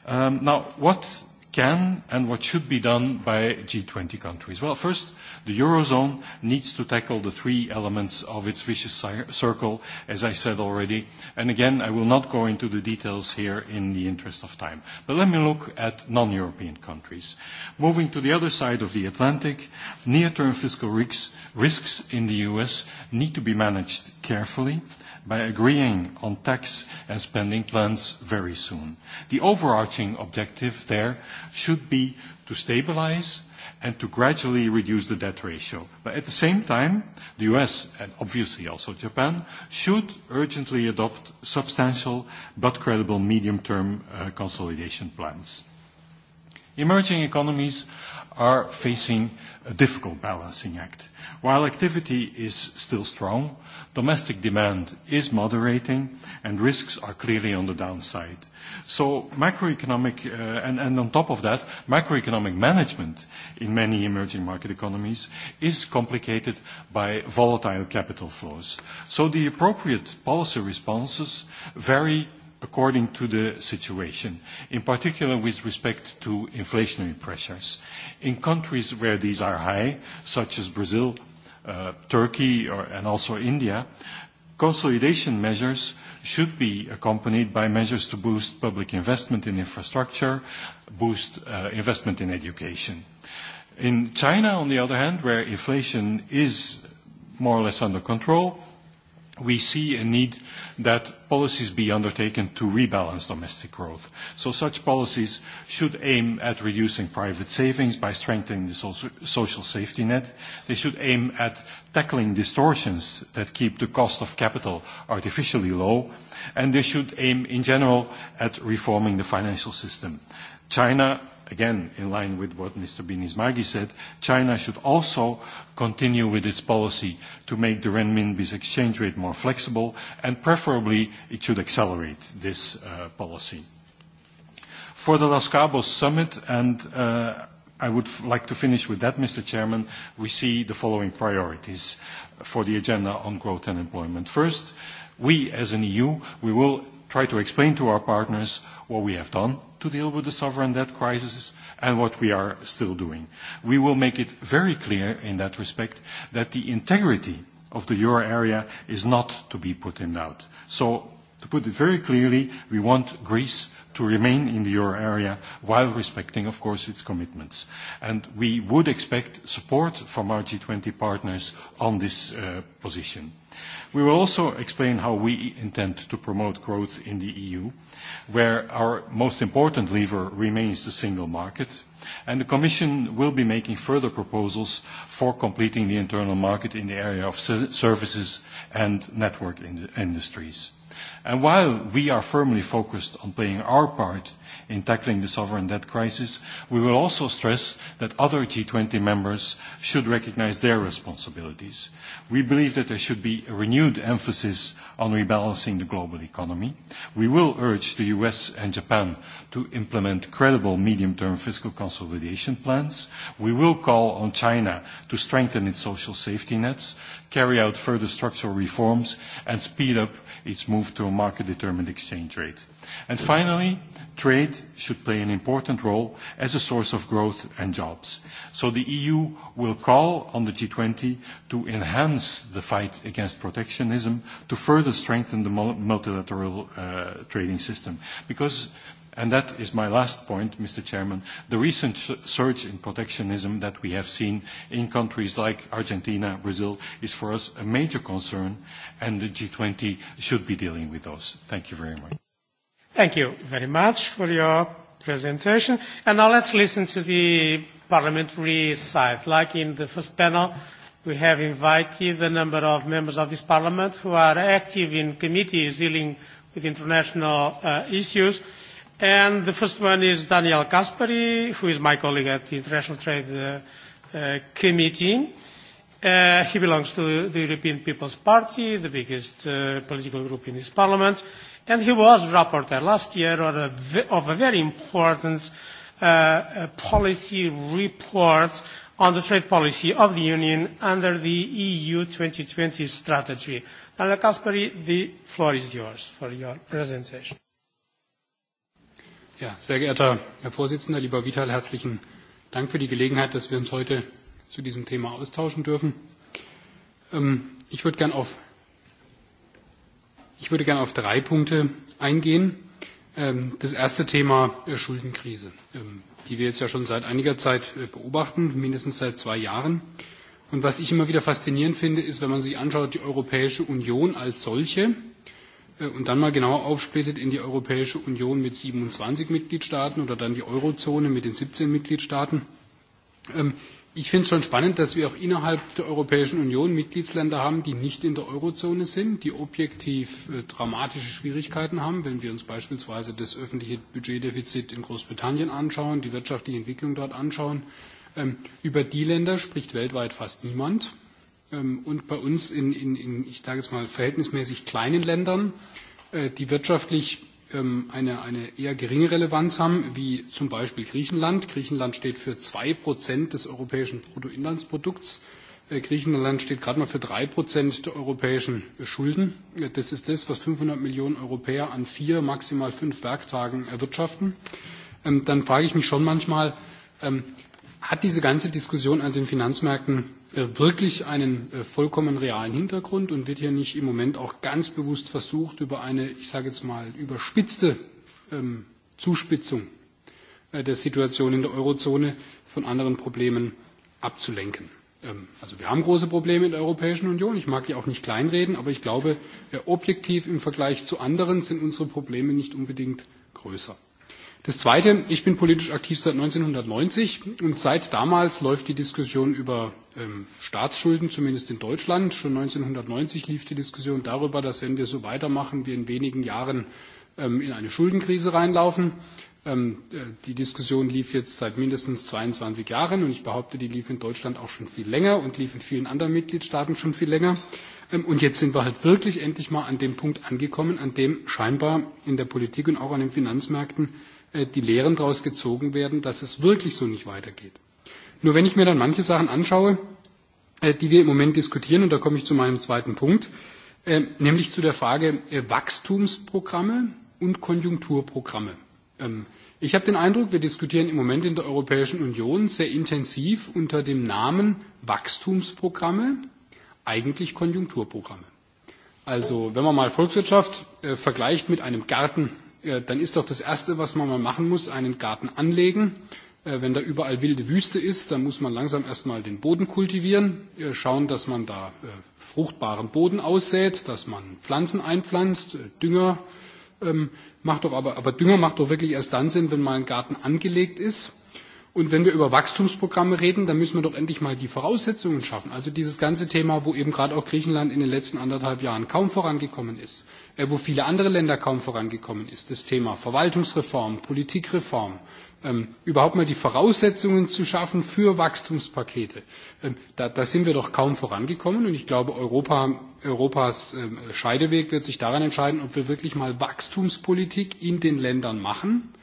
Um, now, what can and what should be done by G20 countries? Well, first, the Eurozone needs to tackle the three elements of its vicious circle, as I said already. And again, I will not go into the details here in the interest of time. But let me look at non-European countries. Moving to the other side of the Atlantic, near-term fiscal risks, risks in the US need to be managed carefully by agreeing on tax and spending plans very soon. The overarching objective there should be to stabilize and to gradually reduce the debt ratio. But at the same time, the US and obviously also Japan should urgently adopt substantial but credible medium-term uh, consolidation plans. Emerging economies are facing a difficult balancing act. While activity is still strong, domestic demand is moderating and risks are clearly on the downside. So macroeconomic, uh, and on top of that, macroeconomic management in many emerging market economies is complicated by volatile capital flows. So the appropriate policy responses vary according to the situation, in particular with respect to inflationary pressures. In countries where these are high, such as Brazil, Uh, Turkey or, and also India, consolidation measures should be accompanied by measures to boost public investment in infrastructure, boost uh, investment in education. In China, on the other hand, where inflation is more or less under control, we see a need that policies be undertaken to rebalance domestic growth. So such policies should aim at reducing private savings by strengthening the social safety net. They should aim at tackling distortions that keep the cost of capital artificially low. And they should aim in general at reforming the financial system. China again, in line with what Mr. Binismagi said, China should also continue with its policy to make the renminbi's exchange rate more flexible, and preferably it should accelerate this uh, policy. For the Los Cabos summit, and uh, I would like to finish with that, Mr. Chairman, we see the following priorities for the agenda on growth and employment. First, we as an EU, we will try to explain to our partners what we have done, to deal with the sovereign debt crisis and what we are still doing. We will make it very clear in that respect that the integrity of the euro area is not to be put in doubt. So, to put it very clearly, we want Greece to remain in the euro area while respecting, of course, its commitments. And we would expect support from our G20 partners on this uh, position. We will also explain how we intend to promote growth in the EU, where our most important lever remains the single market, and the Commission will be making further proposals for completing the internal market in the area of services and network in industries. And while we are firmly focused on playing our part in tackling the sovereign debt crisis, we will also stress that other G20 members should recognize their responsibilities. We believe that there should be a renewed emphasis on rebalancing the global economy. We will urge the US and Japan to implement credible medium-term fiscal consolidation plans. We will call on China to strengthen its social safety nets, carry out further structural reforms, and speed up its move to a market-determined exchange rate. And finally, trade should play an important role as a source of growth and jobs. So the EU will call on the G20 to enhance the fight against protectionism to further strengthen the multilateral uh, trading system. Because And that is my last point, Mr. Chairman. The recent surge in protectionism that we have seen in countries like Argentina, Brazil, is for us a major concern, and the G20 should be dealing with those. Thank you very much. Thank you very much for your presentation. And now let's listen to the parliamentary side. Like in the first panel, we have invited a number of members of this parliament who are active in committees dealing with international uh, issues And the first one is Daniel Kaspari, who is my colleague at the International Trade uh, uh, Committee. Uh, he belongs to the European People's Party, the biggest uh, political group in this parliament, and he was rapporteur last year of a, of a very important uh, policy report on the trade policy of the Union under the EU 2020 strategy. Daniel Kaspari, the floor is yours for your presentation. Ja, sehr geehrter Herr Vorsitzender, lieber Vital, herzlichen Dank für die Gelegenheit, dass wir uns heute zu diesem Thema austauschen dürfen. Ähm, ich würde gern auf ich würde gern auf drei Punkte eingehen. Ähm, das erste Thema äh, Schuldenkrise, ähm, die wir jetzt ja schon seit einiger Zeit äh, beobachten, mindestens seit zwei Jahren. Und was ich immer wieder faszinierend finde, ist, wenn man sich anschaut, die Europäische Union als solche, Äh, und dann mal genauer aufsplittet in die Europäische Union mit 27 Mitgliedstaaten oder dann die Eurozone mit den 17 Mitgliedstaaten. Ähm, ich finde es schon spannend, dass wir auch innerhalb der Europäischen Union Mitgliedsländer haben, die nicht in der Eurozone sind, die objektiv äh, dramatische Schwierigkeiten haben, wenn wir uns beispielsweise das öffentliche Budgetdefizit in Großbritannien anschauen, die wirtschaftliche Entwicklung dort anschauen. Ähm, über die Länder spricht weltweit fast niemand. Ähm, und bei uns in, in, in ich sage jetzt mal, verhältnismäßig kleinen Ländern, äh, die wirtschaftlich ähm, eine, eine eher geringe Relevanz haben, wie zum Beispiel Griechenland. Griechenland steht für zwei Prozent des europäischen Bruttoinlandsprodukts. Äh, Griechenland steht gerade mal für drei Prozent der europäischen Schulden. Äh, das ist das, was 500 Millionen Europäer an vier, maximal fünf Werktagen erwirtschaften. Ähm, dann frage ich mich schon manchmal, hat diese ganze Diskussion an den Finanzmärkten Äh, wirklich einen äh, vollkommen realen Hintergrund und wird hier nicht im Moment auch ganz bewusst versucht, über eine, ich sage jetzt mal, überspitzte ähm, Zuspitzung äh, der Situation in der Eurozone von anderen Problemen abzulenken. Ähm, also wir haben große Probleme in der Europäischen Union. Ich mag die auch nicht kleinreden, aber ich glaube, objektiv im Vergleich zu anderen sind unsere Probleme nicht unbedingt größer. Das Zweite, ich bin politisch aktiv seit 1990 und seit damals läuft die Diskussion über ähm, Staatsschulden, zumindest in Deutschland. Schon 1990 lief die Diskussion darüber, dass wenn wir so weitermachen, wir in wenigen Jahren ähm, in eine Schuldenkrise reinlaufen. Ähm, äh, die Diskussion lief jetzt seit mindestens 22 Jahren und ich behaupte, die lief in Deutschland auch schon viel länger und lief in vielen anderen Mitgliedstaaten schon viel länger. Ähm, und jetzt sind wir halt wirklich endlich mal an dem Punkt angekommen, an dem scheinbar in der Politik und auch an den Finanzmärkten Äh, die Lehren daraus gezogen werden, dass es wirklich so nicht weitergeht. Nur wenn ich mir dann manche Sachen anschaue, äh, die wir im Moment diskutieren, und da komme ich zu meinem zweiten Punkt, äh, nämlich zu der Frage Wachstumsprogramme und Konjunkturprogramme. Ähm, ich habe den Eindruck, wir diskutieren im Moment in der Europäischen Union sehr intensiv unter dem Namen Wachstumsprogramme, eigentlich Konjunkturprogramme. Also wenn man mal Volkswirtschaft äh, vergleicht mit einem Garten Äh, dann ist doch das Erste, was man mal machen muss, einen Garten anlegen. Äh, wenn da überall wilde Wüste ist, dann muss man langsam erstmal den Boden kultivieren, äh, schauen, dass man da fruchtbaren Boden aussät, dass man Pflanzen einpflanzt, Dünger ähm, macht doch aber, aber Dünger macht doch wirklich erst dann Sinn, wenn mal ein Garten angelegt ist. Und wenn wir über Wachstumsprogramme reden, dann müssen wir doch endlich mal die Voraussetzungen schaffen. Also dieses ganze Thema, wo eben gerade auch Griechenland in den letzten anderthalb Jahren kaum vorangekommen ist, äh, wo viele andere Länder kaum vorangekommen ist, das Thema Verwaltungsreform, Politikreform, ähm, überhaupt mal die Voraussetzungen zu schaffen für Wachstumspakete. Ähm, da, da sind wir doch kaum vorangekommen und ich glaube, Europa, Europas äh, Scheideweg wird sich daran entscheiden, ob wir wirklich mal Wachstumspolitik in den Ländern machen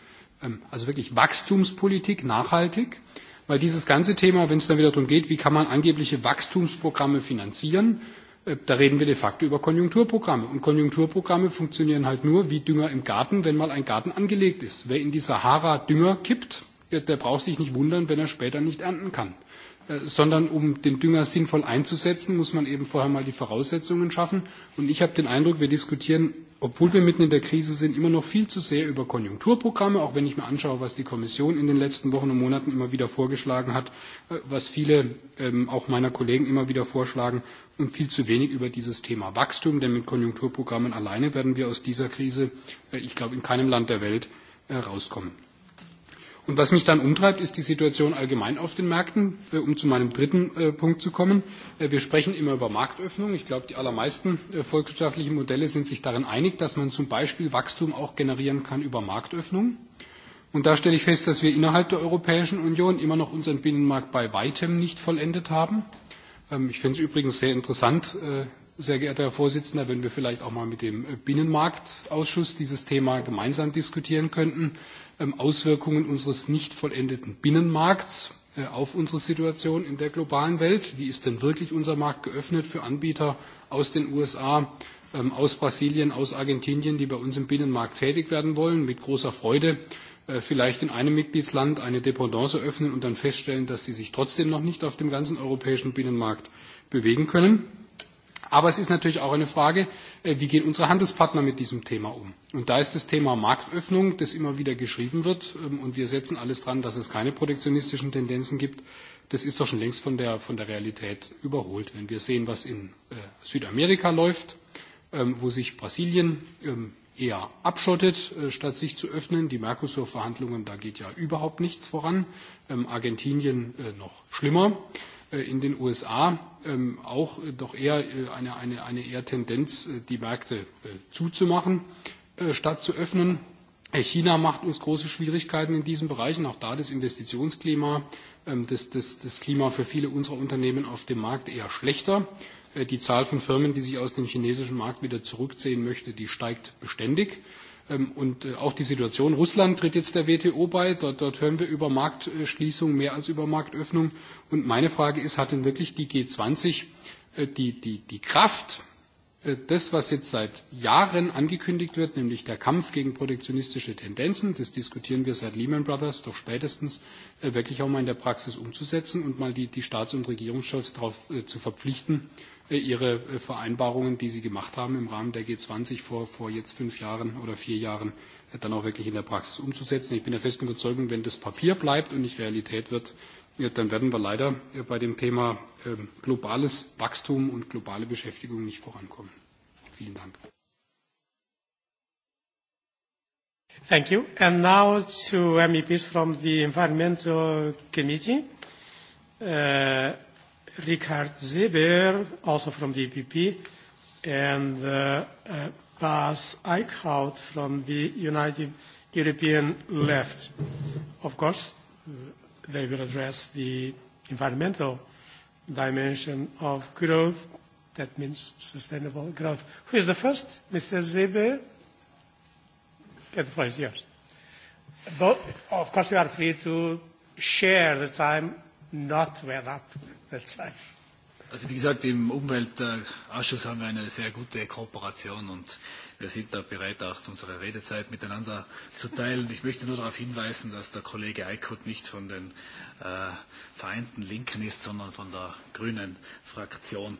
Ähm, also wirklich Wachstumspolitik nachhaltig, weil dieses ganze Thema, wenn es dann wieder darum geht, wie kann man angebliche Wachstumsprogramme finanzieren, äh, da reden wir de facto über Konjunkturprogramme. Und Konjunkturprogramme funktionieren halt nur wie Dünger im Garten, wenn mal ein Garten angelegt ist. Wer in die Sahara Dünger kippt, der braucht sich nicht wundern, wenn er später nicht ernten kann. Äh, sondern um den Dünger sinnvoll einzusetzen, muss man eben vorher mal die Voraussetzungen schaffen. Und ich habe den Eindruck, wir diskutieren obwohl wir mitten in der Krise sind, immer noch viel zu sehr über Konjunkturprogramme, auch wenn ich mir anschaue, was die Kommission in den letzten Wochen und Monaten immer wieder vorgeschlagen hat, äh, was viele ähm, auch meiner Kollegen immer wieder vorschlagen und viel zu wenig über dieses Thema Wachstum, denn mit Konjunkturprogrammen alleine werden wir aus dieser Krise, äh, ich glaube, in keinem Land der Welt äh, rauskommen. Und was mich dann umtreibt, ist die Situation allgemein auf den Märkten, äh, um zu meinem dritten äh, Punkt zu kommen. Äh, wir sprechen immer über Marktöffnung. Ich glaube, die allermeisten volkswirtschaftlichen Modelle sind sich darin einig, dass man zum Beispiel Wachstum auch generieren kann über Marktöffnung. Und da stelle ich fest, dass wir innerhalb der Europäischen Union immer noch unseren Binnenmarkt bei weitem nicht vollendet haben. Ähm, ich finde es übrigens sehr interessant, sehr geehrter Herr Vorsitzender, wenn wir vielleicht auch mal mit dem Binnenmarktausschuss dieses Thema gemeinsam diskutieren könnten Ähm, Auswirkungen unseres nicht vollendeten Binnenmarkts äh, auf unsere Situation in der globalen Welt. Wie ist denn wirklich unser Markt geöffnet für Anbieter aus den USA, ähm, aus Brasilien, aus Argentinien, die bei uns im Binnenmarkt tätig werden wollen? Mit großer Freude äh, vielleicht in einem Mitgliedsland eine Dependance öffnen und dann feststellen, dass sie sich trotzdem noch nicht auf dem ganzen europäischen Binnenmarkt bewegen können. Aber es ist natürlich auch eine Frage, äh, wie gehen unsere Handelspartner mit diesem Thema um? Und da ist das Thema Marktöffnung, das immer wieder geschrieben wird, ähm, und wir setzen alles dran, dass es keine protektionistischen Tendenzen gibt. Das ist doch schon längst von der, von der Realität überholt. Wenn wir sehen, was in äh, Südamerika läuft, ähm, wo sich Brasilien ähm, eher abschottet, äh, statt sich zu öffnen. Die Mercosur-Verhandlungen, da geht ja überhaupt nichts voran. Argentinien noch schlimmer. Äh, in den USA ähm, auch äh, doch eher äh, eine, eine, eine eher Tendenz, die Märkte zuzumachen, statt zu öffnen. China macht uns große Schwierigkeiten in diesen Bereichen, auch da das Investitionsklima, ähm, das, das, das Klima für viele unserer Unternehmen auf dem Markt eher schlechter. Die Zahl von Firmen, die sich aus dem chinesischen Markt wieder zurückziehen möchte, die steigt beständig. Ähm, und äh, auch die Situation Russland tritt jetzt der WTO bei. Dort, dort hören wir über Marktschließung mehr als über Marktöffnung. Und meine Frage ist, hat denn wirklich die G20 äh, die, die, die Kraft, äh, das, was jetzt seit Jahren angekündigt wird, nämlich der Kampf gegen protektionistische Tendenzen, das diskutieren wir seit Lehman Brothers, doch spätestens wirklich auch mal in der Praxis umzusetzen und mal die, die Staats- und Regierungschefs darauf zu verpflichten, Äh, ihre äh, Vereinbarungen, die Sie gemacht haben im Rahmen der G20 vor, vor jetzt fünf Jahren oder vier Jahren, äh, dann auch wirklich in der Praxis umzusetzen. Ich bin der festen Überzeugung, wenn das Papier bleibt und nicht Realität wird, dann werden wir leider bei dem Thema ähm, globales Wachstum und globale Beschäftigung nicht vorankommen. Vielen Dank. Thank you. And now to MEPs from the Environmental Committee. Uh, Richard Zeber, also from the EPP, and uh, uh, Bas Eichhout from the United European Left. Of course, uh, they will address the environmental dimension of growth, that means sustainable growth. Who is the first? Mr. Zeber? Get the floor yours. But, of course, you are free to share the time, not to add up wird sein. Also wie gesagt, im Umweltausschuss haben wir eine sehr gute Kooperation und wir sind da bereit, auch unsere Redezeit miteinander zu teilen. Ich möchte nur darauf hinweisen, dass der Kollege Eickhut nicht von den äh, Vereinten Linken ist, sondern von der grünen Fraktion.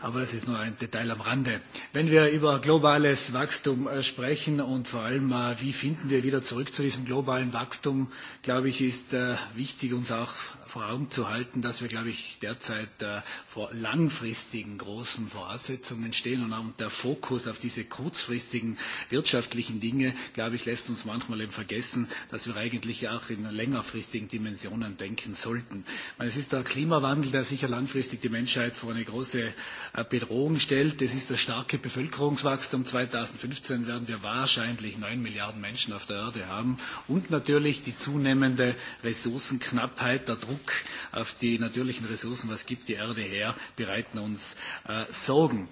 Aber das ist nur ein Detail am Rande. Wenn wir über globales Wachstum äh, sprechen und vor allem, äh, wie finden wir wieder zurück zu diesem globalen Wachstum, glaube ich, ist äh, wichtig, uns auch vor Augen zu halten, dass wir, glaube ich, derzeit äh, vor langfristigen großen Voraussetzungen stehen und, und der Fokus auf diese kurzfristigen wirtschaftlichen Dinge, glaube ich, lässt uns manchmal eben vergessen, dass wir eigentlich auch in längerfristigen Dimensionen denken sollten. Meine, es ist der Klimawandel, der sicher langfristig die Menschheit vor eine große äh, Bedrohung stellt. Es ist das starke Bevölkerungswachstum. 2015 werden wir wahrscheinlich 9 Milliarden Menschen auf der Erde haben und natürlich die zunehmende Ressourcenknappheit, der Druck Druck auf die natürlichen Ressourcen, was gibt die Erde her, bereiten uns äh, Sorgen.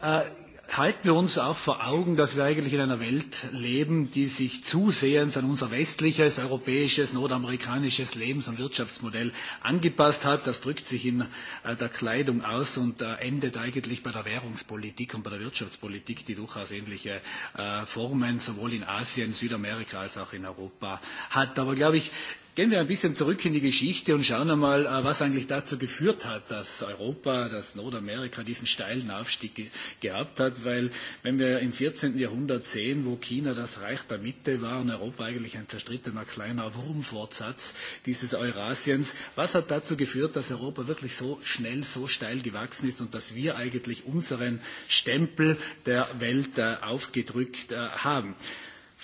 Äh, halten wir uns auch vor Augen, dass wir eigentlich in einer Welt leben, die sich zusehends an unser westliches, europäisches, nordamerikanisches Lebens- und Wirtschaftsmodell angepasst hat. Das drückt sich in äh, der Kleidung aus und äh, endet eigentlich bei der Währungspolitik und bei der Wirtschaftspolitik, die durchaus ähnliche äh, Formen sowohl in Asien, Südamerika als auch in Europa hat. Aber glaube ich, Gehen wir ein bisschen zurück in die Geschichte und schauen einmal, äh, was eigentlich dazu geführt hat, dass Europa, dass Nordamerika diesen steilen Aufstieg ge gehabt hat, weil wenn wir im 14. Jahrhundert sehen, wo China das Reich der Mitte war und Europa eigentlich ein zerstrittener kleiner Wurmfortsatz dieses Eurasiens, was hat dazu geführt, dass Europa wirklich so schnell, so steil gewachsen ist und dass wir eigentlich unseren Stempel der Welt äh, aufgedrückt äh, haben?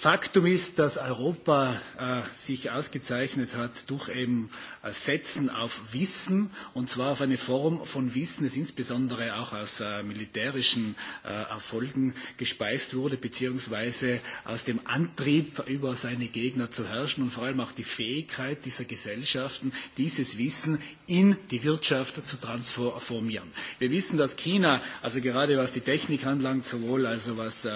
Faktum ist, dass Europa äh, sich ausgezeichnet hat durch eben Äh, setzen auf Wissen und zwar auf eine Form von Wissen, das insbesondere auch aus äh, militärischen äh, Erfolgen gespeist wurde, beziehungsweise aus dem Antrieb, über seine Gegner zu herrschen und vor allem auch die Fähigkeit dieser Gesellschaften, dieses Wissen in die Wirtschaft zu transformieren. Wir wissen, dass China, also gerade was die Technik anlangt, sowohl also was äh,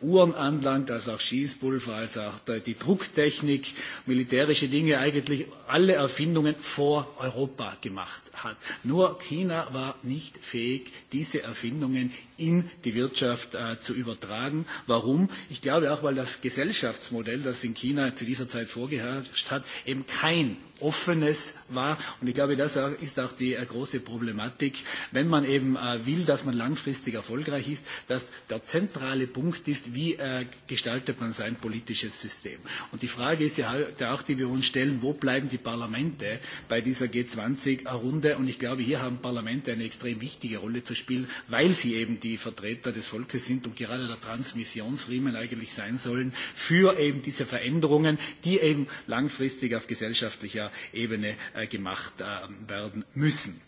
Uhren anlangt, als auch Schießpulver, als auch die Drucktechnik, militärische Dinge, eigentlich alle Erfindungen, Erfindungen vor Europa gemacht hat. Nur China war nicht fähig, diese Erfindungen in die Wirtschaft äh, zu übertragen. Warum? Ich glaube auch, weil das Gesellschaftsmodell, das in China zu dieser Zeit vorgeherrscht hat, eben kein Offenes war. Und ich glaube, das ist auch die äh, große Problematik, wenn man eben äh, will, dass man langfristig erfolgreich ist, dass der zentrale Punkt ist, wie äh, gestaltet man sein politisches System. Und die Frage ist ja auch, die wir uns stellen, wo bleiben die Parlamente bei dieser G20-Runde? Und ich glaube, hier haben Parlamente eine extrem wichtige Rolle zu spielen, weil sie eben die Vertreter des Volkes sind und gerade der Transmissionsriemen eigentlich sein sollen für eben diese Veränderungen, die eben langfristig auf gesellschaftlicher europäischer Ebene äh, gemacht äh, werden müssen.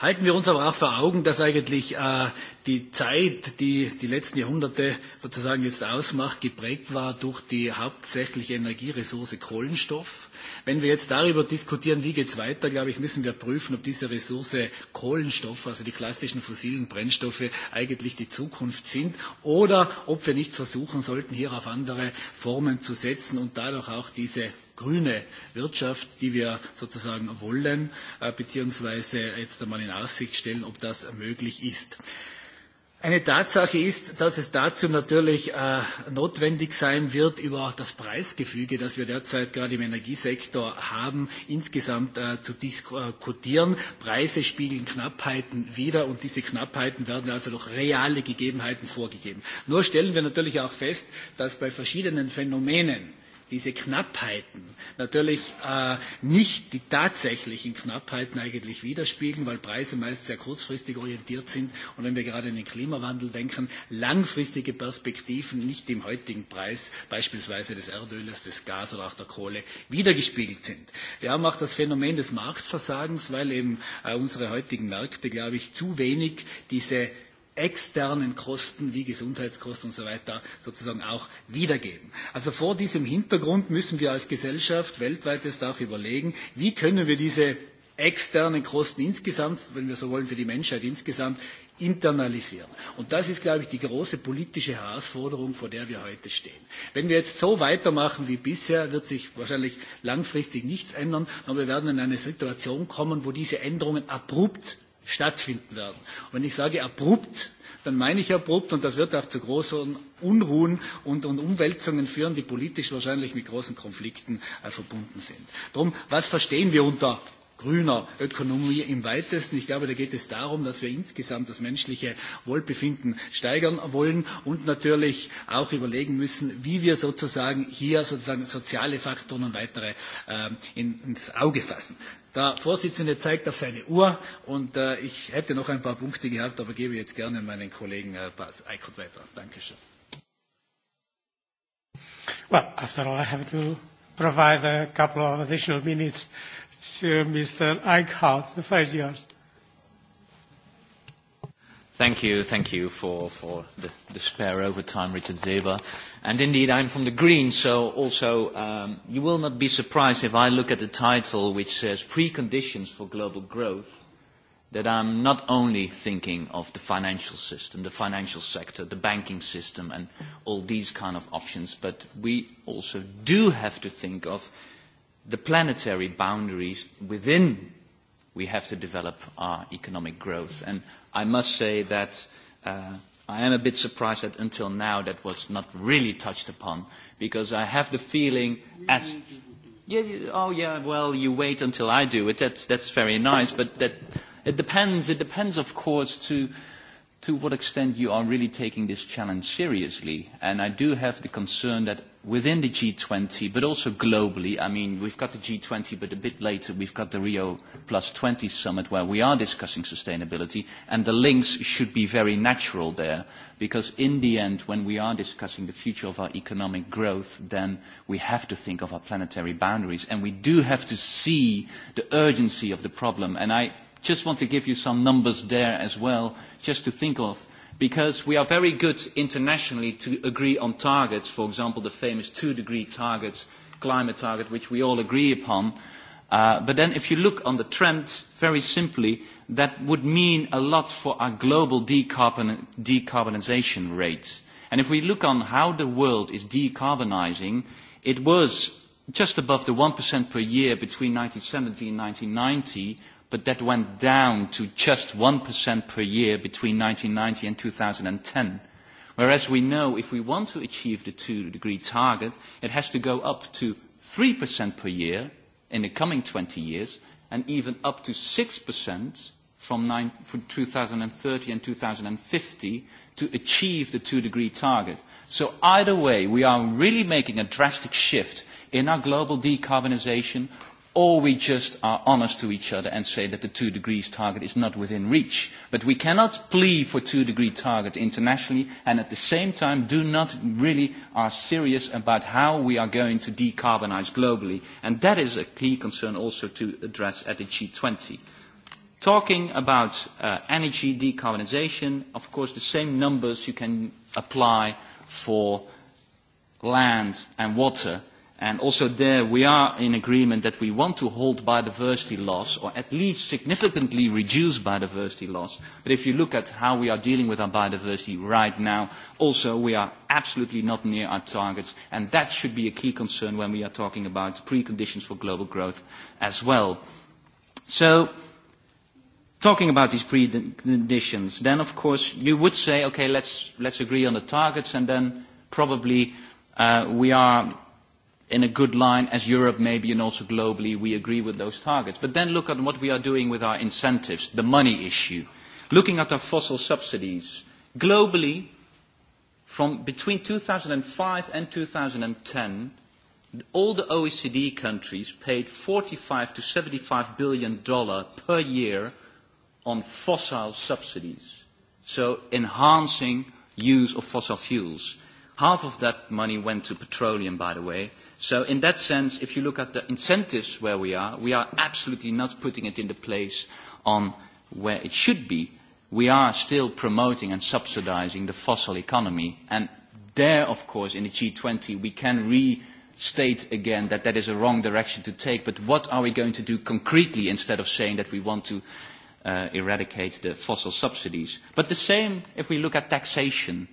Halten wir uns aber auch vor Augen, dass eigentlich äh, die Zeit, die die letzten Jahrhunderte sozusagen jetzt ausmacht, geprägt war durch die hauptsächliche Energieressource Kohlenstoff. Wenn wir jetzt darüber diskutieren, wie geht es weiter, glaube ich, müssen wir prüfen, ob diese Ressource Kohlenstoff, also die klassischen fossilen Brennstoffe, eigentlich die Zukunft sind oder ob wir nicht versuchen sollten, hier auf andere Formen zu setzen und dadurch auch diese grüne Wirtschaft, die wir sozusagen wollen, äh, beziehungsweise jetzt einmal in Aussicht stellen, ob das möglich ist. Eine Tatsache ist, dass es dazu natürlich äh, notwendig sein wird, über das Preisgefüge, das wir derzeit gerade im Energiesektor haben, insgesamt äh, zu diskutieren. Preise spiegeln Knappheiten wider und diese Knappheiten werden also durch reale Gegebenheiten vorgegeben. Nur stellen wir natürlich auch fest, dass bei verschiedenen Phänomenen, diese Knappheiten natürlich äh, nicht die tatsächlichen Knappheiten eigentlich widerspiegeln, weil Preise meist sehr kurzfristig orientiert sind und wenn wir gerade an den Klimawandel denken, langfristige Perspektiven nicht im heutigen Preis beispielsweise des Erdöles, des Gas oder auch der Kohle wiedergespiegelt sind. Wir haben auch das Phänomen des Marktversagens, weil eben äh, unsere heutigen Märkte, glaube ich, zu wenig diese externen Kosten wie Gesundheitskosten und so weiter sozusagen auch wiedergeben. Also vor diesem Hintergrund müssen wir als Gesellschaft weltweit jetzt auch überlegen, wie können wir diese externen Kosten insgesamt, wenn wir so wollen, für die Menschheit insgesamt internalisieren. Und das ist, glaube ich, die große politische Herausforderung, vor der wir heute stehen. Wenn wir jetzt so weitermachen wie bisher, wird sich wahrscheinlich langfristig nichts ändern, aber wir werden in eine Situation kommen, wo diese Änderungen abrupt stattfinden werden. Und ich sage abrupt, dann meine ich abrupt, und das wird auch zu großen Unruhen und, und Umwälzungen führen, die politisch wahrscheinlich mit großen Konflikten äh, verbunden sind. Darum, was verstehen wir unter grüner Ökonomie im weitesten. Ich glaube, da geht es darum, dass wir insgesamt das menschliche Wohlbefinden steigern wollen und natürlich auch überlegen müssen, wie wir sozusagen hier sozusagen soziale Faktoren und weitere äh, ins Auge fassen. Der Vorsitzende zeigt auf seine Uhr und äh, ich hätte noch ein paar Punkte gehabt, aber gebe jetzt gerne meinen Kollegen äh, Bas Eickert weiter. Dankeschön. Well, after all, I have to provide a couple of additional minutes to Mr. Eichhardt. The floor is yours. Thank you, thank you for, for the, the spare overtime, Richard Zeber. And indeed, I'm from the Greens, so also um, you will not be surprised if I look at the title which says Preconditions for Global Growth, that I'm not only thinking of the financial system, the financial sector, the banking system, and all these kind of options, but we also do have to think of the planetary boundaries within we have to develop our economic growth. And I must say that uh, I am a bit surprised that until now that was not really touched upon, because I have the feeling as... Yeah, you, oh yeah, well, you wait until I do it, that's, that's very nice, but that, it depends, it depends of course to to what extent you are really taking this challenge seriously. And I do have the concern that within the G20, but also globally, I mean, we've got the G20, but a bit later we've got the Rio plus 20 summit where we are discussing sustainability, and the links should be very natural there, because in the end, when we are discussing the future of our economic growth, then we have to think of our planetary boundaries, and we do have to see the urgency of the problem. And I just want to give you some numbers there as well, just to think of, because we are very good internationally to agree on targets, for example, the famous two-degree targets, climate target, which we all agree upon. Uh, but then if you look on the trends very simply, that would mean a lot for our global decarbon decarbonization rate. And if we look on how the world is decarbonizing, it was just above the 1% per year between 1970 and 1990, but that went down to just 1% per year between 1990 and 2010. Whereas we know if we want to achieve the two-degree target, it has to go up to 3% per year in the coming 20 years, and even up to 6% from, nine, from 2030 and 2050 to achieve the two-degree target. So either way, we are really making a drastic shift in our global decarbonization or we just are honest to each other and say that the two degrees target is not within reach. But we cannot plead for two degree target internationally and at the same time do not really are serious about how we are going to decarbonize globally. And that is a key concern also to address at the G20. Talking about uh, energy decarbonization, of course the same numbers you can apply for land and water And also there we are in agreement that we want to hold biodiversity loss or at least significantly reduce biodiversity loss. But if you look at how we are dealing with our biodiversity right now, also we are absolutely not near our targets. And that should be a key concern when we are talking about preconditions for global growth as well. So talking about these preconditions, then of course you would say, okay, let's, let's agree on the targets and then probably uh, we are in a good line as Europe maybe and also globally we agree with those targets. But then look at what we are doing with our incentives, the money issue. Looking at our fossil subsidies, globally from between 2005 and 2010 all the OECD countries paid 45 to 75 billion dollar per year on fossil subsidies, so enhancing use of fossil fuels. Half of that money went to petroleum, by the way. So in that sense, if you look at the incentives where we are, we are absolutely not putting it into place on where it should be. We are still promoting and subsidizing the fossil economy. And there, of course, in the G20, we can restate again that that is a wrong direction to take. But what are we going to do concretely instead of saying that we want to uh, eradicate the fossil subsidies? But the same if we look at taxation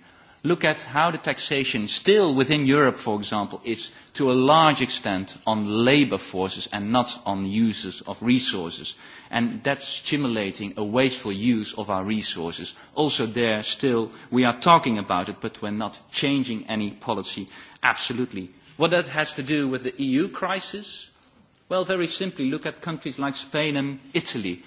look at how the taxation still within Europe, for example, is to a large extent on labor forces and not on uses of resources. And that's stimulating a wasteful use of our resources. Also there still we are talking about it, but we're not changing any policy absolutely. What that has to do with the EU crisis? Well, very simply, look at countries like Spain and Italy.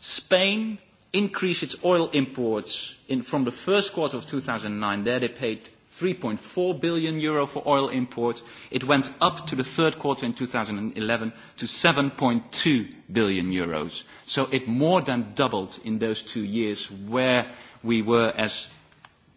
Spain increase its oil imports in, from the first quarter of 2009. There they paid 3.4 billion euro for oil imports. It went up to the third quarter in 2011 to 7.2 billion euros. So it more than doubled in those two years where we were as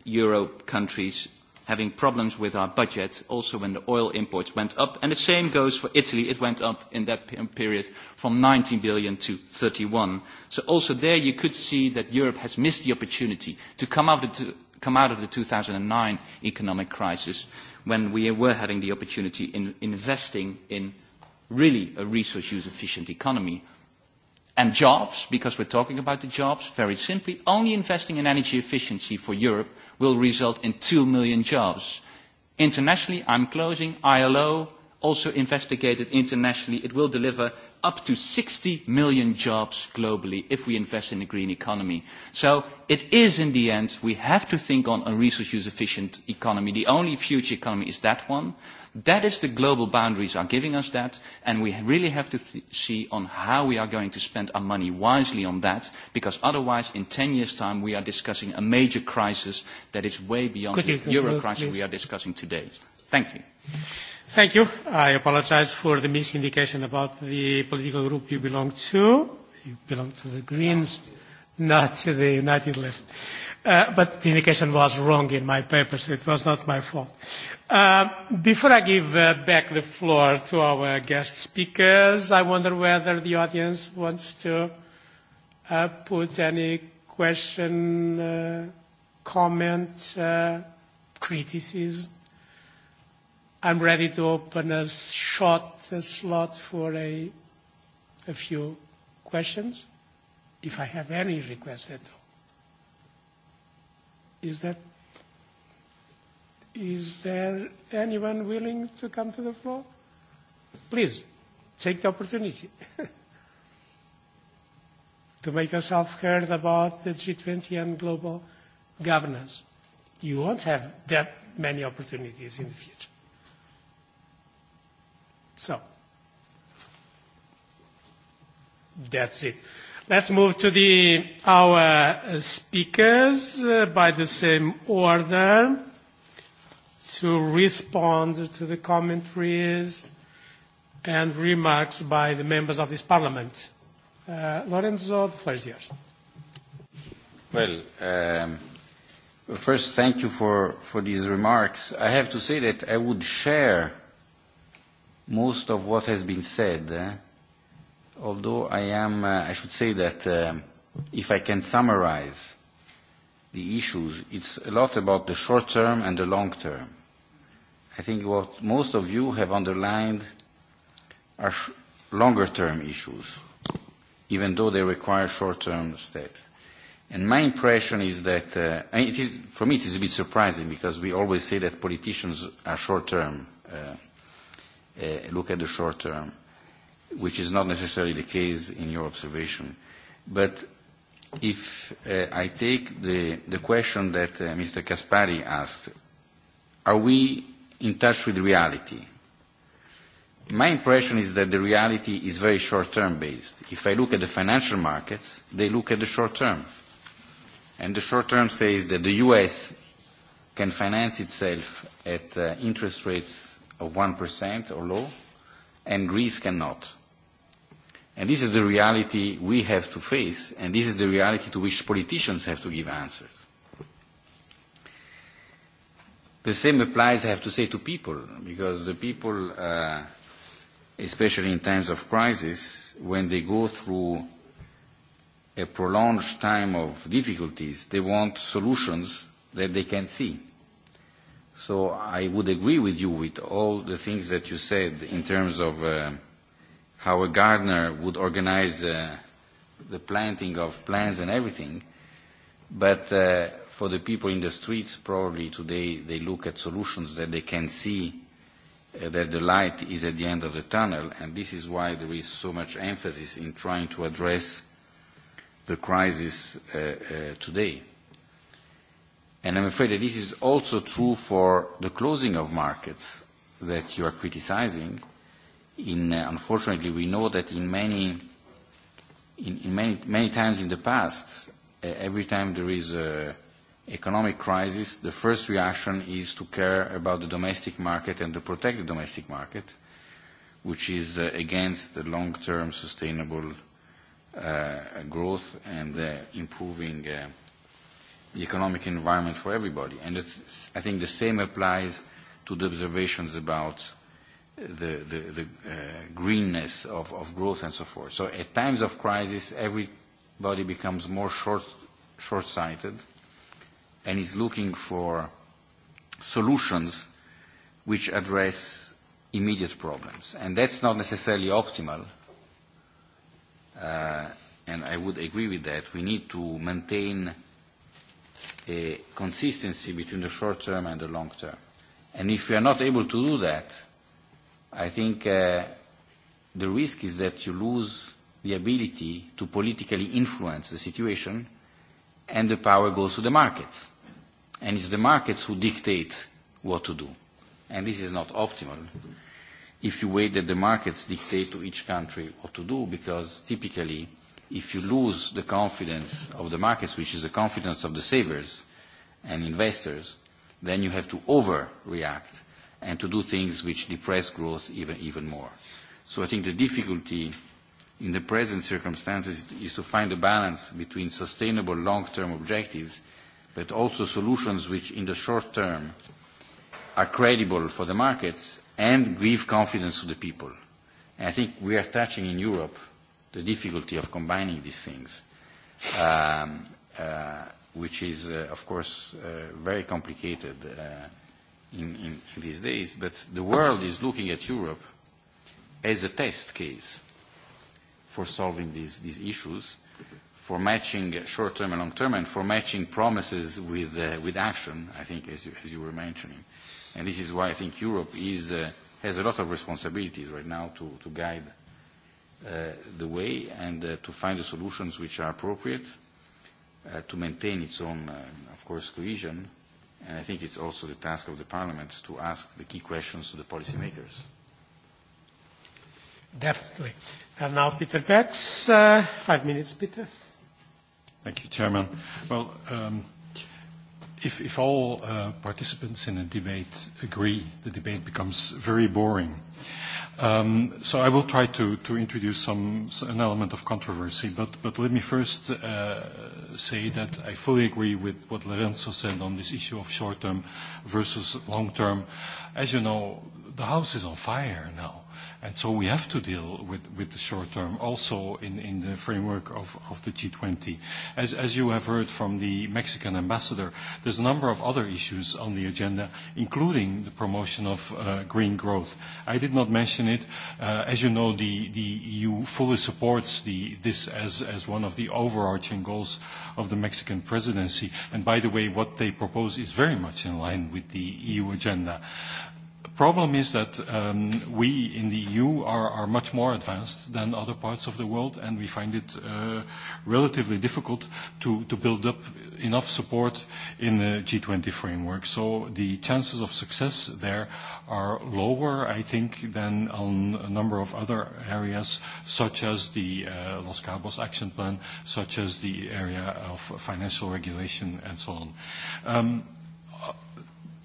Euro countries having problems with our budget also when the oil imports went up. And the same goes for Italy. It went up in that period from 19 billion to 31. So also there you could see that Europe has missed the opportunity to come out of the, come out of the 2009 economic crisis when we were having the opportunity in investing in really a resource use efficient economy. And jobs, because we're talking about the jobs, very simply, only investing in energy efficiency for Europe will result in 2 million jobs. Internationally, I'm closing, ILO also investigated internationally, it will deliver up to 60 million jobs globally if we invest in the green economy. So it is in the end, we have to think on a resource use efficient economy. The only future economy is that one. That is the global boundaries are giving us that, and we really have to th see on how we are going to spend our money wisely on that, because otherwise in 10 years' time we are discussing a major crisis that is way beyond Could the euro crisis please? we are discussing today. Thank you. Thank you. I apologize for the misindication about the political group you belong to. You belong to the Greens, not to the United Left. Uh, but the indication was wrong in my papers. It was not my fault. Uh, before I give uh, back the floor to our guest speakers, I wonder whether the audience wants to uh, put any question, uh, comment, uh, criticism. I'm ready to open a short a slot for a, a few questions, if I have any requests at all. Is that is there anyone willing to come to the floor? Please take the opportunity to make yourself heard about the G20 and global governance. You won't have that many opportunities in the future. So, that's it. Let's move to the, our speakers uh, by the same order to respond to the commentaries and remarks by the members of this parliament. Uh, Lorenzo, the floor is yours. Well, um, first, thank you for, for these remarks. I have to say that I would share most of what has been said. Eh? although I am, uh, I should say that uh, if I can summarize the issues, it's a lot about the short term and the long term. I think what most of you have underlined are sh longer term issues, even though they require short term steps. And my impression is that, uh, it is, for me it is a bit surprising because we always say that politicians are short term, uh, uh, look at the short term which is not necessarily the case in your observation. But if uh, I take the, the question that uh, Mr. Kaspari asked, are we in touch with reality? My impression is that the reality is very short-term based. If I look at the financial markets, they look at the short-term. And the short-term says that the U.S. can finance itself at uh, interest rates of 1% or low, and Greece cannot. And this is the reality we have to face, and this is the reality to which politicians have to give answers. The same applies, I have to say, to people, because the people, uh, especially in times of crisis, when they go through a prolonged time of difficulties, they want solutions that they can see. So I would agree with you with all the things that you said in terms of uh, how a gardener would organize uh, the planting of plants and everything, but uh, for the people in the streets, probably today they look at solutions that they can see uh, that the light is at the end of the tunnel, and this is why there is so much emphasis in trying to address the crisis uh, uh, today. And I'm afraid that this is also true for the closing of markets that you are criticizing, in, uh, unfortunately, we know that in many, in, in many, many times in the past, uh, every time there is a economic crisis, the first reaction is to care about the domestic market and to protect the domestic market, which is uh, against the long-term sustainable uh, growth and uh, improving uh, the economic environment for everybody. And it's, I think the same applies to the observations about the, the, the uh, greenness of, of growth and so forth. So at times of crisis, everybody becomes more short, short-sighted and is looking for solutions which address immediate problems. And that's not necessarily optimal. Uh, and I would agree with that. We need to maintain a consistency between the short term and the long term. And if we are not able to do that, I think uh, the risk is that you lose the ability to politically influence the situation and the power goes to the markets. And it's the markets who dictate what to do. And this is not optimal if you wait that the markets dictate to each country what to do because typically if you lose the confidence of the markets, which is the confidence of the savers and investors, then you have to overreact and to do things which depress growth even, even more. So I think the difficulty in the present circumstances is to find a balance between sustainable long-term objectives but also solutions which in the short term are credible for the markets and give confidence to the people. And I think we are touching in Europe the difficulty of combining these things, um, uh, which is, uh, of course, uh, very complicated uh, in, in, in these days, but the world is looking at Europe as a test case for solving these, these issues, for matching short-term and long-term, and for matching promises with, uh, with action, I think, as you, as you were mentioning. And this is why I think Europe is, uh, has a lot of responsibilities right now to, to guide uh, the way and uh, to find the solutions which are appropriate uh, to maintain its own, uh, of course, cohesion, And I think it's also the task of the Parliament to ask the key questions to the policymakers. Definitely. And now Peter Becks. uh, five minutes, Peter. Thank you, Chairman. Well, um, if, if all uh, participants in a debate agree, the debate becomes very boring. Um, so I will try to, to introduce some, an element of controversy, but, but let me first uh, say that I fully agree with what Lorenzo said on this issue of short-term versus long-term. As you know, the house is on fire now And so we have to deal with, with the short term also in, in the framework of, of the G20. As, as you have heard from the Mexican ambassador, there's a number of other issues on the agenda, including the promotion of uh, green growth. I did not mention it. Uh, as you know, the, the EU fully supports the, this as, as one of the overarching goals of the Mexican presidency. And by the way, what they propose is very much in line with the EU agenda problem is that um, we in the EU are, are much more advanced than other parts of the world, and we find it uh, relatively difficult to, to build up enough support in the G20 framework. So the chances of success there are lower, I think, than on a number of other areas, such as the uh, Los Cabos Action Plan, such as the area of financial regulation, and so on. Um, uh,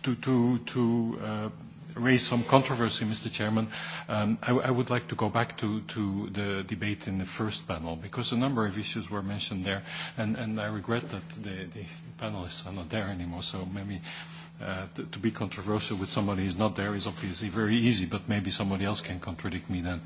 to to, to uh, raised some controversy, Mr. Chairman. Um, I, I would like to go back to, to the debate in the first panel because a number of issues were mentioned there, and, and I regret that the, the panelists are not there anymore, so maybe uh, to, to be controversial with somebody who's not there is obviously very easy, but maybe somebody else can contradict me then.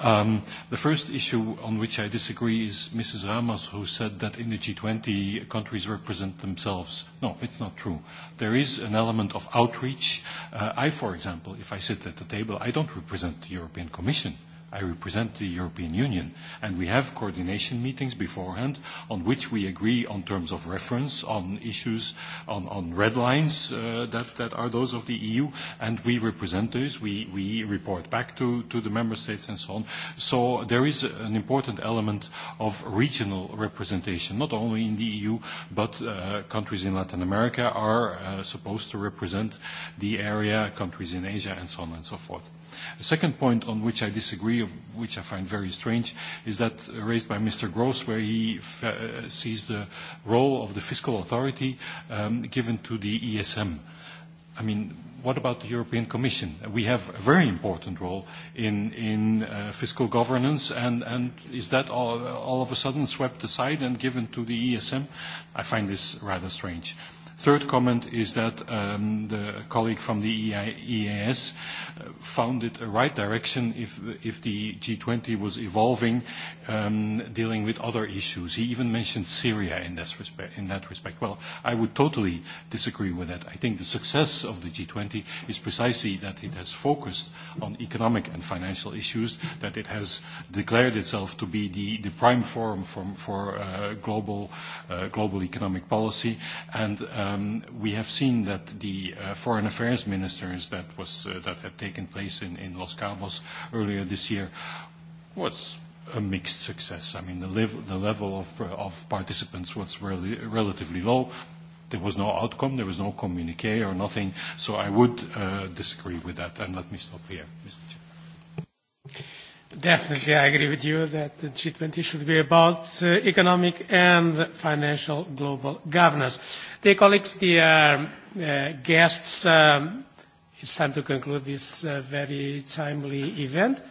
Um, the first issue on which I disagree is Mrs. Ramos, who said that in the G20 countries represent themselves. No, it's not true. There is an element of outreach. Uh, I, for example, if I sit at the table, I don't represent the European Commission. I represent the European Union, and we have coordination meetings beforehand on which we agree on terms of reference, on issues, on, on red lines uh, that, that are those of the EU, and we represent those, we, we report back to, to the member states and so on. So there is an important element of regional representation, not only in the EU, but uh, countries in Latin America are uh, supposed to represent the area, countries in Asia, and so on and so forth. A second point on which I disagree, which I find very strange, is that raised by Mr. Gross, where he f uh, sees the role of the fiscal authority um, given to the ESM. I mean, what about the European Commission? We have a very important role in, in uh, fiscal governance, and, and is that all, all of a sudden swept aside and given to the ESM? I find this rather strange. Uh, Third comment is that um, the colleague from the EAS e uh, found it a right direction if, if the G20 was evolving, um, dealing with other issues. He even mentioned Syria in, this respect, in that respect. Well, I would totally disagree with that. I think the success of the G20 is precisely that it has focused on economic and financial issues, that it has declared itself to be the, the prime forum for, for uh, global, uh, global economic policy, and uh, um, we have seen that the uh, foreign affairs ministers that was uh, that had taken place in, in Los Cabos earlier this year was a mixed success. I mean, the, lev the level of, of participants was really, relatively low. There was no outcome, there was no communique or nothing, so I would uh, disagree with that, and let me stop here, Mr. Chair. Definitely, I agree with you that the G20 should be about uh, economic and financial global governance. Dear colleagues, dear uh, guests, um, it's time to conclude this uh, very timely event.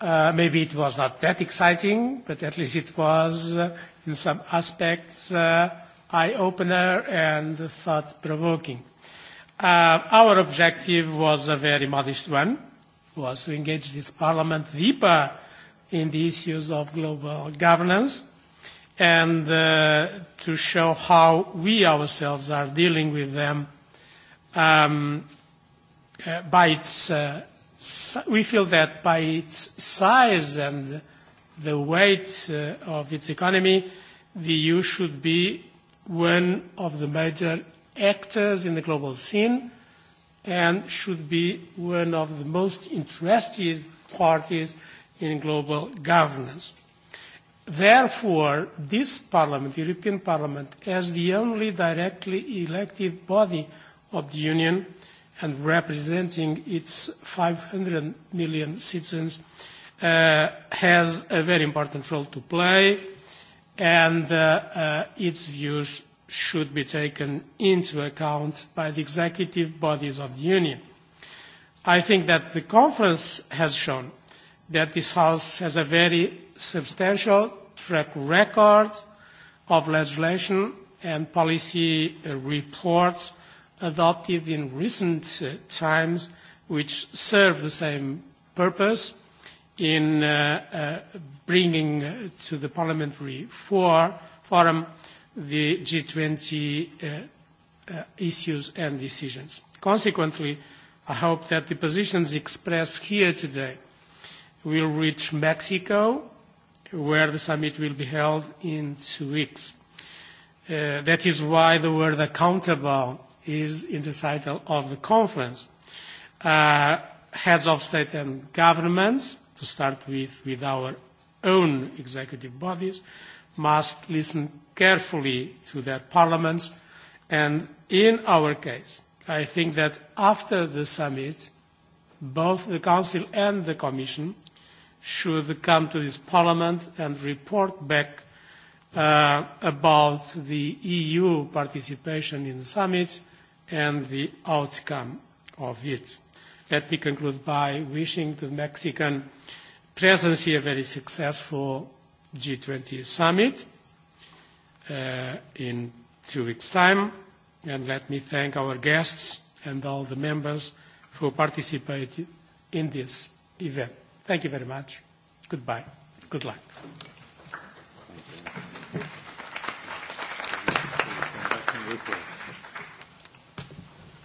Uh, maybe it was not that exciting, but at least it was, uh, in some aspects, uh, eye-opener and thought-provoking. Uh, our objective was a very modest one, was to engage this parliament deeper in the issues of global governance, and uh, to show how we ourselves are dealing with them um, uh, by its uh, si we feel that by its size and the weight uh, of its economy the EU should be one of the major actors in the global scene and should be one of the most interested parties in global governance. Therefore, this Parliament, the European Parliament, as the only directly elected body of the Union and representing its 500 million citizens, uh, has a very important role to play, and uh, uh, its views should be taken into account by the executive bodies of the Union. I think that the conference has shown that this House has a very substantial track record of legislation and policy uh, reports adopted in recent uh, times which serve the same purpose in uh, uh, bringing uh, to the parliamentary for, forum the G20 uh, uh, issues and decisions. Consequently, I hope that the positions expressed here today will reach Mexico where the summit will be held in two weeks. Uh, that is why the word accountable is in the title of the conference. Uh, heads of state and governments, to start with, with our own executive bodies, must listen carefully to their parliaments. And in our case, I think that after the summit, both the Council and the Commission should come to this Parliament and report back uh, about the EU participation in the summit and the outcome of it. Let me conclude by wishing the Mexican presidency a very successful G20 summit uh, in two weeks' time. And let me thank our guests and all the members who participated in this event. Thank you very much. Goodbye. Good luck.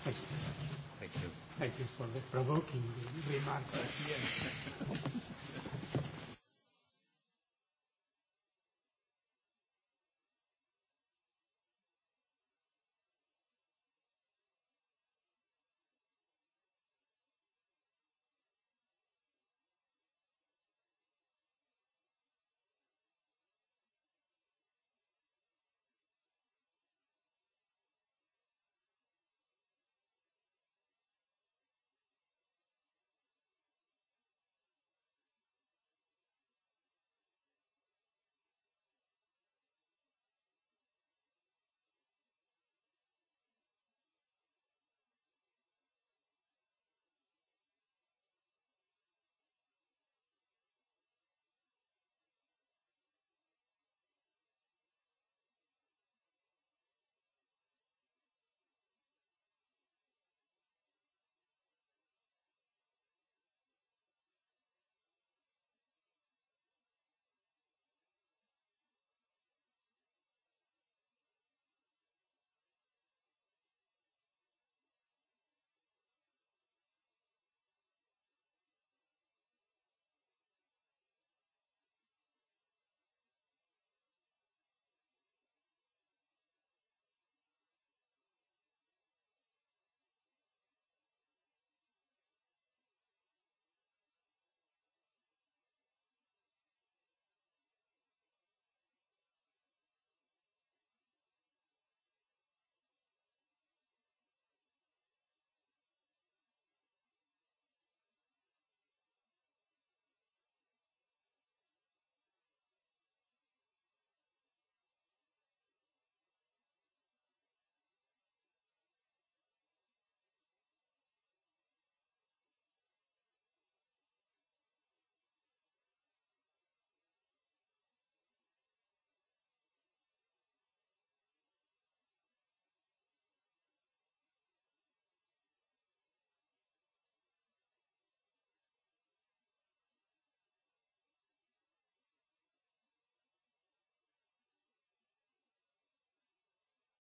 Thank you. Thank you for the provoking remarks at the end.